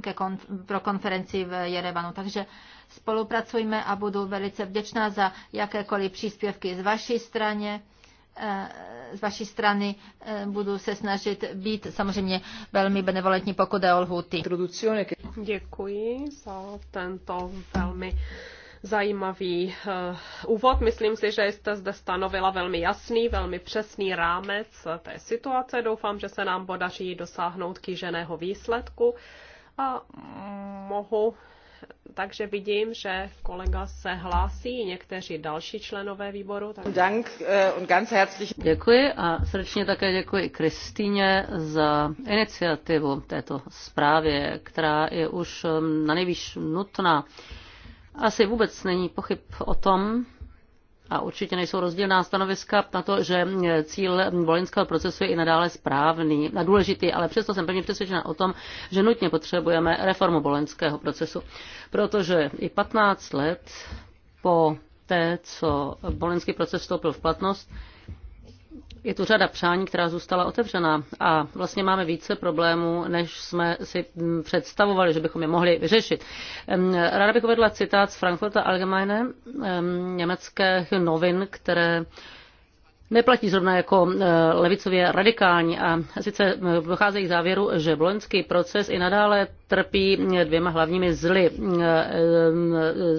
ke konf- pro konferenci v Jerevanu. Takže spolupracujme a budu velice vděčná za jakékoliv příspěvky z vaší strany e, z vaší strany e, budu se snažit být samozřejmě velmi benevolentní, pokud je o lhuty. Děkuji za tento velmi zajímavý eh, úvod. Myslím si, že jste zde stanovila velmi jasný, velmi přesný rámec té situace. Doufám, že se nám podaří dosáhnout kýženého výsledku a mohu takže vidím, že kolega se hlásí, někteří další členové výboru. Tak... Eh, děkuji a srdečně také děkuji Kristýně za iniciativu této zprávy, která je už mm, na nejvíc nutná. Asi vůbec není pochyb o tom, a určitě nejsou rozdílná stanoviska na to, že cíl volinského procesu je i nadále správný a důležitý, ale přesto jsem pevně přesvědčena o tom, že nutně potřebujeme reformu volinského procesu, protože i 15 let po té, co bolenský proces vstoupil v platnost, je tu řada přání, která zůstala otevřená a vlastně máme více problémů, než jsme si mm, představovali, že bychom je mohli vyřešit. Ráda bych uvedla citát z Frankfurta Allgemeine, německých novin, které neplatí zrovna jako e, levicově radikální a sice e, dochází k závěru, že boloňský proces i nadále trpí dvěma hlavními zly.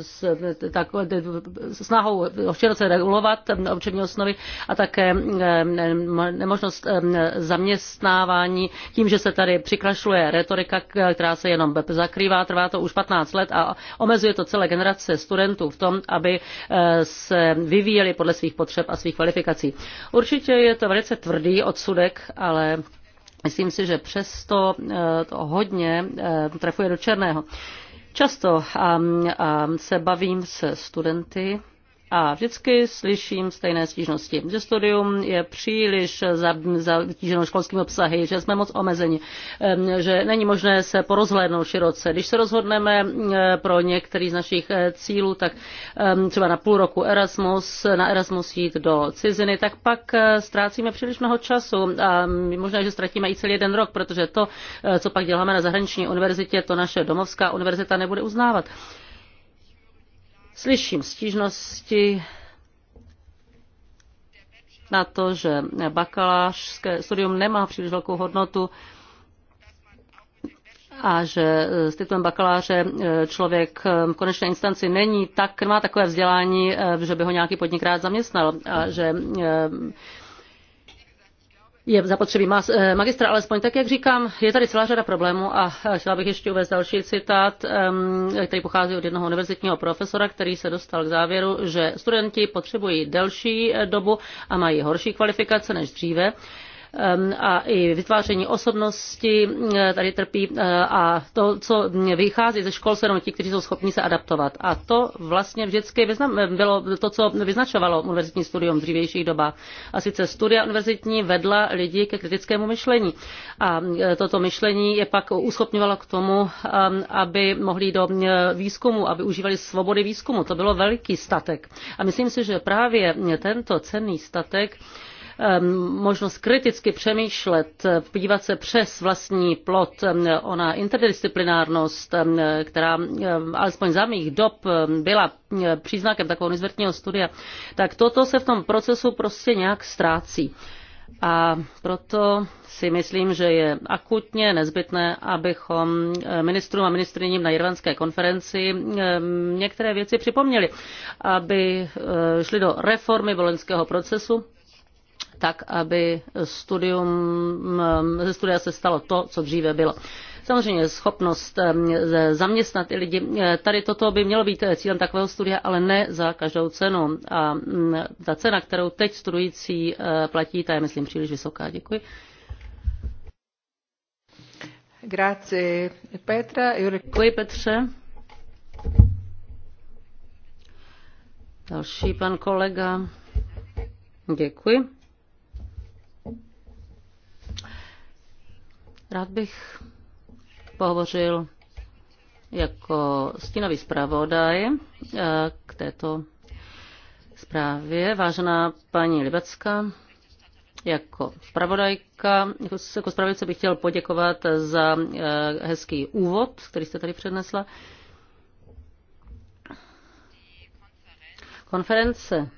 S, tak, snahou široce regulovat občevní osnovy a také eh, nemožnost eh, zaměstnávání tím, že se tady přikrašluje retorika, která se jenom zakrývá, trvá to už 15 let a omezuje to celé generace studentů v tom, aby eh, se vyvíjeli podle svých potřeb a svých kvalifikací. Určitě je to velice tvrdý odsudek, ale Myslím si, že přesto eh, to hodně eh, trefuje do černého. Často se bavím se studenty a vždycky slyším stejné stížnosti, že studium je příliš zatíženo školskými obsahy, že jsme moc omezeni, že není možné se porozhlédnout široce. Když se rozhodneme pro některý z našich eh, cílů, tak třeba na půl roku Erasmus, na Erasmus jít do ciziny, tak pak eh, ztrácíme příliš mnoho času a možná, že ztratíme i celý jeden rok, protože to, eh, co pak děláme na zahraniční univerzitě, to naše domovská univerzita nebude uznávat. Slyším stížnosti na to, že bakalářské studium nemá příliš velkou hodnotu a že s titulem bakaláře e, člověk e, v konečné instanci není tak, má takové vzdělání, e, že by ho nějaký podnik rád zaměstnal a že je zapotřebí eh, magistra, alespoň tak, jak říkám, je tady celá řada problémů a eh, chtěla bych ještě uvést další citát, který pochází od jednoho univerzitního profesora, který se dostal k závěru, že studenti potřebují delší eh, dobu a mají horší kvalifikace než dříve a i vytváření osobnosti eh, tady trpí eh, a to, co vychází ze škol, jsou jenom ti, kteří jsou schopni se adaptovat. A to vlastně vždycky bylo to, co vyznačovalo univerzitní studium v dřívějších dobách. A sice studia univerzitní vedla lidi ke kritickému myšlení. A eh, toto myšlení je pak uschopňovalo k tomu, aby mohli do výzkumu, aby užívali svobody výzkumu. To bylo velký statek. A myslím si, že právě tento cenný statek Um, možnost kriticky přemýšlet, podívat se přes vlastní plot, um, ona interdisciplinárnost, um, která alespoň za mých dob byla příznakem takového nezvrtního studia, tak toto se v tom procesu prostě nějak ztrácí. A proto si myslím, že je akutně nezbytné, abychom eh, ministrům a ministriním na jirvanské konferenci eh, některé věci připomněli, aby eh, šli do reformy volenského procesu, tak aby studium, eh, ze studia se stalo to, co dříve bylo. Samozřejmě schopnost eh, zaměstnat i lidi, eh, tady toto by mělo být cílem takového studia, ale ne za každou cenu. A mm, ta cena, kterou teď studující platí, ta je, myslím, příliš vysoká. Děkuji. Grazie Petra. Děkuji Petře. Další pan kolega. Děkuji. Rád bych pohovořil jako stínový zpravodaj eh, k této zprávě. Vážená paní Libecka, jako zpravodajka, jako, jako zpravodajce bych chtěl poděkovat za eh, hezký úvod, který jste tady přednesla. Konference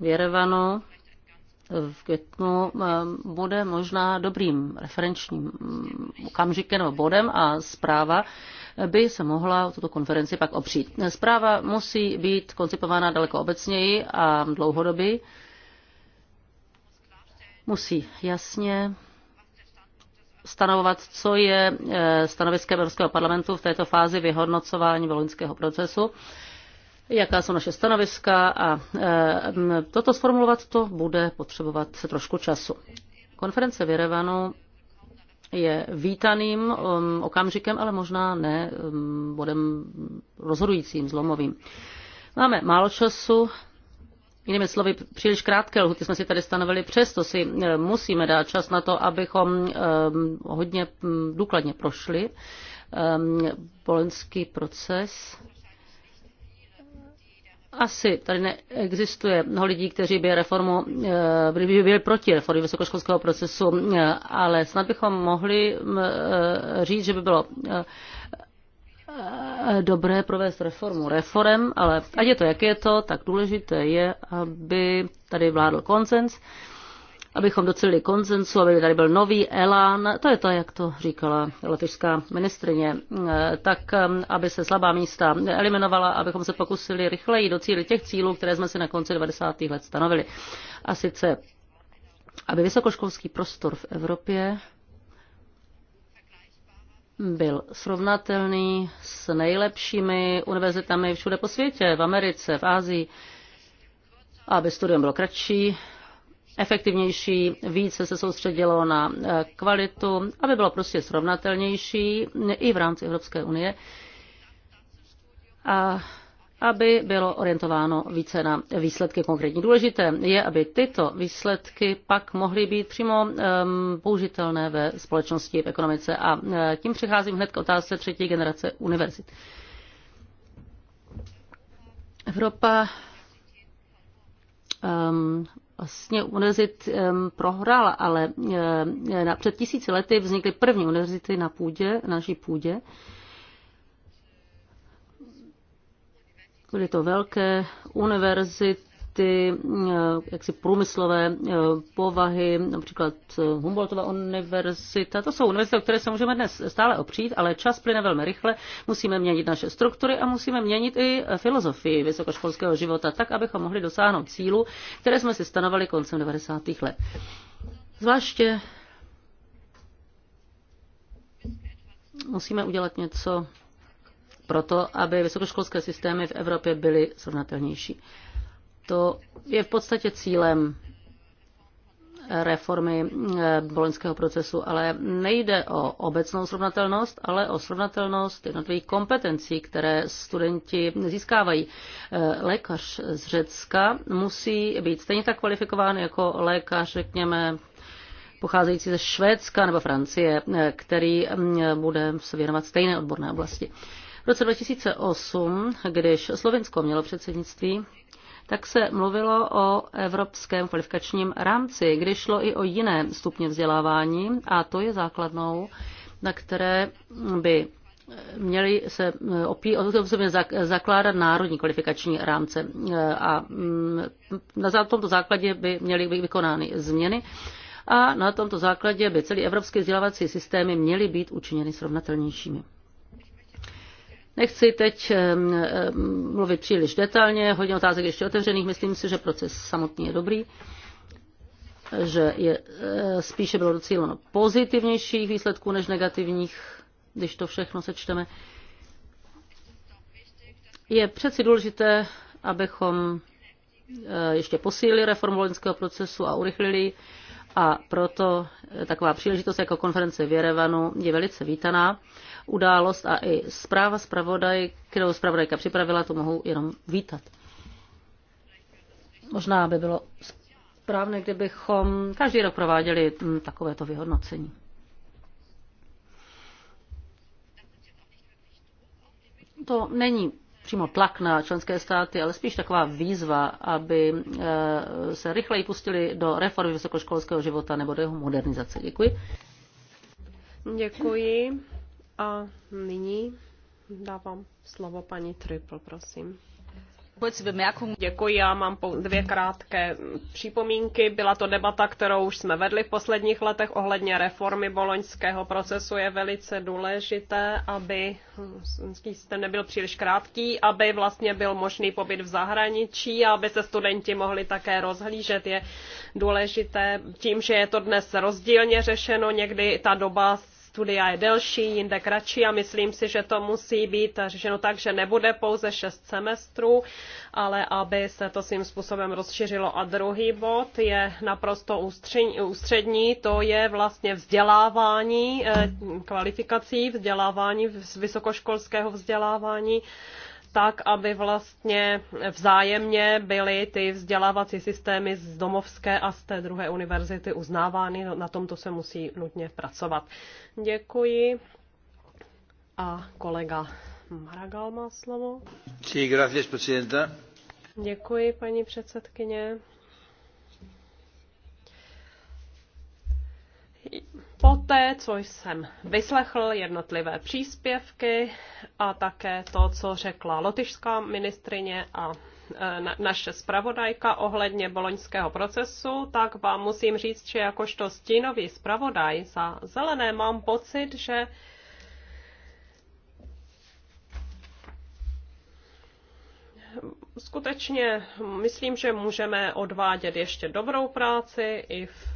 v Jerevanu v květnu eh, bude možná dobrým referenčním mm, okamžikem nebo bodem a zpráva by se mohla o tuto konferenci pak opřít. Zpráva musí být koncipována daleko obecněji a dlouhodobě. Musí jasně stanovovat, co je eh, stanovisko Evropského parlamentu v této fázi vyhodnocování volinského procesu jaká jsou naše stanoviska a eh, toto sformulovat to bude potřebovat trošku času. Konference v Jerevanu je vítaným um, okamžikem, ale možná ne um, bodem rozhodujícím, zlomovým. Máme málo času, Jinými slovy, příliš krátké lhuty jsme si tady stanovili, přesto si eh, musíme dát čas na to, abychom eh, hodně důkladně prošli polenský proces asi tady neexistuje mnoho lidí, kteří by reformu, eh, by byli proti reformě vysokoškolského procesu, eh, ale snad bychom mohli mm, eh, říct, že by bylo dobré provést reformu reform, ale ať je to, jak je to, tak důležité je, aby tady vládl koncens abychom docelili konsenzu, aby tady byl nový elán, to je to, jak to říkala lotyšská ministrině, eh, tak eh, aby se slabá místa eliminovala, abychom se pokusili rychleji docílit těch cílů, které jsme si na konci 90. let stanovili. A sice, aby vysokoškolský prostor v Evropě byl srovnatelný s nejlepšími univerzitami všude po světě, v Americe, v Ázii, aby studium bylo kratší, efektivnější, více se soustředilo na eh, kvalitu, aby bylo prostě srovnatelnější i v rámci Evropské unie a aby bylo orientováno více na výsledky konkrétní. Důležité je, aby tyto výsledky pak mohly být přímo um, použitelné ve společnosti, v ekonomice. A eh, tím přicházím hned k otázce třetí generace univerzit. Evropa um, vlastně univerzit um, prohrál, ale um, na, před tisíci lety vznikly první univerzity na půdě, naší půdě. Byly to velké univerzity, ty eh, jaksi průmyslové eh, povahy, například eh, Humboldtova univerzita. To jsou univerzity, o které se můžeme dnes stále opřít, ale čas plyne velmi rychle. Musíme měnit naše struktury a musíme měnit i filozofii vysokoškolského života tak, abychom mohli dosáhnout cílu, které jsme si stanovali koncem 90. let. Zvláště musíme udělat něco proto, aby vysokoškolské systémy v Evropě byly srovnatelnější. To je v podstatě cílem reformy eh, boloňského procesu, ale nejde o obecnou srovnatelnost, ale o srovnatelnost jednotlivých kompetencí, které studenti získávají. Eh, lékař z Řecka musí být stejně tak kvalifikován jako lékař, řekněme, pocházející ze Švédska nebo Francie, eh, který mm, bude se věnovat stejné odborné oblasti. V roce 2008, když Slovinsko mělo předsednictví, tak se mluvilo o evropském kvalifikačním rámci, kdy šlo i o jiné stupně vzdělávání a to je základnou, na které by měly se opí, zakládat národní kvalifikační rámce a mm, na tomto základě by měly být vykonány změny a na tomto základě by celý evropské vzdělávací systémy měly být učiněny srovnatelnějšími. Nechci teď mluvit příliš detailně, hodně otázek ještě otevřených, myslím si, že proces samotný je dobrý že je, eh, spíše bylo docíleno pozitivnějších výsledků než negativních, když to všechno sečteme. Je přeci důležité, abychom eh, ještě posílili reformu procesu a urychlili a proto eh, taková příležitost jako konference v Jerevanu je velice vítaná. Událost a i zpráva zpravodaj, kterou zpravodajka připravila, to mohu jenom vítat. Možná by bylo správné, kdybychom každý rok prováděli hm, takovéto vyhodnocení. To není přímo tlak na členské státy, ale spíš taková výzva, aby eh, se rychleji pustili do reformy vysokoškolského života nebo do jeho modernizace. Děkuji. Děkuji. A nyní dávám slovo paní Triple, prosím. Děkuji, já mám dvě krátké připomínky. Byla to debata, kterou už jsme vedli v posledních letech ohledně reformy boloňského procesu. Je velice důležité, aby systém nebyl příliš krátký, aby vlastně byl možný pobyt v zahraničí a aby se studenti mohli také rozhlížet. Je důležité tím, že je to dnes rozdílně řešeno, někdy ta doba studia je delší, jinde kratší a myslím si, že to musí být řešeno tak, že nebude pouze šest semestrů, ale aby se to svým způsobem rozšířilo. A druhý bod je naprosto ústřední, to je vlastně vzdělávání, eh, kvalifikací vzdělávání, vysokoškolského vzdělávání tak, aby vlastně vzájemně byly ty vzdělávací systémy z domovské a z té druhé univerzity uznávány. Na tomto se musí nutně pracovat. Děkuji. A kolega Maragal má slovo. Děkuji, paní předsedkyně. Poté, co jsem vyslechl jednotlivé příspěvky a také to, co řekla lotyšská ministrině a e, naše zpravodajka ohledně boloňského procesu, tak vám musím říct, že jakožto stínový zpravodaj za zelené mám pocit, že skutečně myslím, že můžeme odvádět ještě dobrou práci i v,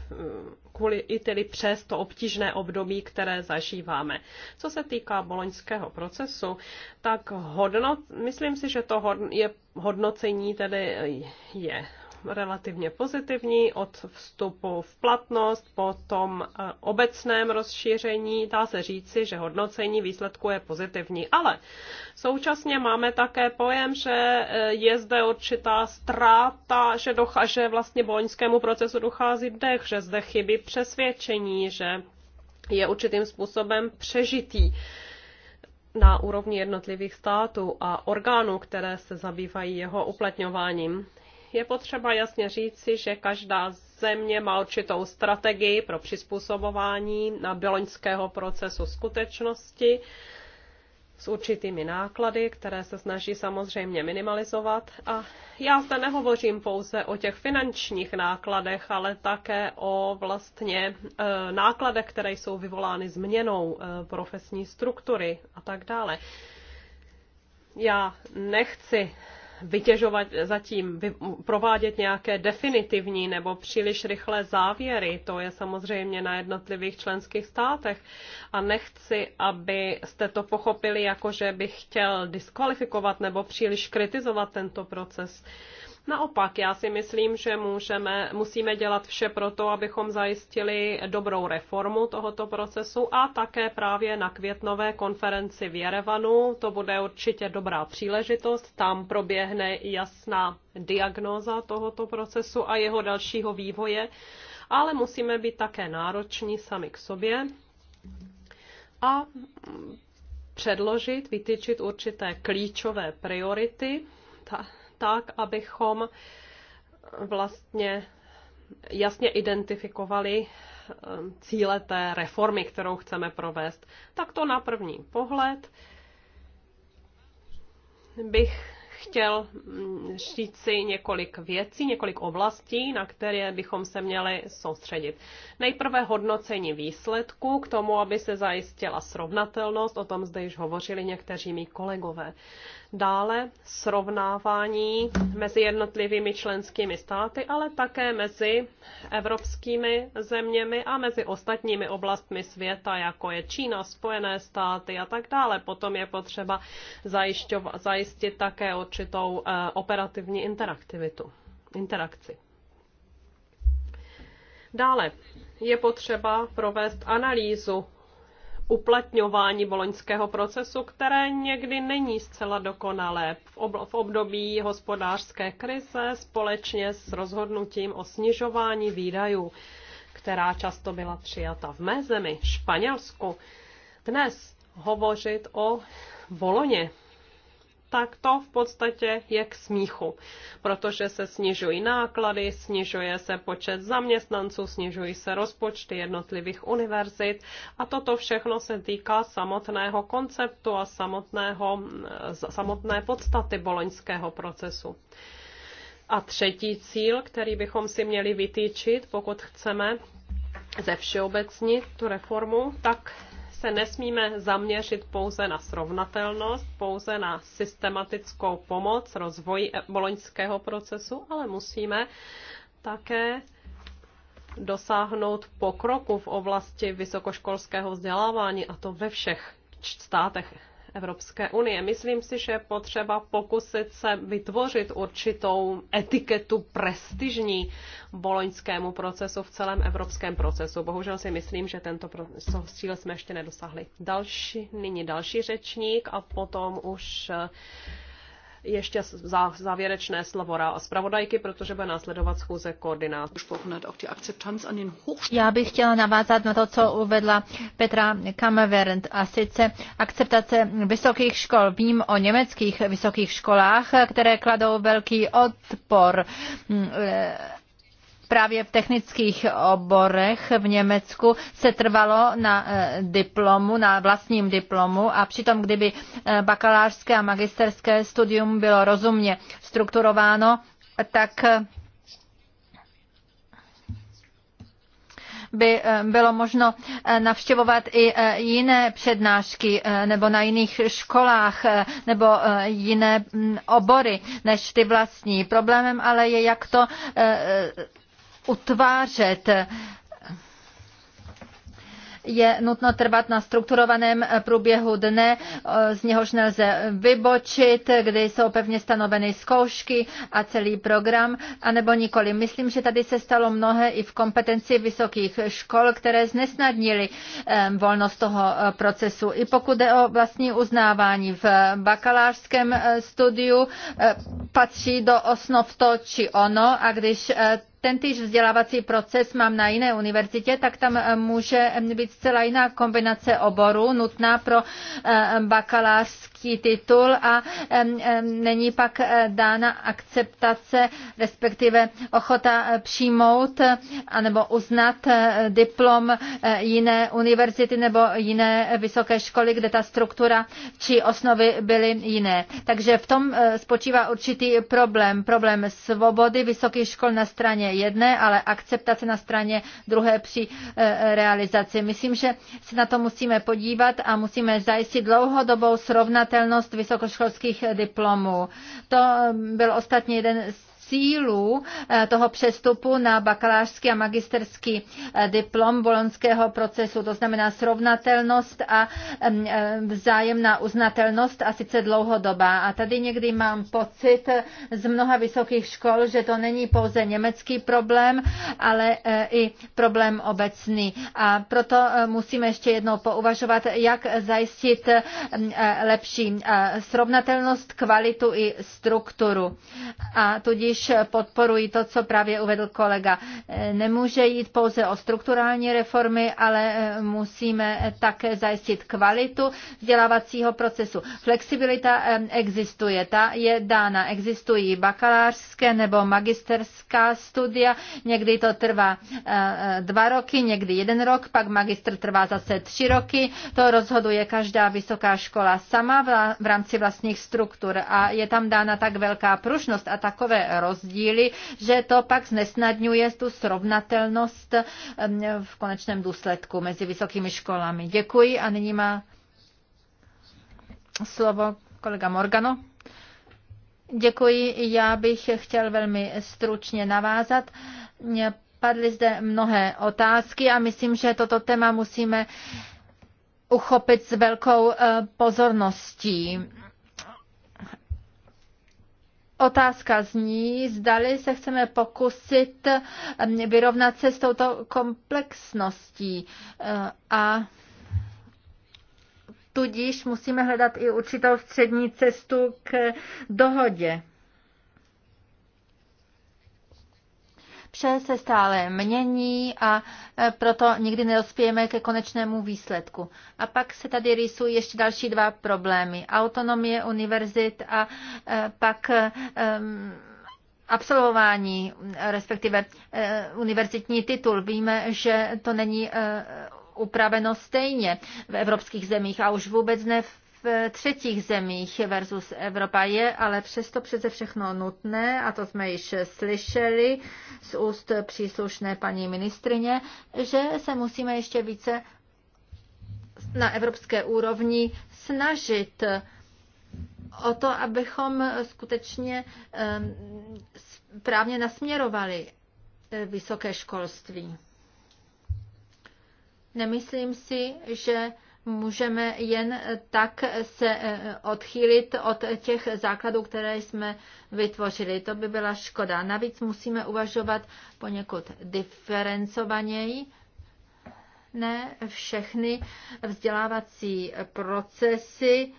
kvůli i tedy přes to obtížné období, které zažíváme. Co se týká boloňského procesu, tak hodnot, myslím si, že to je hodnocení tedy je relativně pozitivní od vstupu v platnost po tom eh, obecném rozšíření. Dá se říci, že hodnocení výsledku je pozitivní, ale současně máme také pojem, že eh, je zde určitá ztráta, že, docha, že vlastně boňskému procesu dochází dech, že zde chybí přesvědčení, že je určitým způsobem přežitý na úrovni jednotlivých států a orgánů, které se zabývají jeho uplatňováním. Je potřeba jasně říci, že každá země má určitou strategii pro přizpůsobování na biloňského procesu skutečnosti s určitými náklady, které se snaží samozřejmě minimalizovat. A já zde nehovořím pouze o těch finančních nákladech, ale také o vlastně e, nákladech, které jsou vyvolány změnou e, profesní struktury a tak dále. Já nechci vytěžovat, zatím vy, provádět nějaké definitivní nebo příliš rychlé závěry. To je samozřejmě na jednotlivých členských státech. A nechci, abyste to pochopili jako, že bych chtěl diskvalifikovat nebo příliš kritizovat tento proces. Naopak, já si myslím, že můžeme, musíme dělat vše pro to, abychom zajistili dobrou reformu tohoto procesu a také právě na květnové konferenci v Jerevanu. To bude určitě dobrá příležitost. Tam proběhne jasná diagnóza tohoto procesu a jeho dalšího vývoje, ale musíme být také nároční sami k sobě a předložit, vytyčit určité klíčové priority tak, abychom vlastně jasně identifikovali ehm, cíle té reformy, kterou chceme provést. Tak to na první pohled bych chtěl si mm, několik věcí, několik oblastí, na které bychom se měli soustředit. Nejprve hodnocení výsledků k tomu, aby se zajistila srovnatelnost, o tom zde již hovořili někteří mý kolegové. Dále srovnávání mezi jednotlivými členskými státy, ale také mezi evropskými zeměmi a mezi ostatními oblastmi světa, jako je Čína, Spojené státy a tak dále. Potom je potřeba zajistit také určitou eh, operativní interaktivitu, interakci. Dále je potřeba provést analýzu uplatňování boloňského procesu, které někdy není zcela dokonalé. V období hospodářské krize společně s rozhodnutím o snižování výdajů, která často byla přijata v mé zemi, Španělsku, dnes hovořit o Boloně tak to v podstatě je k smíchu, protože se snižují náklady, snižuje se počet zaměstnanců, snižují se rozpočty jednotlivých univerzit a toto všechno se týká samotného konceptu a samotného, eh, samotné podstaty boloňského procesu. A třetí cíl, který bychom si měli vytýčit, pokud chceme ze všeobecnit tu reformu, tak se nesmíme zaměřit pouze na srovnatelnost, pouze na systematickou pomoc rozvoji e- boloňského procesu, ale musíme také dosáhnout pokroku v oblasti vysokoškolského vzdělávání, a to ve všech státech Evropské unie. Myslím si, že je potřeba pokusit se vytvořit určitou etiketu prestižní boloňskému procesu v celém evropském procesu. Bohužel si myslím, že tento cíl jsme ještě nedosáhli. Další, nyní další řečník a potom už eh, ještě závěrečné slovo zpravodajky, protože bude následovat schůze koordinátorů. Já bych chtěla navázat na to, co uvedla Petra Kammerwernd a sice akceptace vysokých škol. Vím o německých vysokých školách, které kladou velký odpor právě v technických oborech v Německu se trvalo na eh, diplomu, na vlastním diplomu a přitom, kdyby eh, bakalářské a magisterské studium bylo rozumně strukturováno, tak eh, by bylo možno navštěvovat i jiné přednášky nebo na jiných školách nebo jiné mm, obory než ty vlastní. Problémem ale je, jak to utvářet je nutno trvat na strukturovaném průběhu dne, z něhož nelze vybočit, kdy jsou pevně stanoveny zkoušky a celý program, anebo nikoli. Myslím, že tady se stalo mnohé i v kompetenci vysokých škol, které znesnadnili eh, volnost toho eh, procesu. I pokud jde o vlastní uznávání v bakalářském eh, studiu, patří do osnov to či ono a když týž vzdělávací proces mám na jiné univerzitě, tak tam eh, může eh, být zcela jiná kombinace oborů nutná pro eh, bakalářské ztratí titul a není pak eh, dána akceptace, respektive ochota eh, přijmout eh, anebo uznat diplom jiné univerzity nebo jiné vysoké školy, kde ta struktura či osnovy byly jiné. Takže v tom spočívá určitý problém. Problém svobody vysokých škol na straně jedné, ale akceptace na straně druhé při realizaci. Myslím, že se na to musíme podívat a musíme zajistit dlouhodobou srovnat vymahatelnost vysokoškolských diplomů. To um, byl ostatně jeden z cílů eh, toho přestupu na bakalářský a magisterský eh, diplom bolonského procesu, to znamená srovnatelnost a mm, eh, vzájemná uznatelnost a sice dlouhodobá. A tady někdy mám pocit z mnoha vysokých škol, že to není pouze německý problém, ale i problém obecný. A proto musíme ještě jednou pouvažovat, jak zajistit mm, lepší srovnatelnost, kvalitu i strukturu. A tudíž tudíž podporuji to, co právě uvedl kolega. Nemůže jít pouze o strukturální reformy, ale musíme také zajistit kvalitu vzdělávacího procesu. Flexibilita eh, existuje, ta je dána. Existují bakalářské nebo magisterská studia, někdy to trvá eh, dva roky, někdy jeden rok, pak magister trvá zase tři roky. To rozhoduje každá vysoká škola sama v rámci vlastních struktur a je tam dána tak velká pružnost a takové rozdíly, že to pak znesnadňuje tu srovnatelnost v konečném důsledku mezi vysokými školami. Děkuji a nyní má slovo kolega Morgano. Děkuji. Já bych chtěl velmi stručně navázat. Padly zde mnohé otázky a myslím, že toto téma musíme uchopit s velkou eh, pozorností Otázka zní, zdali se chceme pokusit eh, vyrovnat se s touto komplexností eh, a tudíž musíme hledat i určitou střední cestu k dohodě. vše se stále mění a e, proto nikdy nedospějeme ke konečnému výsledku. A pak se tady rysují ještě další dva problémy. Autonomie univerzit a e, pak e, absolvování, respektive univerzitní titul. Víme, že to není upraveno stejně v evropských zemích a už vůbec ne v v třetích zemích versus Evropa. Je ale přesto přece všechno nutné, a to jsme již slyšeli z úst příslušné paní ministrině, že se musíme ještě více na evropské úrovni snažit o to, abychom skutečně ehm, správně nasměrovali e, vysoké školství. Nemyslím si, že můžeme jen tak se eh, odchýlit od těch základů, které jsme vytvořili. To by byla škoda. Navíc musíme uvažovat poněkud diferencovaněji. Ne všechny vzdělávací procesy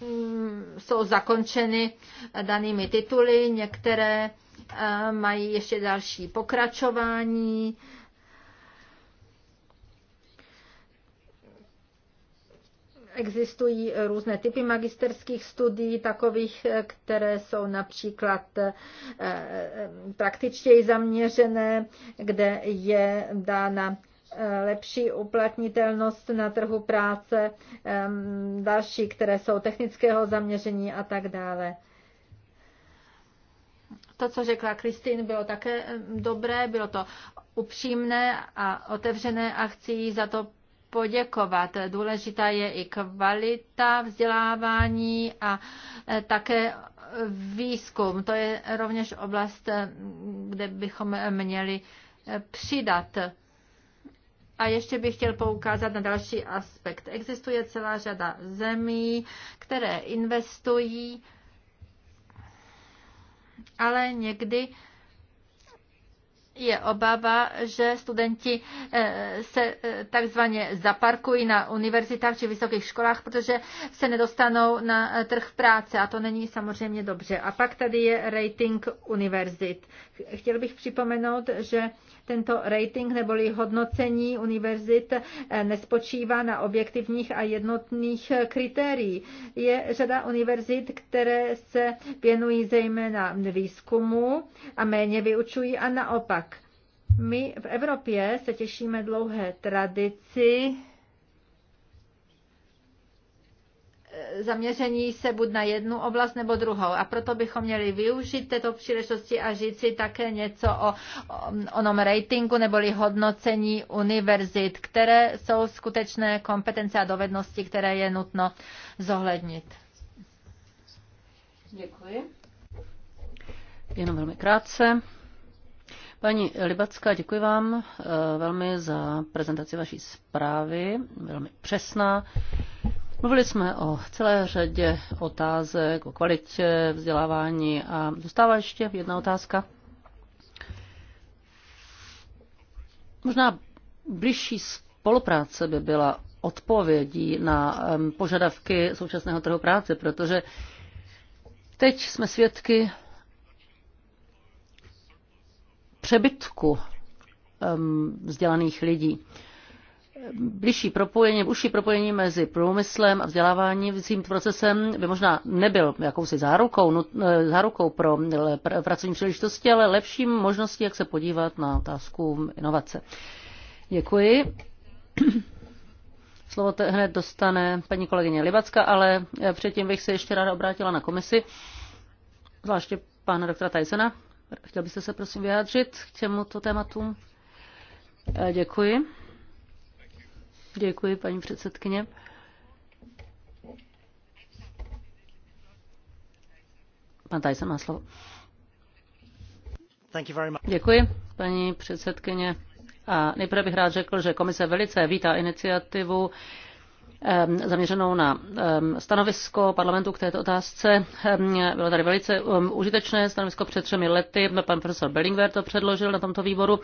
mm, jsou zakončeny danými tituly, některé mají ještě další pokračování. Existují různé typy magisterských studií, takových, které jsou například eh, praktičtěji zaměřené, kde je dána eh, lepší uplatnitelnost na trhu práce, eh, další, které jsou technického zaměření a tak dále. To, co řekla Kristýn, bylo také dobré, bylo to upřímné a otevřené a chci jí za to poděkovat. Důležitá je i kvalita vzdělávání a e, také výzkum. To je rovněž oblast, kde bychom měli e, přidat. A ještě bych chtěl poukázat na další aspekt. Existuje celá řada zemí, které investují ale někdy je obava, že studenti eh, se eh, takzvaně zaparkují na univerzitách či vysokých školách, protože se nedostanou na eh, trh práce a to není samozřejmě dobře. A pak tady je rating univerzit. Chtěl bych připomenout, že tento rating neboli hodnocení univerzit nespočívá na objektivních a jednotných kritérií. Je řada univerzit, které se věnují zejména výzkumu a méně vyučují a naopak my v Evropě se těšíme dlouhé tradici eh, zaměření se buď na jednu oblast nebo druhou. A proto bychom měli využít této příležitosti a říct si také něco o, o onom ratingu neboli hodnocení univerzit, které jsou skutečné kompetence a dovednosti, které je nutno zohlednit. Děkuji. Jenom velmi krátce. Paní Libacká, děkuji vám eh, velmi za prezentaci vaší zprávy, velmi přesná. Mluvili jsme o celé řadě otázek, o kvalitě vzdělávání a zůstává ještě jedna otázka. Možná blížší spolupráce by byla odpovědí na požadavky současného trhu práce, protože teď jsme svědky přebytku vzdělaných lidí. Bližší propojení, užší propojení mezi průmyslem a vzděláváním procesem by možná nebyl jakousi zárukou, nut, eh, zárukou pro eh, pracovní příležitosti, ale lepším možností, jak se podívat na otázku inovace. Děkuji. Slovo te hned dostane paní kolegyně Libacka, ale eh, předtím bych se ještě ráda obrátila na komisi, zvláště pana doktora Tysona. Chtěl byste se prosím vyjádřit k těmto tématům? Eh, děkuji. Děkuji, paní předsedkyně. Pan Tyson má slovo. Děkuji, paní předsedkyně. A nejprve bych rád řekl, že komise velice vítá iniciativu zaměřenou na stanovisko parlamentu k této otázce. Bylo tady velice užitečné stanovisko před třemi lety. Pan profesor Bellingwer to předložil na tomto výboru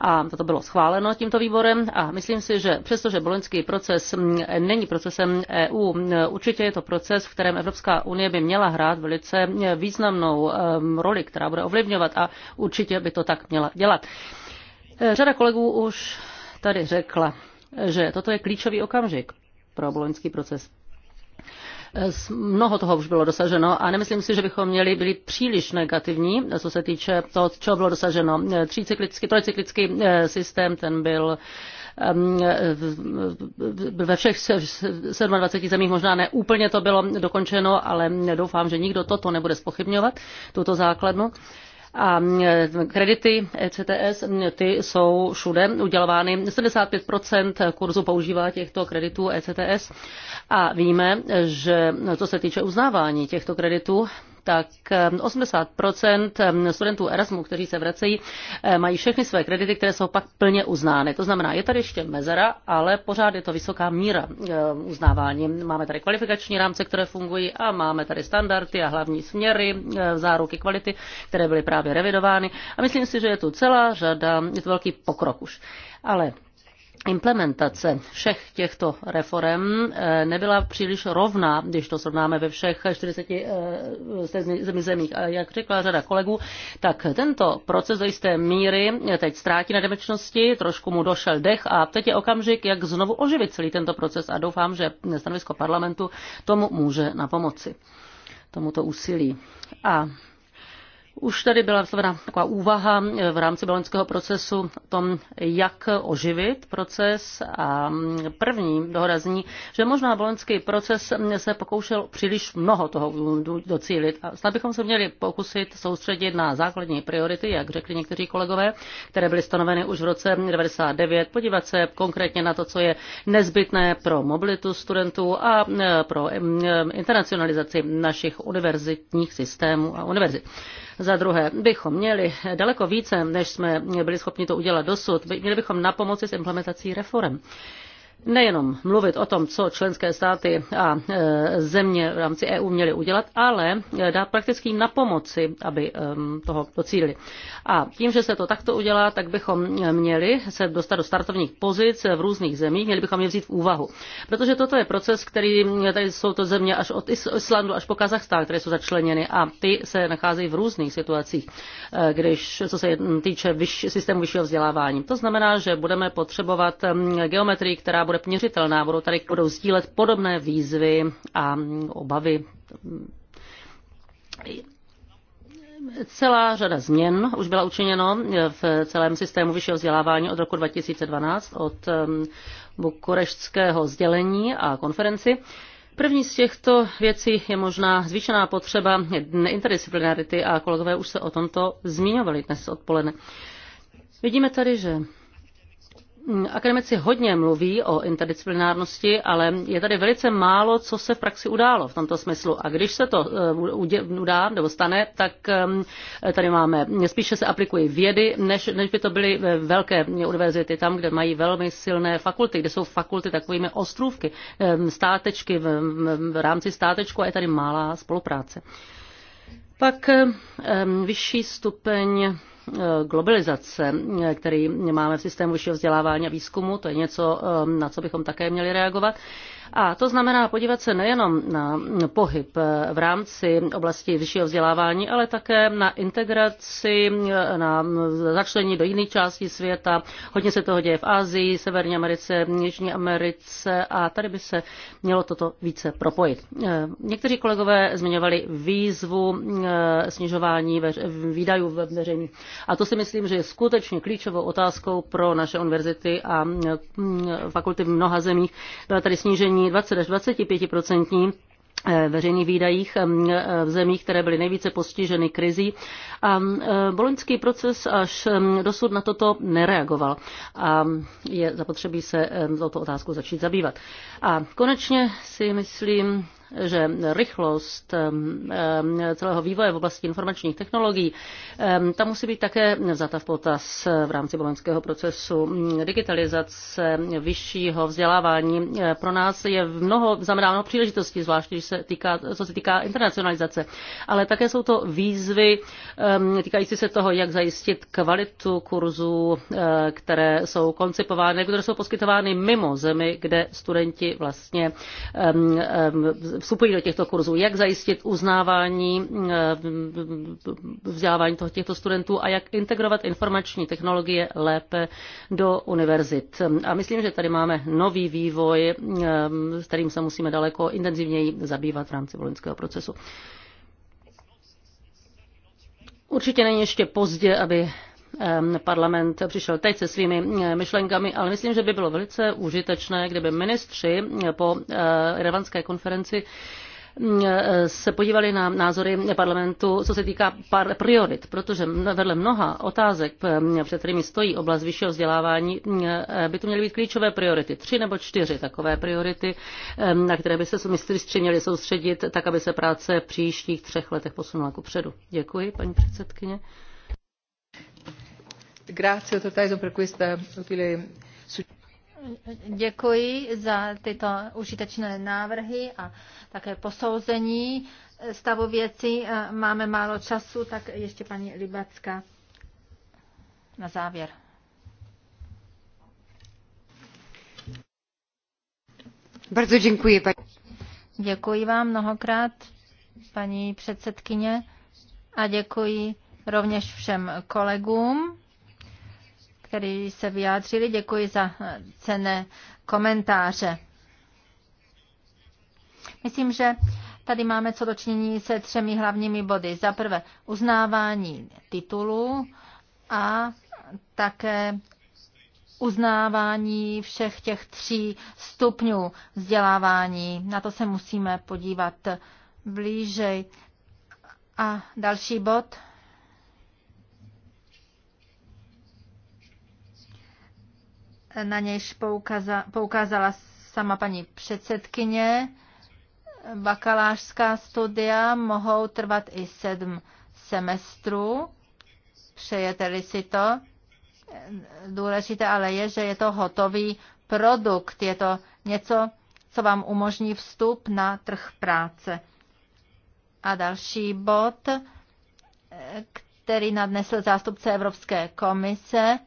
a toto bylo schváleno tímto výborem a myslím si, že přestože boloňský proces není procesem EU, určitě je to proces, v kterém Evropská unie by měla hrát velice významnou roli, která bude ovlivňovat a určitě by to tak měla dělat. E, řada kolegů už tady řekla, že toto je klíčový okamžik pro boloňský proces. Mnoho toho už bylo dosaženo a nemyslím si, že bychom měli byli příliš negativní, co se týče toho, co bylo dosaženo. Třícyklický, trojcyklický eh, systém, ten byl ve všech 27 zemích možná ne úplně to bylo dokončeno, ale doufám, že nikdo toto nebude spochybňovat, tuto základnu. A kredity ECTS, ty jsou všude udělovány. 75 kurzu používá těchto kreditů ECTS. A víme, že co se týče uznávání těchto kreditů, tak 80 ehm, ehm, studentů Erasmu, kteří se vracejí, eh, mají všechny své kredity, které jsou pak plně uznány. To znamená, je tady ještě mezera, ale pořád je to vysoká míra ehm, uznávání. Máme tady kvalifikační rámce, které fungují a máme tady standardy a hlavní směry, záruky kvality, které byly právě revidovány. A myslím si, že je tu celá řada, je to velký pokrok už. Ale implementace všech těchto reform eh, nebyla příliš rovná, když to srovnáme ve všech 40 eh, zemi zemích. A jak řekla řada kolegů, tak tento proces do jisté míry teď ztrátí na demečnosti, trošku mu došel dech a teď je okamžik, jak znovu oživit celý tento proces a doufám, že stanovisko parlamentu tomu může na pomoci tomuto úsilí. A už tady byla vyslovena taková úvaha eh, v rámci boloňského procesu o tom, jak oživit proces a mm, první dohoda zní, že možná boloňský proces mm, se pokoušel příliš mnoho toho docílit. A snad bychom se měli pokusit soustředit na základní priority, jak řekli někteří kolegové, které byly stanoveny už v roce 1999, podívat se konkrétně na to, co je nezbytné pro mobilitu studentů a mm, pro internacionalizaci našich univerzitních systémů a univerzit. Za druhé, bychom měli daleko více, než jsme byli schopni to udělat dosud, měli bychom na pomoci s implementací reform nejenom mluvit o tom, co členské státy a e, země v rámci EU měly udělat, ale e, dát prakticky na pomoci, aby e, toho docílili. A tím, že se to takto udělá, tak bychom měli se dostat do startovních pozic v různých zemích, měli bychom je vzít v úvahu. Protože toto je proces, který tady jsou to země až od Islandu až po Kazachstán, které jsou začleněny a ty se nacházejí v různých situacích, když, co se týče vyš, systému vyššího vzdělávání. To znamená, že budeme potřebovat geometrii, která bude bude měřitelná, budou tady budou sdílet podobné výzvy a obavy. Celá řada změn už byla učiněno v celém systému vyššího vzdělávání od roku 2012 od um, bukureštského sdělení a konferenci. První z těchto věcí je možná zvýšená potřeba interdisciplinarity a kolegové už se o tomto zmiňovali dnes odpoledne. Vidíme tady, že Mm, akademici hodně mluví o interdisciplinárnosti, ale je tady velice málo, co se v praxi událo v tomto smyslu. A když se to eh, udá nebo stane, tak ehm, tady máme, spíše se aplikují vědy, než, než by to byly eh, velké univerzity, tam, kde mají velmi silné fakulty, kde jsou fakulty takovými ostrůvky, ehm, státečky, v rámci státečku a je tady malá spolupráce. Pak ehm, vyšší stupeň Eh, globalizace, eh, který máme v systému vyššího vzdělávání a výzkumu, to je něco, eh, na co bychom také měli reagovat. A to znamená podívat se nejenom na pohyb v rámci oblasti vyššího vzdělávání, ale také na integraci, na začlení do jiných částí světa. Hodně se toho děje v Asii, Severní Americe, Jižní Americe a tady by se mělo toto více propojit. Eh, někteří kolegové zmiňovali výzvu eh, snižování výdajů ve veřejných. A to si myslím, že je skutečně klíčovou otázkou pro naše univerzity a mm, fakulty v mnoha zemích. Byla tady snížení 20 až 25 eh, veřejných výdajích eh, eh, v zemích, které byly nejvíce postiženy krizí. A boloňský proces až dosud na toto nereagoval. A je zapotřebí se touto otázku začít zabývat. A konečně si myslím, že rychlost celého vývoje v oblasti informačních technologií, tam musí být také vzata v potaz v rámci bolenského procesu. Digitalizace vyššího vzdělávání e, pro nás je mnoho, zamedáno příležitostí, zvláště když se týká, co se týká internacionalizace, ale také jsou to výzvy týkající se toho, jak zajistit kvalitu kurzů, e, které jsou koncipovány, které jsou poskytovány mimo zemi, kde studenti vlastně vstupují do těchto kurzů, jak zajistit uznávání eh, vzdělávání toho, těchto studentů a jak integrovat informační technologie lépe do univerzit. A myslím, že tady máme nový vývoj, eh, s kterým se musíme daleko intenzivněji zabývat v rámci volinského procesu. Určitě není ještě pozdě, aby parlament přišel teď se svými myšlenkami, ale myslím, že by bylo velice užitečné, kdyby ministři po eh, revanské konferenci eh, se podívali na názory parlamentu, co se týká par priorit, protože vedle mnoha otázek, před kterými stojí oblast vyššího vzdělávání, eh, by to měly být klíčové priority. Tři nebo čtyři takové priority, na které by se ministři měli soustředit, tak aby se práce v příštích třech letech posunula ku předu. Děkuji, paní předsedkyně. Děkuji za tyto užitečné návrhy a také posouzení stavu věcí. Eh, máme málo času, tak ještě paní Libacka na závěr. Bardzo děkuji, paní. Děkuji vám mnohokrát, paní předsedkyně, a děkuji rovněž všem kolegům kteří se vyjádřili. Děkuji za eh, cené komentáře. Myslím, že tady máme co dočinění se třemi hlavními body. Za prvé uznávání titulů a také uznávání všech těch tří stupňů vzdělávání. Na to se musíme podívat blížej. A další bod na nějž poukaza, poukázala sama paní předsedkyně. Bakalářská studia mohou trvat i sedm semestrů. Přejete-li si to? Důležité ale je, že je to hotový produkt. Je to něco, co vám umožní vstup na trh práce. A další bod, který nadnesl zástupce Evropské komise,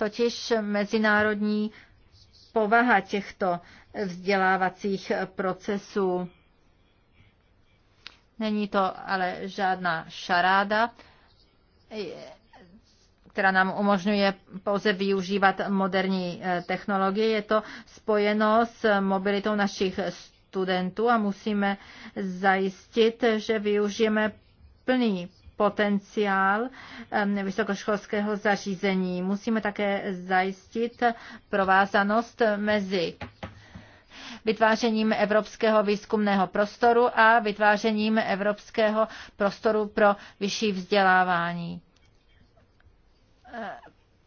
totiž mezinárodní povaha těchto vzdělávacích procesů. Není to ale žádná šaráda, která nám umožňuje pouze využívat moderní eh, technologie. Je to spojeno s mobilitou našich studentů a musíme zajistit, že využijeme plný potenciál vysokoškolského zařízení. Musíme také zajistit provázanost mezi vytvářením evropského výzkumného prostoru a vytvářením evropského prostoru pro vyšší vzdělávání. Eh,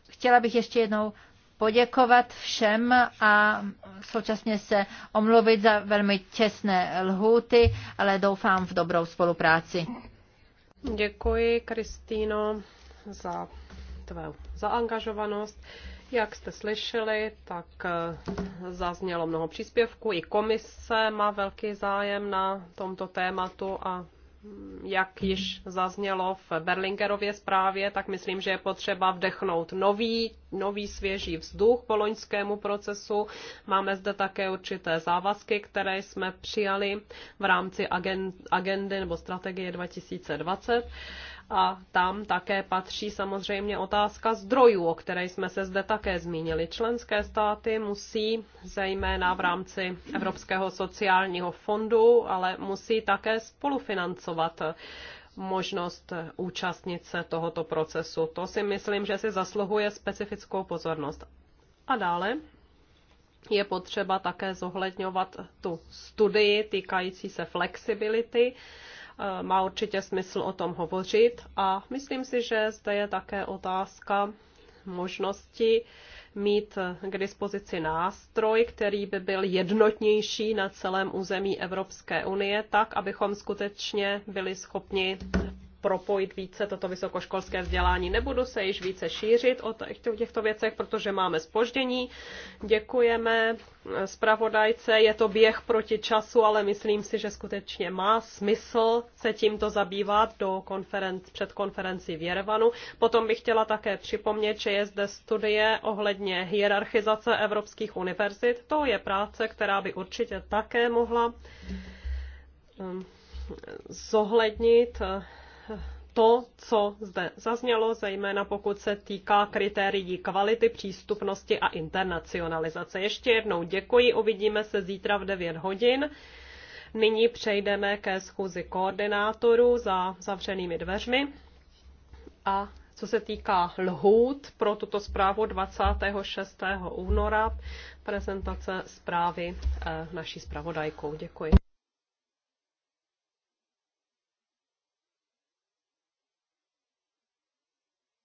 chtěla bych ještě jednou poděkovat všem a současně se omluvit za velmi těsné lhůty, ale doufám v dobrou spolupráci. Děkuji, Kristýno, za tvé zaangažovanost. Jak jste slyšeli, tak eh, zaznělo mnoho příspěvků. I komise má velký zájem na tomto tématu a jak již zaznělo v Berlingerově zprávě, tak myslím, že je potřeba vdechnout nový, nový svěží vzduch po loňskému procesu. Máme zde také určité závazky, které jsme přijali v rámci agendy nebo strategie 2020. A tam také patří samozřejmě otázka zdrojů, o které jsme se zde také zmínili. Členské státy musí, zejména v rámci Evropského sociálního fondu, ale musí také spolufinancovat možnost účastnit se tohoto procesu. To si myslím, že si zasluhuje specifickou pozornost. A dále je potřeba také zohledňovat tu studii týkající se flexibility, Eh, má určitě smysl o tom hovořit a myslím si, že zde je také otázka možnosti mít eh, k dispozici nástroj, který by byl jednotnější na celém území Evropské unie, tak abychom skutečně byli schopni propojit více toto vysokoškolské vzdělání. Nebudu se již více šířit o těchto věcech, protože máme spoždění. Děkujeme eh, zpravodajce. Je to běh proti času, ale myslím si, že skutečně má smysl se tímto zabývat do konferenc, před konferenci v Jerevanu. Potom bych chtěla také připomnět, že je zde studie ohledně hierarchizace evropských univerzit. To je práce, která by určitě také mohla eh, zohlednit eh, to, co zde zaznělo, zejména pokud se týká kritérií kvality, přístupnosti a internacionalizace. Ještě jednou děkuji, uvidíme se zítra v 9 hodin. Nyní přejdeme ke schůzi koordinátorů za zavřenými dveřmi. A co se týká lhůt pro tuto zprávu 26. února, prezentace zprávy eh, naší zpravodajkou. Děkuji.